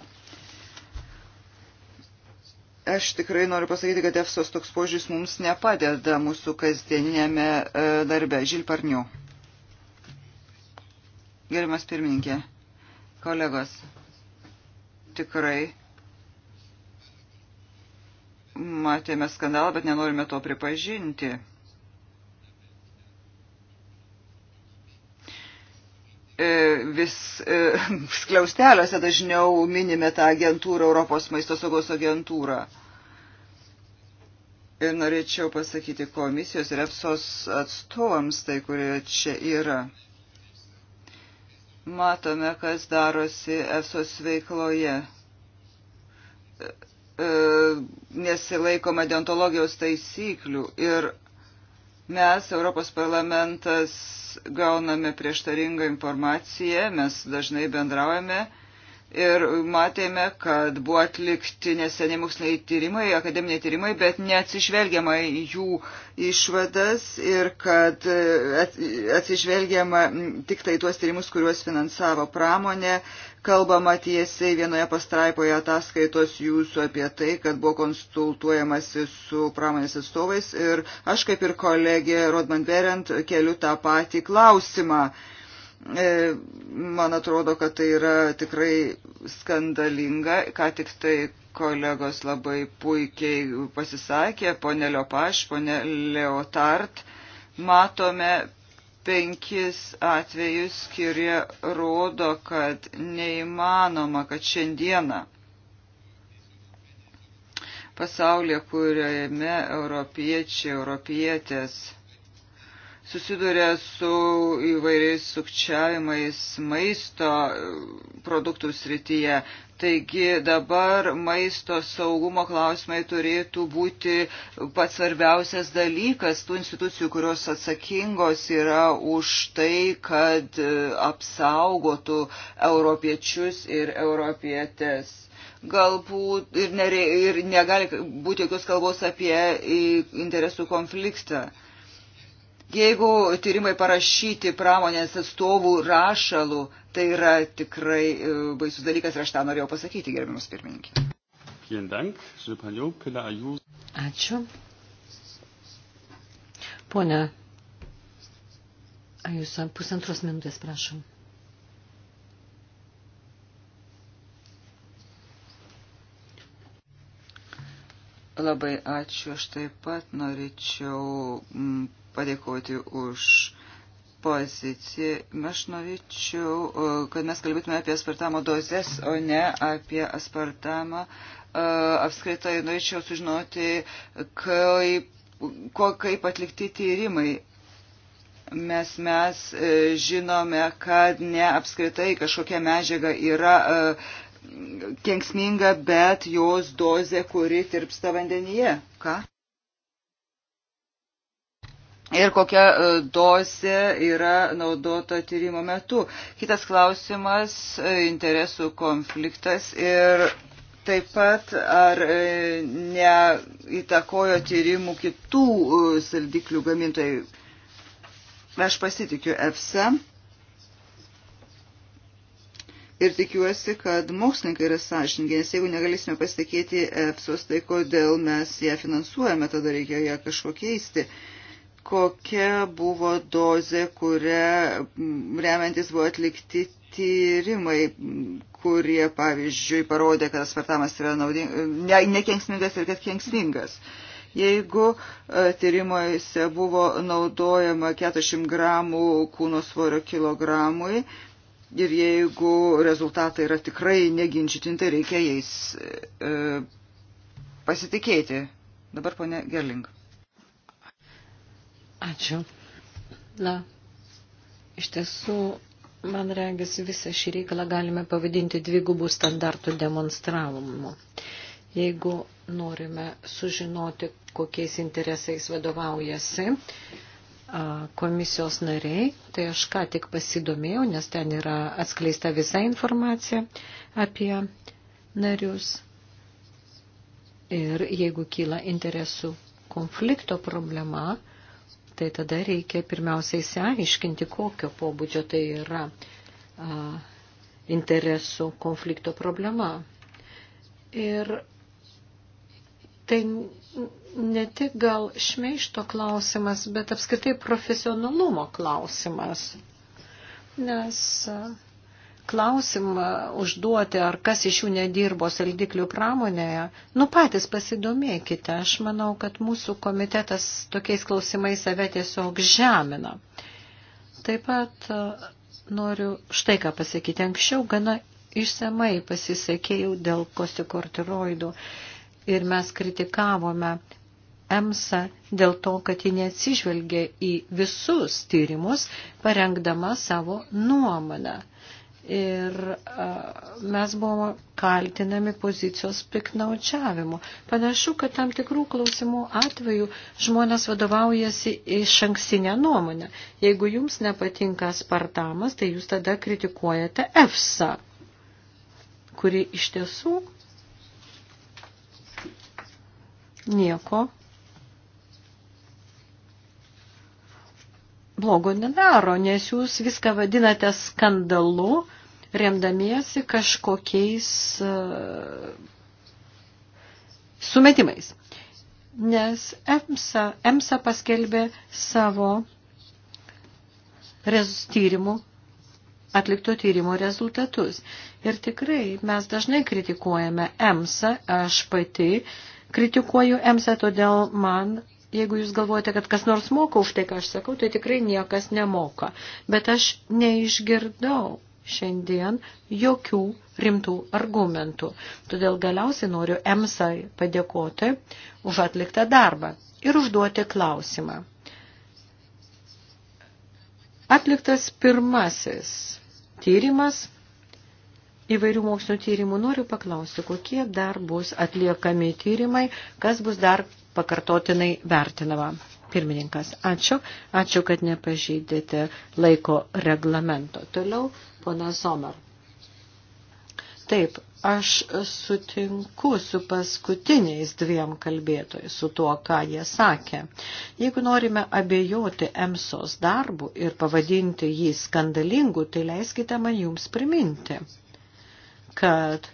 Aš tikrai noriu pasakyti, kad EFSOS toks požiūris mums nepadeda mūsų kasdieninėme e, darbe. Žilparnių. Gerimas pirmininkė, kolegos, tikrai matėme skandalą, bet nenorime to pripažinti. E, vis e, skliausteliuose dažniau minime tą agentūrą, Europos maisto saugos agentūrą. Ir norėčiau pasakyti komisijos ir EPSOS atstovams, tai kurie čia yra. Matome, kas darosi EPSOS veikloje. E, nesilaikoma deontologijos taisyklių ir Mes, Europos parlamentas, gauname prieštaringą informaciją, mes dažnai bendraujame ir matėme, kad buvo atlikti neseniai moksliniai tyrimai, akademiniai tyrimai, bet neatsižvelgiama į jų išvadas ir kad e, atsižvelgiama tik tai tuos tyrimus, kuriuos finansavo pramonė. Kalbama tiesiai vienoje pastraipoje ataskaitos jūsų apie tai, kad buvo konsultuojamasi su pramonės atstovais ir aš kaip ir kolegė Rodman Berent keliu tą patį klausimą. Uh, E, man atrodo, kad tai yra tikrai skandalinga, ką tik tai kolegos labai puikiai pasisakė, ponė Liopaš, ponė Leotart. Matome penkis atvejus, kurie rodo, kad neįmanoma, kad šiandieną pasaulyje, kuriame europiečiai, europietės, susiduria su įvairiais sukčiavimais maisto e, produktų srityje. Taigi dabar maisto saugumo klausimai turėtų būti pats svarbiausias dalykas tų institucijų, kurios atsakingos yra už tai, kad e, apsaugotų europiečius ir europietes. Galbūt ir, nere, ir negali būti jokios kalbos apie interesų konfliktą. Jeigu tyrimai parašyti pramonės atstovų rašalų, tai yra tikrai e, baisus dalykas ir aš tą norėjau pasakyti, gerbiamas pirmininkė. Ačiū. Pone, jūs pusantros minutės, prašom. Labai ačiū, aš taip pat norėčiau. Mm, padėkoti už poziciją Mešnovičių, e, kad mes kalbėtume apie aspartamo dozes, o ne apie aspartamą. E, apskritai norėčiau sužinoti, kaip, ko, kaip atlikti tyrimai. Mes, mes e, žinome, kad ne apskritai kažkokia medžiaga yra kenksminga, bet jos dozė, kuri tirpsta vandenyje. Ką? ir kokia e, dozė yra naudota tyrimo metu. Kitas klausimas - e, interesų konfliktas ir taip pat ar e, neįtakojo tyrimų kitų saldiklių gamintojai. Aš pasitikiu EFSA ir tikiuosi, kad mokslininkai yra sąžininkai, nes jeigu negalėsime pasitikėti EFSOS, tai kodėl mes ją finansuojame, tada reikia ją kažko keisti. Uh, kokia buvo dozė, kuria remiantis buvo atlikti tyrimai, kurie, pavyzdžiui, parodė, kad aspartamas yra naudingas, ne, nekenksmingas ir kad kenksmingas. Jeigu e, tyrimuose buvo naudojama 40 gramų kūno svorio kilogramui ir jeigu rezultatai yra tikrai neginčitinti, tai reikia jais e, e pasitikėti. Dabar ponė Gerling. Ačiū. Na, iš tiesų, man regis, visą šį reikalą galime pavadinti dvigubų standartų demonstravimu. Jeigu norime sužinoti, kokiais interesais vadovaujasi komisijos nariai, tai aš ką tik pasidomėjau, nes ten yra atskleista visa informacija apie narius. Ir jeigu kyla interesų konflikto problema, tai tada reikia pirmiausiai įsiaiškinti, kokio pobūdžio tai yra a, interesų konflikto problema. Ir tai ne tik gal šmeišto klausimas, bet apskritai profesionalumo klausimas. Nes a, klausimą užduoti, ar kas iš jų nedirbo saldiklių pramonėje, nu patys pasidomėkite. Aš manau, kad mūsų komitetas tokiais klausimais save tiesiog žemina. Taip pat e, noriu štai ką pasakyti. Anksčiau gana išsamai pasisakėjau dėl kosikortiroidų ir mes kritikavome EMSA dėl to, kad ji neatsižvelgia į visus tyrimus, parengdama savo nuomonę ir mes buvome kaltinami pozicijos piknaučiavimu. Panašu, kad tam tikrų klausimų atveju žmonės vadovaujasi iš anksinę nuomonę. Jeigu jums nepatinka Spartamas, tai jūs tada kritikuojate EFSA, kuri iš tiesų nieko blogo nedaro, nes jūs viską vadinate skandalu remdamiesi kažkokiais e, sumetimais. Nes EMSA, EMSA paskelbė savo tyrimų, atlikto tyrimo rezultatus. Ir tikrai mes dažnai kritikuojame EMSA, aš pati kritikuoju EMSA, todėl man jeigu jūs galvojate, kad kas nors moka už tai, ką aš sakau, tai tikrai niekas nemoka. Bet aš neišgirdau šiandien jokių rimtų argumentų. Todėl galiausiai noriu EMSAI padėkoti už atliktą darbą ir užduoti klausimą. Atliktas pirmasis tyrimas įvairių mokslinio tyrimų. Noriu paklausti, kokie dar bus atliekami tyrimai, kas bus dar pakartotinai vertinama. Pirmininkas, ačiū. Ačiū, kad nepažeidėte laiko reglamento. Toliau, pona Somer. Taip, aš sutinku su paskutiniais dviem kalbėtojais, su tuo, ką jie sakė. Jeigu norime abejoti EMSOS darbu ir pavadinti jį skandalingu, tai leiskite man jums priminti, kad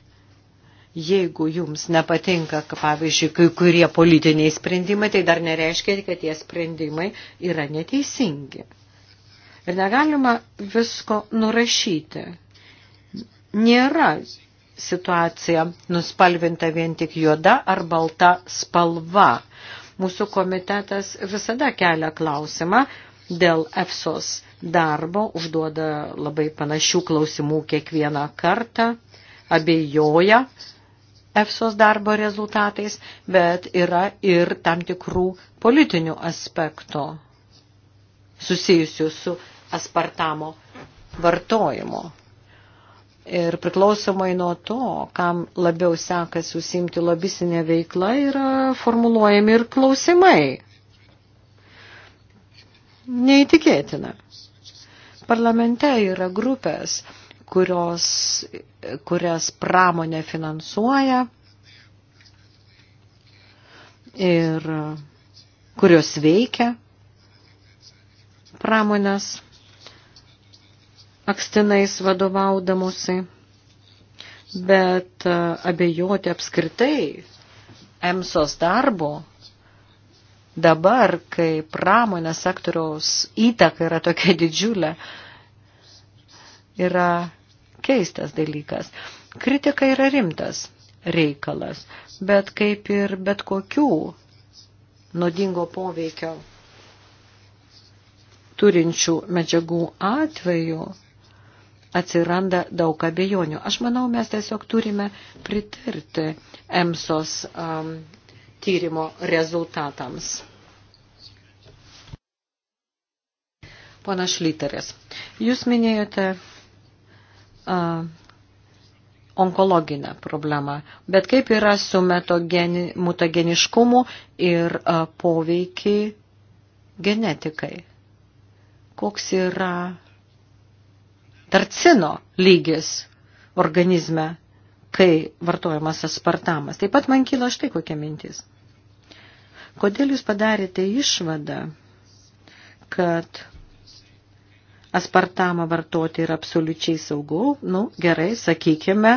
Jeigu jums nepatinka, pavyzdžiui, kai kurie politiniai sprendimai, tai dar nereiškia, kad tie sprendimai yra neteisingi. Ir negalima visko nurašyti. Nėra situacija nuspalvinta vien tik juoda ar balta spalva. Mūsų komitetas visada kelia klausimą dėl EFSOS darbo, užduoda labai panašių klausimų kiekvieną kartą, abejoja, EFSOS darbo rezultatais, bet yra ir tam tikrų politinių aspektų susijusių su aspartamo vartojimu. Ir priklausomai nuo to, kam labiau sekasi užsimti lobisinė veikla, yra formuluojami ir klausimai. Neįtikėtina. Parlamente yra grupės, kurios, kurias pramonė finansuoja ir kurios veikia pramonės akstinais vadovaudamusi, bet uh, abejoti apskritai EMSOS darbo dabar, kai pramonės sektoriaus įtaka yra tokia didžiulė, yra keistas dalykas. Kritika yra rimtas reikalas, bet kaip ir bet kokių nuodingo poveikio turinčių medžiagų atveju atsiranda daug abejonių. Aš manau, mes tiesiog turime pritarti EMSOS um, tyrimo rezultatams. Pana Šlyteris, jūs minėjote onkologinę problemą. Bet kaip yra su metogeni, mutageniškumu ir a, poveikiai genetikai? Koks yra tarcino lygis organizme, kai vartojamas aspartamas. Taip pat man kilo štai kokia mintis. Kodėl jūs padarėte išvadą, kad aspartamą vartoti yra absoliučiai saugu, nu, gerai, sakykime,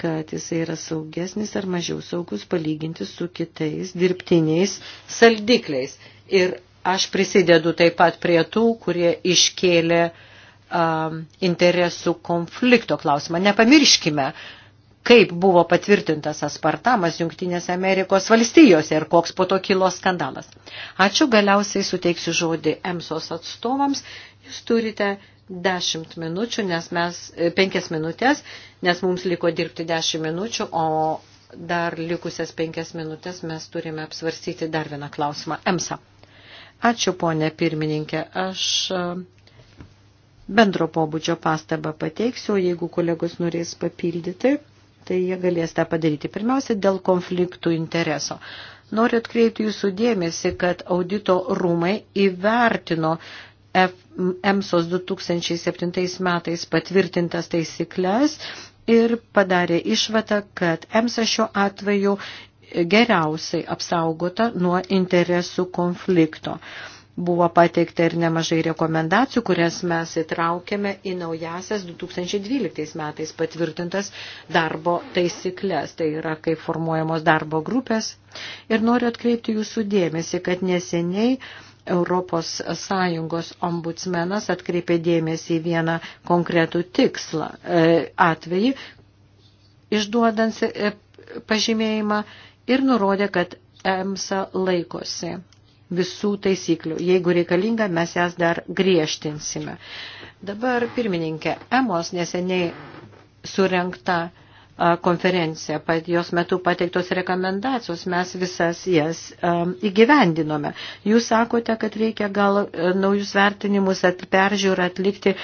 kad jisai yra saugesnis ar mažiau saugus palyginti su kitais dirbtiniais saldikliais. Ir aš prisidedu taip pat prie tų, kurie iškėlė um, interesų konflikto klausimą. Nepamirškime, uh, kaip buvo patvirtintas aspartamas Junktinės Amerikos valstijose ir koks po to kilo skandalas. Ačiū, galiausiai suteiksiu žodį EMSOS atstovams. Jūs turite 10 minučių, nes mes 5 e, minutės, nes mums liko dirbti 10 minučių, o dar likusias 5 minutės mes turime apsvarstyti dar vieną klausimą. EMSA. Ačiū, ponė pirmininkė. Aš e, bendro pobūdžio pastabą pateiksiu, jeigu kolegos norės papildyti tai jie galės tą padaryti. Pirmiausia, dėl konfliktų intereso. Noriu atkreipti jūsų dėmesį, kad audito rūmai įvertino EMSOS 2007 metais patvirtintas taisyklės ir padarė išvadą, kad EMSA šiuo atveju geriausiai apsaugota nuo interesų konflikto. Buvo pateikta ir nemažai rekomendacijų, kurias mes įtraukėme į naujasias 2012 metais patvirtintas darbo taisyklės. Tai yra, kaip formuojamos darbo grupės. Ir noriu atkreipti jūsų dėmesį, kad neseniai Europos Sąjungos ombudsmenas atkreipė dėmesį į vieną konkretų tikslą e, atvejį, išduodant e, pažymėjimą ir nurodė, kad EMSA laikosi visų taisyklių. Jeigu reikalinga, mes jas dar griežtinsime. Dabar pirmininkė Emos neseniai surenkta konferencija, pat jos metu pateiktos rekomendacijos, mes visas jas įgyvendinome. Jūs sakote, kad reikia gal naujus vertinimus peržiūrą atlikti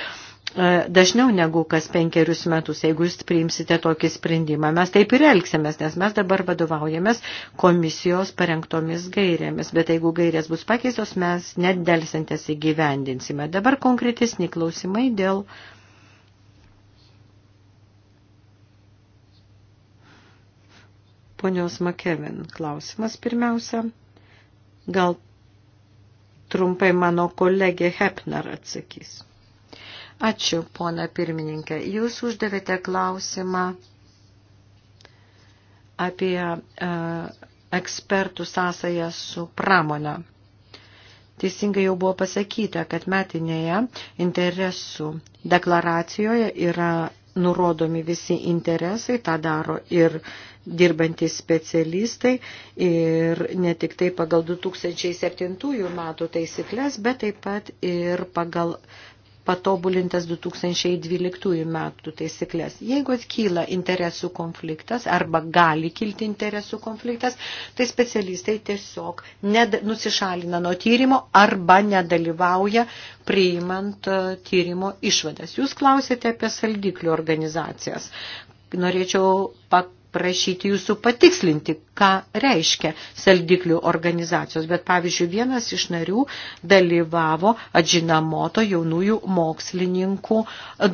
E, dažniau negu kas penkerius metus, jeigu jūs priimsite tokį sprendimą. Mes taip ir elgsimės, nes mes dabar vadovaujamės komisijos parengtomis gairėmis, bet jeigu gairės bus pakeistos, mes net dėlsintės įgyvendinsime. Dabar konkretesni klausimai dėl. Ponios Makevin klausimas pirmiausia. Gal trumpai mano kolegė Hepner atsakys. Ačiū, pona pirmininkė. Jūs uždavėte klausimą apie e, ekspertų sąsają su pramonė. Teisingai jau buvo pasakyta, kad metinėje interesų deklaracijoje yra nurodomi visi interesai, tą daro ir dirbantys specialistai ir ne tik tai pagal 2007 metų taisyklės, bet taip pat ir pagal uh, patobulintas 2012 metų taisyklės. Jeigu atkyla interesų konfliktas arba gali kilti interesų konfliktas, tai specialistai tiesiog nusišalina nuo tyrimo arba nedalyvauja priimant e, tyrimo išvadas. Jūs klausėte apie saldiklio organizacijas. Norėčiau pak prašyti jūsų patikslinti, ką reiškia saldiklių organizacijos. Bet pavyzdžiui, vienas iš narių dalyvavo Adžinamoto jaunųjų mokslininkų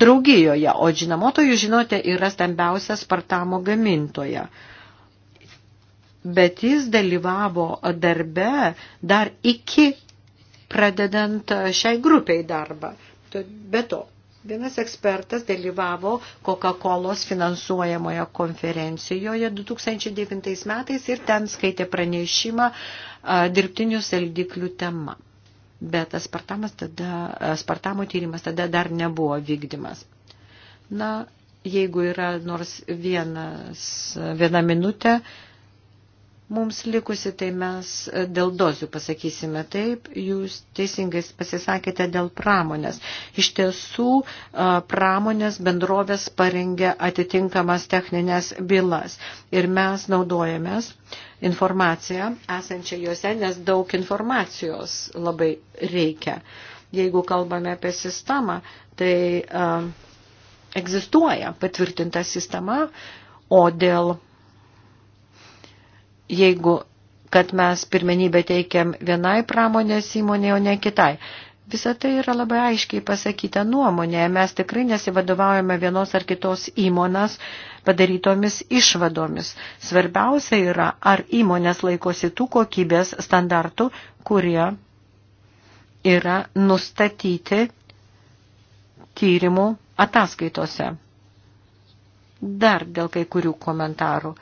draugijoje, o Adžinamoto, jūs žinote, yra stambiausia Spartamo gamintoja. Bet jis dalyvavo darbe dar iki pradedant šiai grupiai darbą. Be to, Vienas ekspertas dalyvavo Coca-Cola finansuojamoje konferencijoje 2009 metais ir ten skaitė pranešimą dirbtinių saldiklių tema. Bet aspartamas tada, aspartamo tyrimas tada dar nebuvo vykdymas. Na, jeigu yra nors vienas, viena minutė, mums likusi, tai mes e, dėl dozių pasakysime taip, jūs teisingai pasisakėte dėl pramonės. Iš tiesų, e, pramonės bendrovės parengė atitinkamas techninės bylas ir mes naudojamės informaciją esančią juose, nes daug informacijos labai reikia. Jeigu kalbame apie sistemą, tai uh, egzistuoja patvirtinta sistema, o dėl jeigu, kad mes pirmenybę teikiam vienai pramonės įmonėje, o ne kitai. Visą tai yra labai aiškiai pasakyta nuomonė. Mes tikrai nesivadovaujame vienos ar kitos įmonas padarytomis išvadomis. Svarbiausia yra, ar įmonės laikosi tų kokybės standartų, kurie yra nustatyti tyrimų ataskaitose. Dar dėl kai kurių komentarų.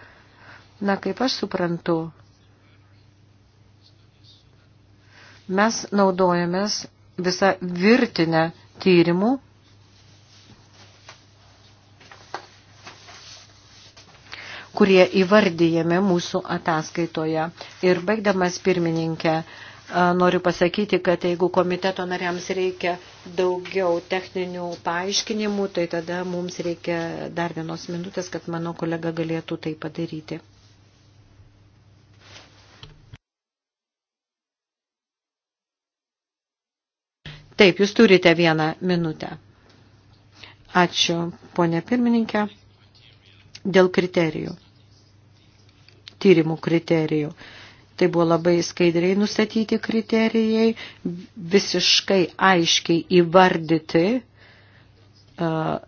Na, kaip aš suprantu, mes naudojamės visą virtinę tyrimų, kurie įvardyjami mūsų ataskaitoje. Ir baigdamas pirmininkę, noriu pasakyti, kad jeigu komiteto nariams reikia daugiau techninių paaiškinimų, tai tada mums reikia dar vienos minutės, kad mano kolega galėtų tai padaryti. Taip, jūs turite vieną minutę. Ačiū, ponė pirmininkė. Dėl kriterijų. Tyrimų kriterijų. Tai buvo labai skaidriai nustatyti kriterijai, visiškai aiškiai įvardyti uh,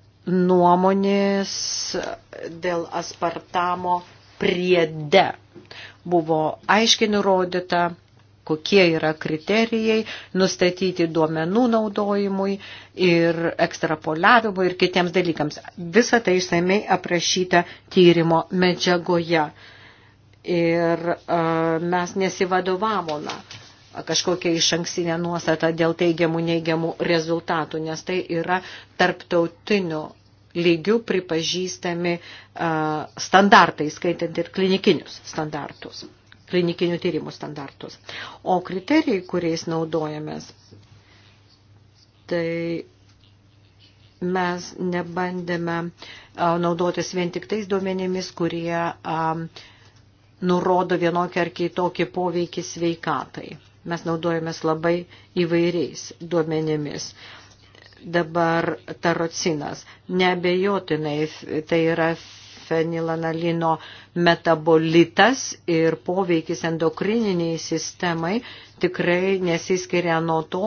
nuomonės dėl aspartamo priede. Buvo aiškiai nurodyta, kokie yra kriterijai nustatyti duomenų naudojimui ir ekstrapoliavimui ir kitiems dalykams. Visa tai išsamei aprašyta tyrimo medžiagoje. Ir uh, mes nesivadovavome kažkokia iš anksinė nuostata dėl teigiamų neigiamų rezultatų, nes tai yra tarptautinių lygių pripažįstami standartai, skaitant ir klinikinius standartus klinikinių tyrimų standartus. O kriterijai, kuriais naudojamės, tai mes nebandėme naudotis vien tik tais duomenimis, kurie nurodo vienokį ar kitokį poveikį sveikatai. Mes naudojamės labai įvairiais duomenimis dabar tarocinas. Nebejotinai tai yra fenilanalino metabolitas ir poveikis endokrininiai sistemai tikrai nesiskiria nuo to,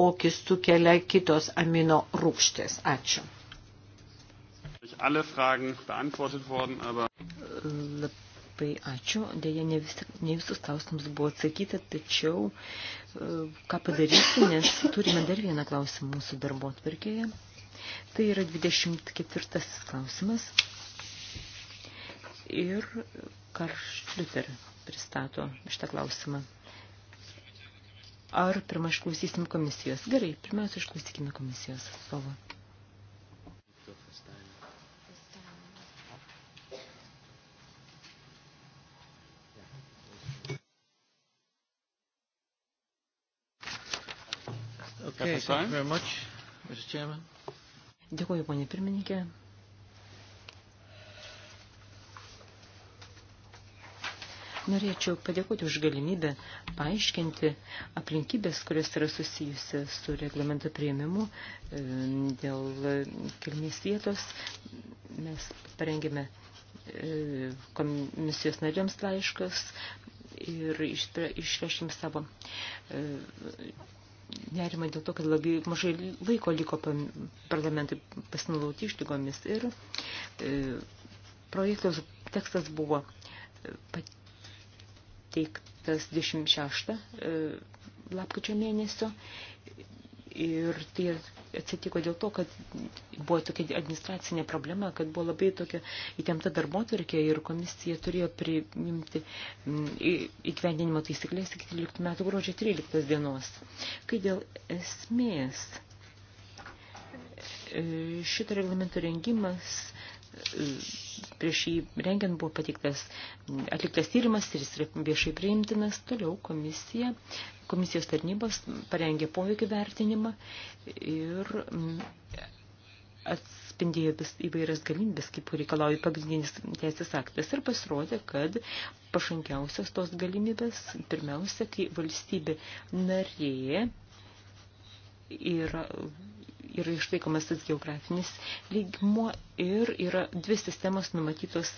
kokį sukelia kitos amino rūkštės. Ačiū. Labai ačiū. Dėja, ne, vis, ne visus klausimus buvo atsakyta, tačiau e, ką padarysiu, nes turime dar vieną klausimą mūsų darbo atvarkėje. Tai yra 24 klausimas ir Karšliuter pristato šitą klausimą. Ar pirmą išklausysim komisijos? Gerai, pirmiausia išklausykime komisijos atstovą. Okay, thank you very much, Mr. Chairman. Dėkuoju, ponė pirmininkė. Norėčiau padėkoti už galimybę paaiškinti aplinkybės, kurios yra susijusi su reglamento prieimimu e, dėl e, kilmės vietos. Mes parengėme e, komisijos nariams laiškas ir išrašėm savo nerimą dėl to, kad labai mažai laiko liko parlamentui pasinaudoti išlygomis ir projektos tekstas buvo pat pateiktas 26 e, lapkričio mėnesio ir tai atsitiko dėl to, kad buvo tokia administracinė problema, kad buvo labai tokia įtempta darbotvarkė ir komisija turėjo priimti įgyvendinimo taisyklės iki 13 metų gruodžio 13 dienos. Kai dėl esmės e, šito reglamento rengimas prieš jį rengiant buvo patiktas, atliktas tyrimas ir jis yra viešai priimtinas. Toliau komisija, komisijos tarnybos parengė poveikį vertinimą ir mm, atspindėjo vis įvairias galimybės, kaip reikalauja pagrindinis teisės aktas ir pasirodė, kad pašankiausios tos galimybės pirmiausia, kai valstybė narėje yra yra išlaikomas tas geografinis lygmuo ir yra dvi sistemos numatytos,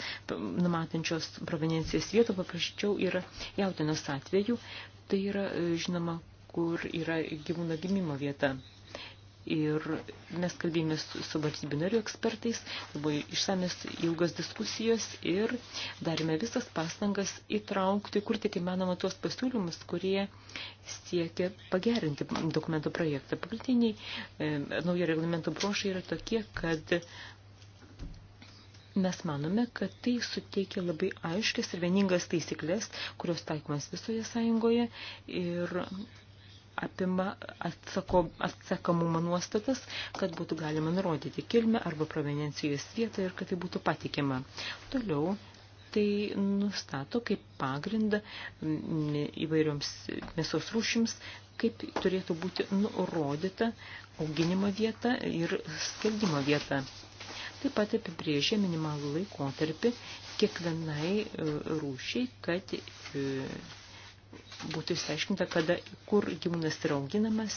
numatančios proveniencijas vietų, paprasčiau yra jautinos atveju, tai yra e, žinoma, kur yra gyvūno gimimo vieta ir mes kalbėjome su, su valstybinarių ekspertais, buvo išsamės ilgos diskusijos ir darėme visas pastangas įtraukti, kur tik įmanoma tuos pasiūlymus, kurie siekia pagerinti dokumento projektą. Pagrindiniai e, naujo reglamento brošai yra tokie, kad Mes manome, kad tai suteikia labai aiškias ir vieningas taisyklės, kurios taikomas visoje sąjungoje ir apima atsako, atsakomumo nuostatas, kad būtų galima nurodyti kilmę arba provenencijos vietą ir kad tai būtų patikima. Toliau tai nustato kaip pagrindą įvairioms mėsos rūšims, kaip turėtų būti nurodyta auginimo vieta ir skaldimo vieta. Taip pat apibrėžia minimalų laikotarpį kiekvienai e, rūšiai, kad e, būtų išsiaiškinta, kada, kur gyvūnas yra auginamas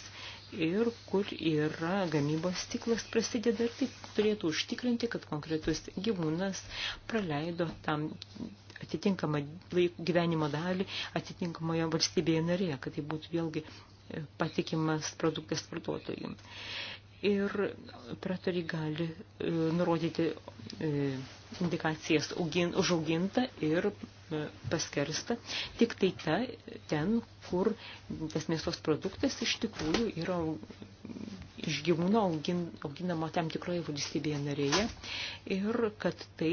ir kur yra gamybos ciklas prasideda ir tai turėtų užtikrinti, kad konkretus gyvūnas praleido tam atitinkamą gyvenimo dalį atitinkamoje valstybėje narėje, kad tai būtų vėlgi e, patikimas produktas vartotojui. Ir operatoriai gali e, nurodyti e, indikacijas augin, užaugintą ir paskersta tik tai ta, ten, kur tas mėsos produktas iš tikrųjų yra iš gyvūno augin, auginama tam tikroje valstybėje narėje ir kad tai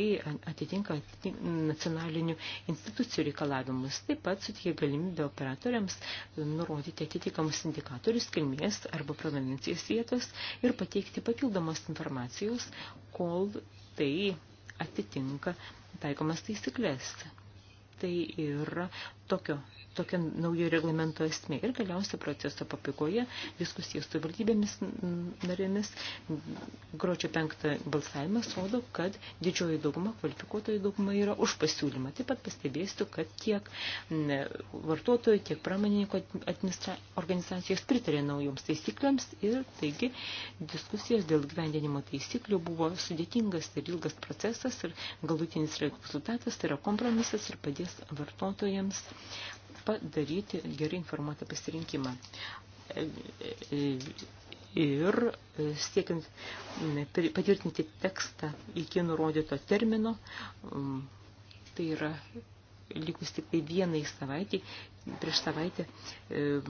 atitinka nacionalinių institucijų reikalavimus. Taip pat suteikia galimybę operatoriams nurodyti atitinkamus indikatorius kilmės arba provenencijos vietos ir pateikti papildomos informacijos, kol tai atitinka taikomas taisyklės tai yra tokio tokia naujo reglamento esmė. Ir galiausia proceso pabaigoje diskusijos su valdybėmis narėmis gruodžio penktą balsavimas rodo, kad didžioji dauguma, kvalifikuotoji dauguma yra už pasiūlymą. Taip pat pastebėsiu, kad tiek vartotojų, tiek pramoninko organizacijos pritarė naujoms taisyklėms ir taigi diskusijos dėl gyvendinimo taisyklių buvo sudėtingas ir ilgas procesas ir galutinis rezultatas tai yra kompromisas ir padės vartotojams padaryti gerai informuotą pasirinkimą. Ir siekiant patvirtinti tekstą iki nurodyto termino, tai yra likus tik tai vienai savaitį, prieš savaitę e,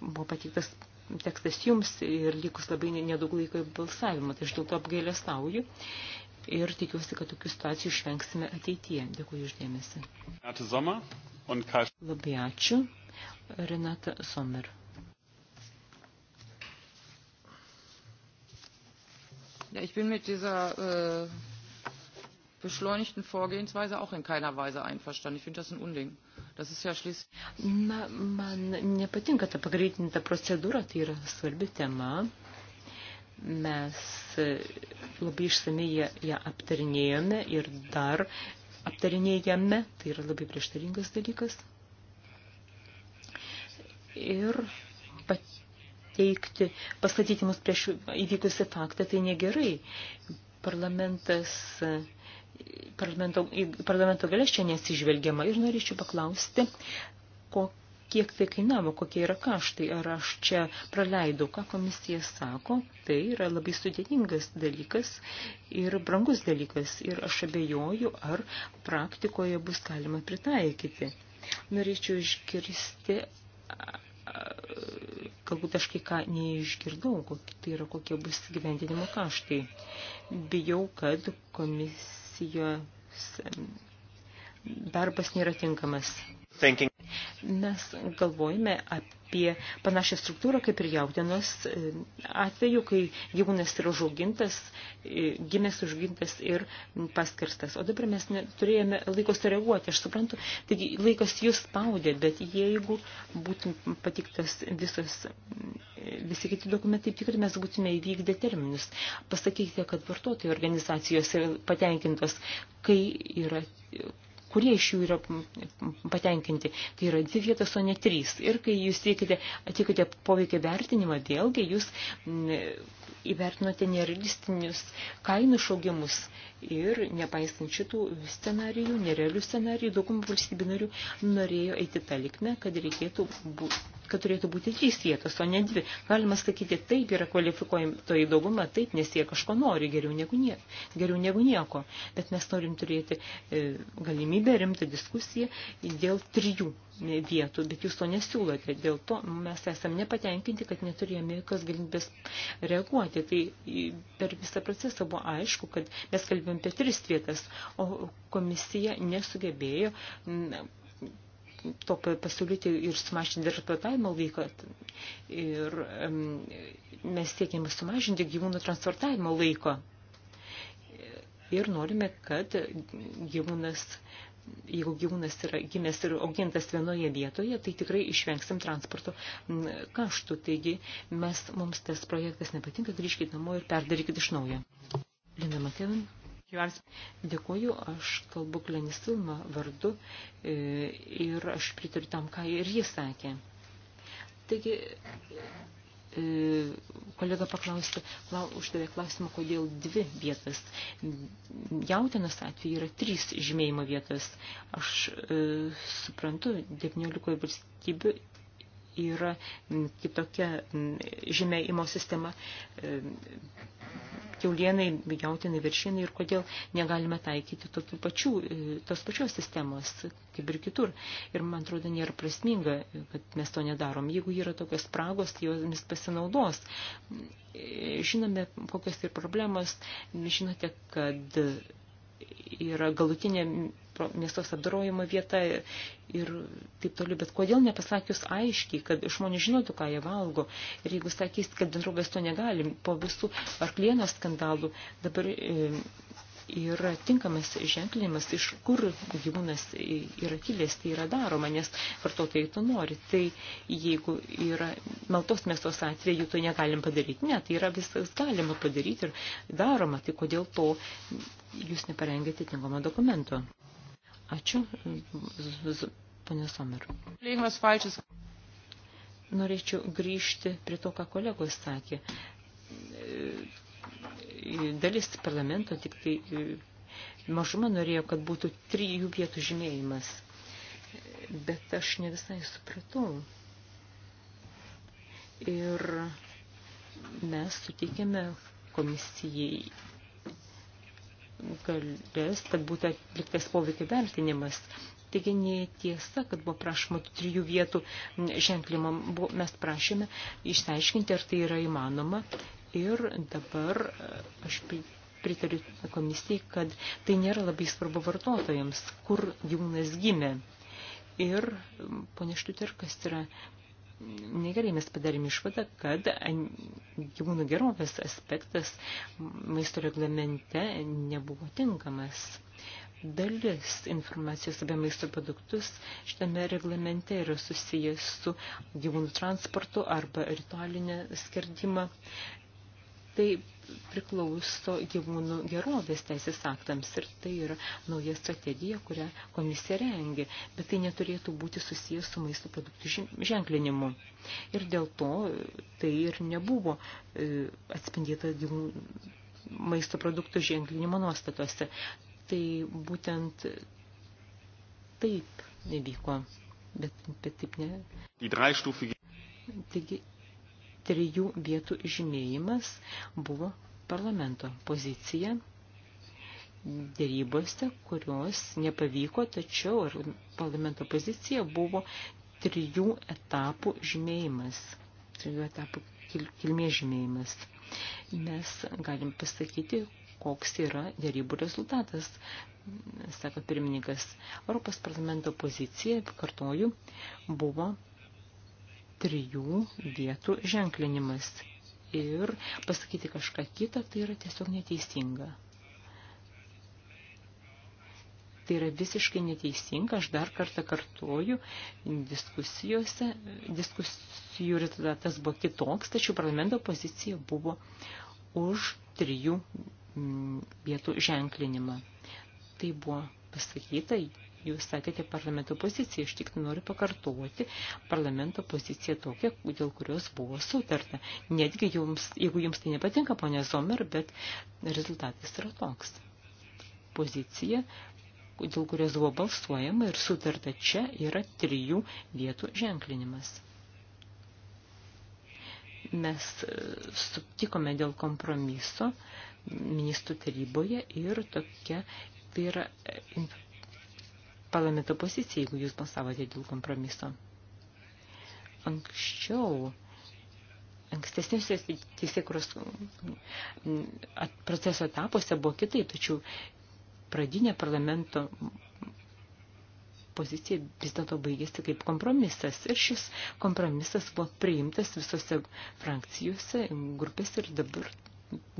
buvo pateiktas tekstas jums ir likus labai nedaug laiko į balsavimą, tai aš dėl to apgailę stauju ir tikiuosi, kad tokių situacijų išvengsime ateityje. Dėkuoju uždėmesi. Renate Sommer. Labai ačiū. Renata Somer. Ja, ich bin mit dieser äh, beschleunigten Vorgehensweise auch in keiner Weise einverstanden. Ich finde das ein Unding. Das ist ja schließlich. Na, man nepatinka ta pagreitinta procedūra, tai yra svarbi tema. Mes e, labai išsamei ją aptarinėjome ir dar aptarinėjame, tai yra labai prieštaringas dalykas. Ir pateikti, pastatyti mus prieš įvykusi faktą, tai negerai. Parlamentas, parlamento, parlamento galės čia nesižvelgiama ir norėčiau paklausti, kokia kiek tai kainavo, kokie yra kaštai, ar aš čia praleidau, ką komisija sako, tai yra labai sudėtingas dalykas ir brangus dalykas ir aš abejoju, ar praktikoje bus galima pritaikyti. Norėčiau išgirsti, galbūt aš kai ką neišgirdau, tai yra kokie bus gyvendinimo kaštai. Bijau, kad komisijos darbas nėra tinkamas thinking. Mes galvojame apie panašią struktūrą kaip ir jaudienos e, atveju, kai gyvūnas yra užaugintas, e, gimęs užaugintas ir paskirstas. O dabar mes neturėjome laiko sureaguoti, aš suprantu, taigi laikas jūs spaudė, bet jeigu būtum patiktas visos, e, visi kiti dokumentai, tikrai mes būtume įvykdę terminus. Pasakykite, kad vartotojų organizacijos yra patenkintos, kai yra kurie iš jų yra patenkinti. Tai yra dvi vietos, o ne trys. Ir kai jūs teikite, atikote poveikį vertinimą, vėlgi jūs mm, įvertinote nerealistinius kainų šaugimus ir nepaisant šitų scenarijų, nerealių scenarijų, daugumą valstybių narių norėjo eiti tą likmę, kad reikėtų kad turėtų būti trys vietos, o ne dvi. Galima sakyti, taip yra kvalifikuojantoji dauguma, taip, nes jie kažko nori geriau negu, nie, geriau negu nieko. Bet mes norim turėti e, galimybę rimtą diskusiją dėl trijų vietų, bet jūs to nesiūlote. Dėl to mes esam nepatenkinti, kad neturėjome jokios galimybės reaguoti. Tai per visą procesą buvo aišku, kad mes kalbėjome parlamente tris vietas, o komisija nesugebėjo to pasiūlyti ir sumažinti transportavimo laiką. Ir um, mes siekėme sumažinti gyvūnų transportavimo laiko. Ir norime, kad gyvūnas, jeigu gyvūnas yra gimęs ir augintas vienoje vietoje, tai tikrai išvengsim transporto kaštų. Taigi mes, mums tas projektas nepatinka, grįžkite namo ir perdarykite iš naujo. Linda Makevin. Dėkuoju, aš kalbu Glenistilma vardu e, ir aš pritariu tam, ką ir jis sakė. Taigi, e, kolega paklausė, klau, uždavė klausimą, kodėl dvi vietas. Jautinas atveju yra trys žymėjimo vietas. Aš e, suprantu, 19 valstybių yra kitokia žymėjimo sistema. E, keulienai, jautinai, viršinai ir kodėl negalime taikyti tokių pačių, e, tos pačios sistemos, kaip ir kitur. Ir man atrodo, nėra prasminga, kad mes to nedarom. Jeigu yra tokios spragos, tai jomis pasinaudos. Žinome, kokios ir problemos, žinote, kad yra galutinė mėsos apdarojimo vieta ir, ir taip toliau. Bet kodėl nepasakius aiškiai, kad žmonės žinotų, ką jie valgo. Ir jeigu sakys, kad bendrovės to negalim, po visų arklienos skandalų dabar e, yra tinkamas ženklinimas, iš kur gyvūnas yra kilęs, tai yra daroma, nes vartotojai to nori. Tai jeigu yra maltos mėsos atveju, to negalim padaryti. Ne, tai yra viskas galima padaryti ir daroma. Tai kodėl to jūs neparengėte tinkamo dokumento? Ačiū, ponė Somer. Norėčiau grįžti prie to, ką kolegos sakė. Dalis parlamento tik tai e, mažuma norėjo, kad būtų trijų vietų žymėjimas. Bet aš ne visai supratau. Ir mes suteikėme komisijai galės, kad būtų atliktas poveikio vertinimas. Taigi netiesa, kad buvo prašoma trijų vietų ženklimą, mes prašėme išsiaiškinti, ar tai yra įmanoma. Ir dabar e, aš pritariu komisijai, kad tai nėra labai svarbu vartotojams, kur gyvūnas gimė. Ir, ponė Štuter, kas yra negerai mes padarėm išvadą, kad gyvūnų gerovės aspektas maisto reglamente nebuvo tinkamas. Dalis informacijos apie maisto produktus šitame reglamente yra susijęs su gyvūnų transportu arba ritualinė skerdima tai priklauso gyvūnų gerovės teisės aktams ir tai yra nauja strategija, kurią komisija rengia, bet tai neturėtų būti susijęs su maisto produktų ženklinimu. Ir dėl to e, tai ir nebuvo e, atspindėta gyvūnų maisto produktų ženklinimo nuostatose. Tai būtent taip nevyko, bet, bet taip ne. Taigi trijų vietų žymėjimas buvo parlamento pozicija dėrybose, kurios nepavyko, tačiau parlamento pozicija buvo trijų etapų žymėjimas, trijų etapų kilmės žymėjimas. Mes galim pasakyti, koks yra dėrybų rezultatas, sako pirmininkas. Europos parlamento pozicija, kartoju, buvo trijų vietų ženklinimas. Ir pasakyti kažką kitą, tai yra tiesiog neteisinga. Tai yra visiškai neteisinga, aš dar kartą kartuoju, diskusijose, diskusijų rezultatas buvo kitoks, tačiau parlamento pozicija buvo už trijų mm, vietų ženklinimą. Tai buvo pasakyta, jūs statėte parlamento poziciją. Iš tik noriu pakartoti parlamento poziciją tokią, dėl kurios buvo sutarta. Netgi jums, jeigu jums tai nepatinka, ponė Zomer, bet rezultatas yra toks. Pozicija dėl kurios buvo balsuojama ir sutarta čia yra trijų vietų ženklinimas. Mes e, sutikome dėl kompromiso ministrų taryboje ir tokia tai yra e, parlamento poziciją, jeigu jūs balsavote dėl kompromiso. Anksčiau, ankstesniuose teisėkuros proceso etapuose buvo kitai, tačiau pradinė parlamento pozicija vis dėlto baigėsi kaip kompromisas. Ir šis kompromisas buvo priimtas visose frakcijose, grupėse ir dabar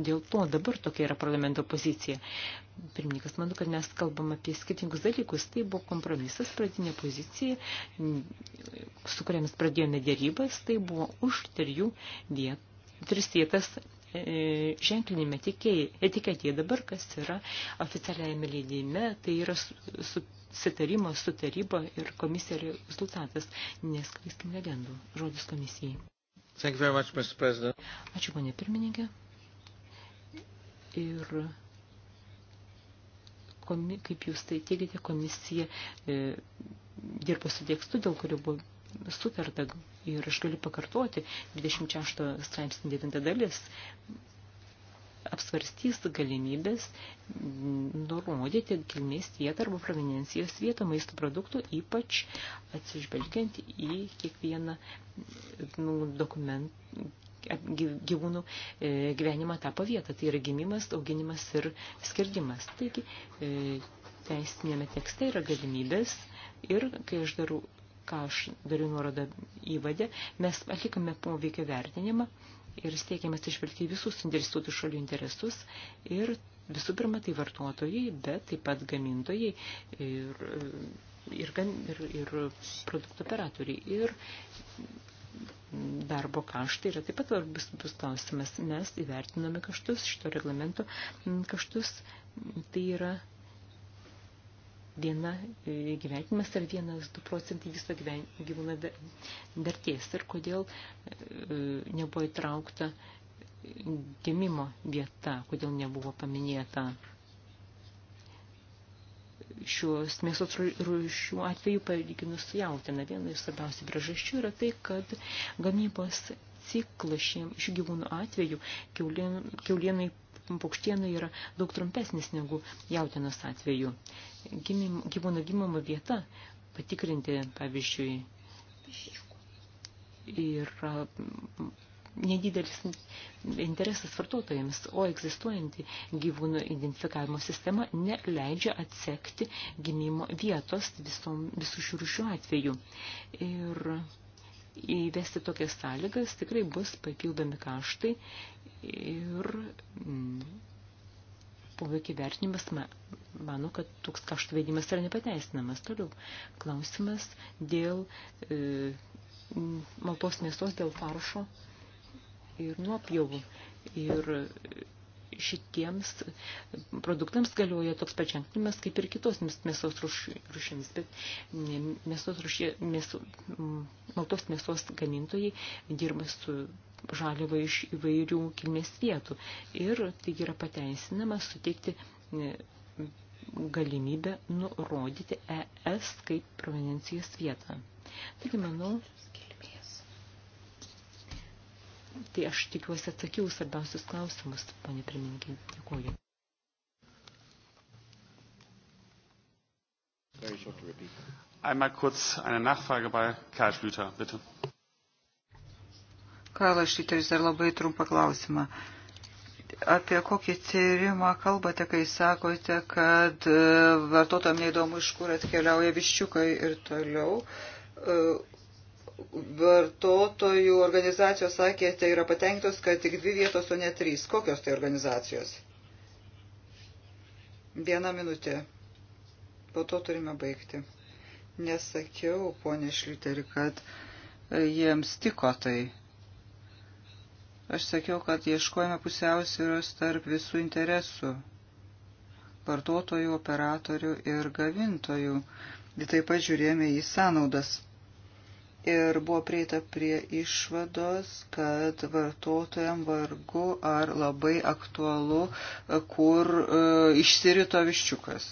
dėl to dabar tokia yra parlamento pozicija. Pirmininkas, manau, kad mes kalbam apie skirtingus dalykus. Tai buvo kompromisas, pradinė pozicija, su kuria mes pradėjome dėrybas, tai buvo už trijų viet, tris vietas e, ženklinime etiketėje dabar, kas yra oficialiajame leidime, tai yra susitarimo su, su taryba ir komisija rezultatas. Neskleiskim legendų. Žodis komisijai. Thank you very much, Mr. President. Ačiū, ponė pirmininkė. Ir komi, kaip jūs tai teigite, komisija e, dirbo su tekstu, dėl kurio buvo sutarta. Ir aš galiu pakartoti, 26 straipsnį 9 dalis apsvarstys galimybės nurodyti kilmės vietą arba provenencijos vietą maisto produktų, ypač atsižvelgiant į kiekvieną nu, dokument, gyvūnų e, gyvenimą tapo vietą. Tai yra gimimas, auginimas ir skirdimas. Taigi e, teisinėme tekste yra galimybės ir kai aš darau ką aš dariau nuorodą įvadę, mes atlikame poveikio vertinimą ir stiekiamės išvelgti visus interesuotų šalių interesus ir visų pirma tai vartotojai, bet taip pat gamintojai ir ir, ir, ir produktų operatoriai. Ir darbo kaštai yra taip pat svarbus bus klausimas. Mes įvertinome kaštus, šito reglamento kaštus. Tai yra viena e, gyvenimas ar vienas, du procentai viso gyvūno vertės. Ir kodėl e, nebuvo įtraukta gimimo vieta, kodėl nebuvo paminėta šios mėsos rūšių atveju palyginus su jautina. Viena iš svarbiausių priežasčių yra tai, kad gamybos ciklas šių gyvūnų atveju kiaulienai paukštienai yra daug trumpesnis negu jautinos atveju. Gimim, gyvūno gimimo vieta patikrinti, pavyzdžiui, yra nedidelis interesas vartotojams, o egzistuojanti gyvūnų identifikavimo sistema neleidžia atsekti gimimo vietos visom, visų šių rūšių atveju. Ir įvesti tokias sąlygas tikrai bus papildomi kaštai ir mm, poveikį vertinimas mano, kad toks kaštų vedimas yra nepateisinamas. Toliau klausimas dėl e, maltos mėsos, dėl faršo. E, ir nuopjovų. Ir šitiems produktams galioja toks pat ženklimas kaip ir kitos mėsos rušimis, bet mėsos rušė, mėso, maltos mėsos gamintojai dirba su žaliava iš įvairių kilmės vietų ir tai yra pateisinama suteikti e, galimybę nurodyti ES kaip provenencijos vietą. Taigi, manau, Tai aš tikiuosi atsakiau svarbiausius klausimus, ponė pirmininkė. Dėkuoju. Einmal kurz eine Nachfrage bei Karl Schlüter, bitte. Karlas Šliteris dar labai trumpą klausimą. Apie kokį tyrimą kalbate, kai sakote, kad e, vartotojams neįdomu, iš kur atkeliauja viščiukai ir toliau e, vartotojų organizacijos sakėte tai yra patenkintos, kad tik dvi vietos, o ne trys. Kokios tai organizacijos? Viena minutė. Po to turime baigti. Nesakiau, ponė Šliuteri, kad e, jiems tiko tai. Aš sakiau, kad ieškojame pusiausvyros tarp visų interesų - vartotojų, operatorių ir gavintojų. Ir taip pat žiūrėjome į sąnaudas ir buvo prieita prie išvados, kad vartotojam vargu ar labai aktualu, e, kur e, išsirito viščiukas.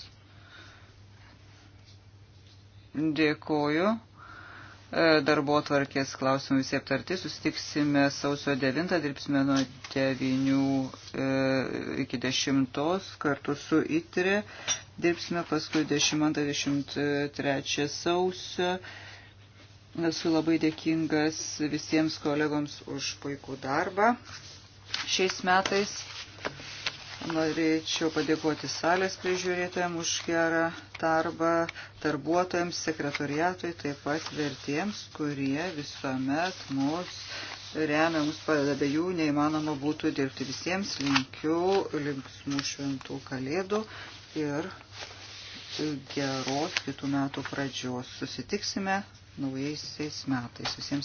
Dėkoju e, darbo tvarkės klausimų visi aptarti. Susitiksime sausio 9, dirbsime nuo 9 iki 10 kartu su ITRE, dirbsime paskui 10-23 sausio. Esu labai dėkingas visiems kolegoms už puikų darbą. Šiais metais norėčiau padėkoti salės prižiūrėtojams už gerą darbą, darbuotojams, sekretoriatui, taip pat vertiems, kurie visuomet mus remia, mus padeda, be jų neįmanoma būtų dirbti. Visiems linkiu linksmų šventų kalėdų ir geros kitų metų pradžios. Susitiksime naujaisiais metais. Visiems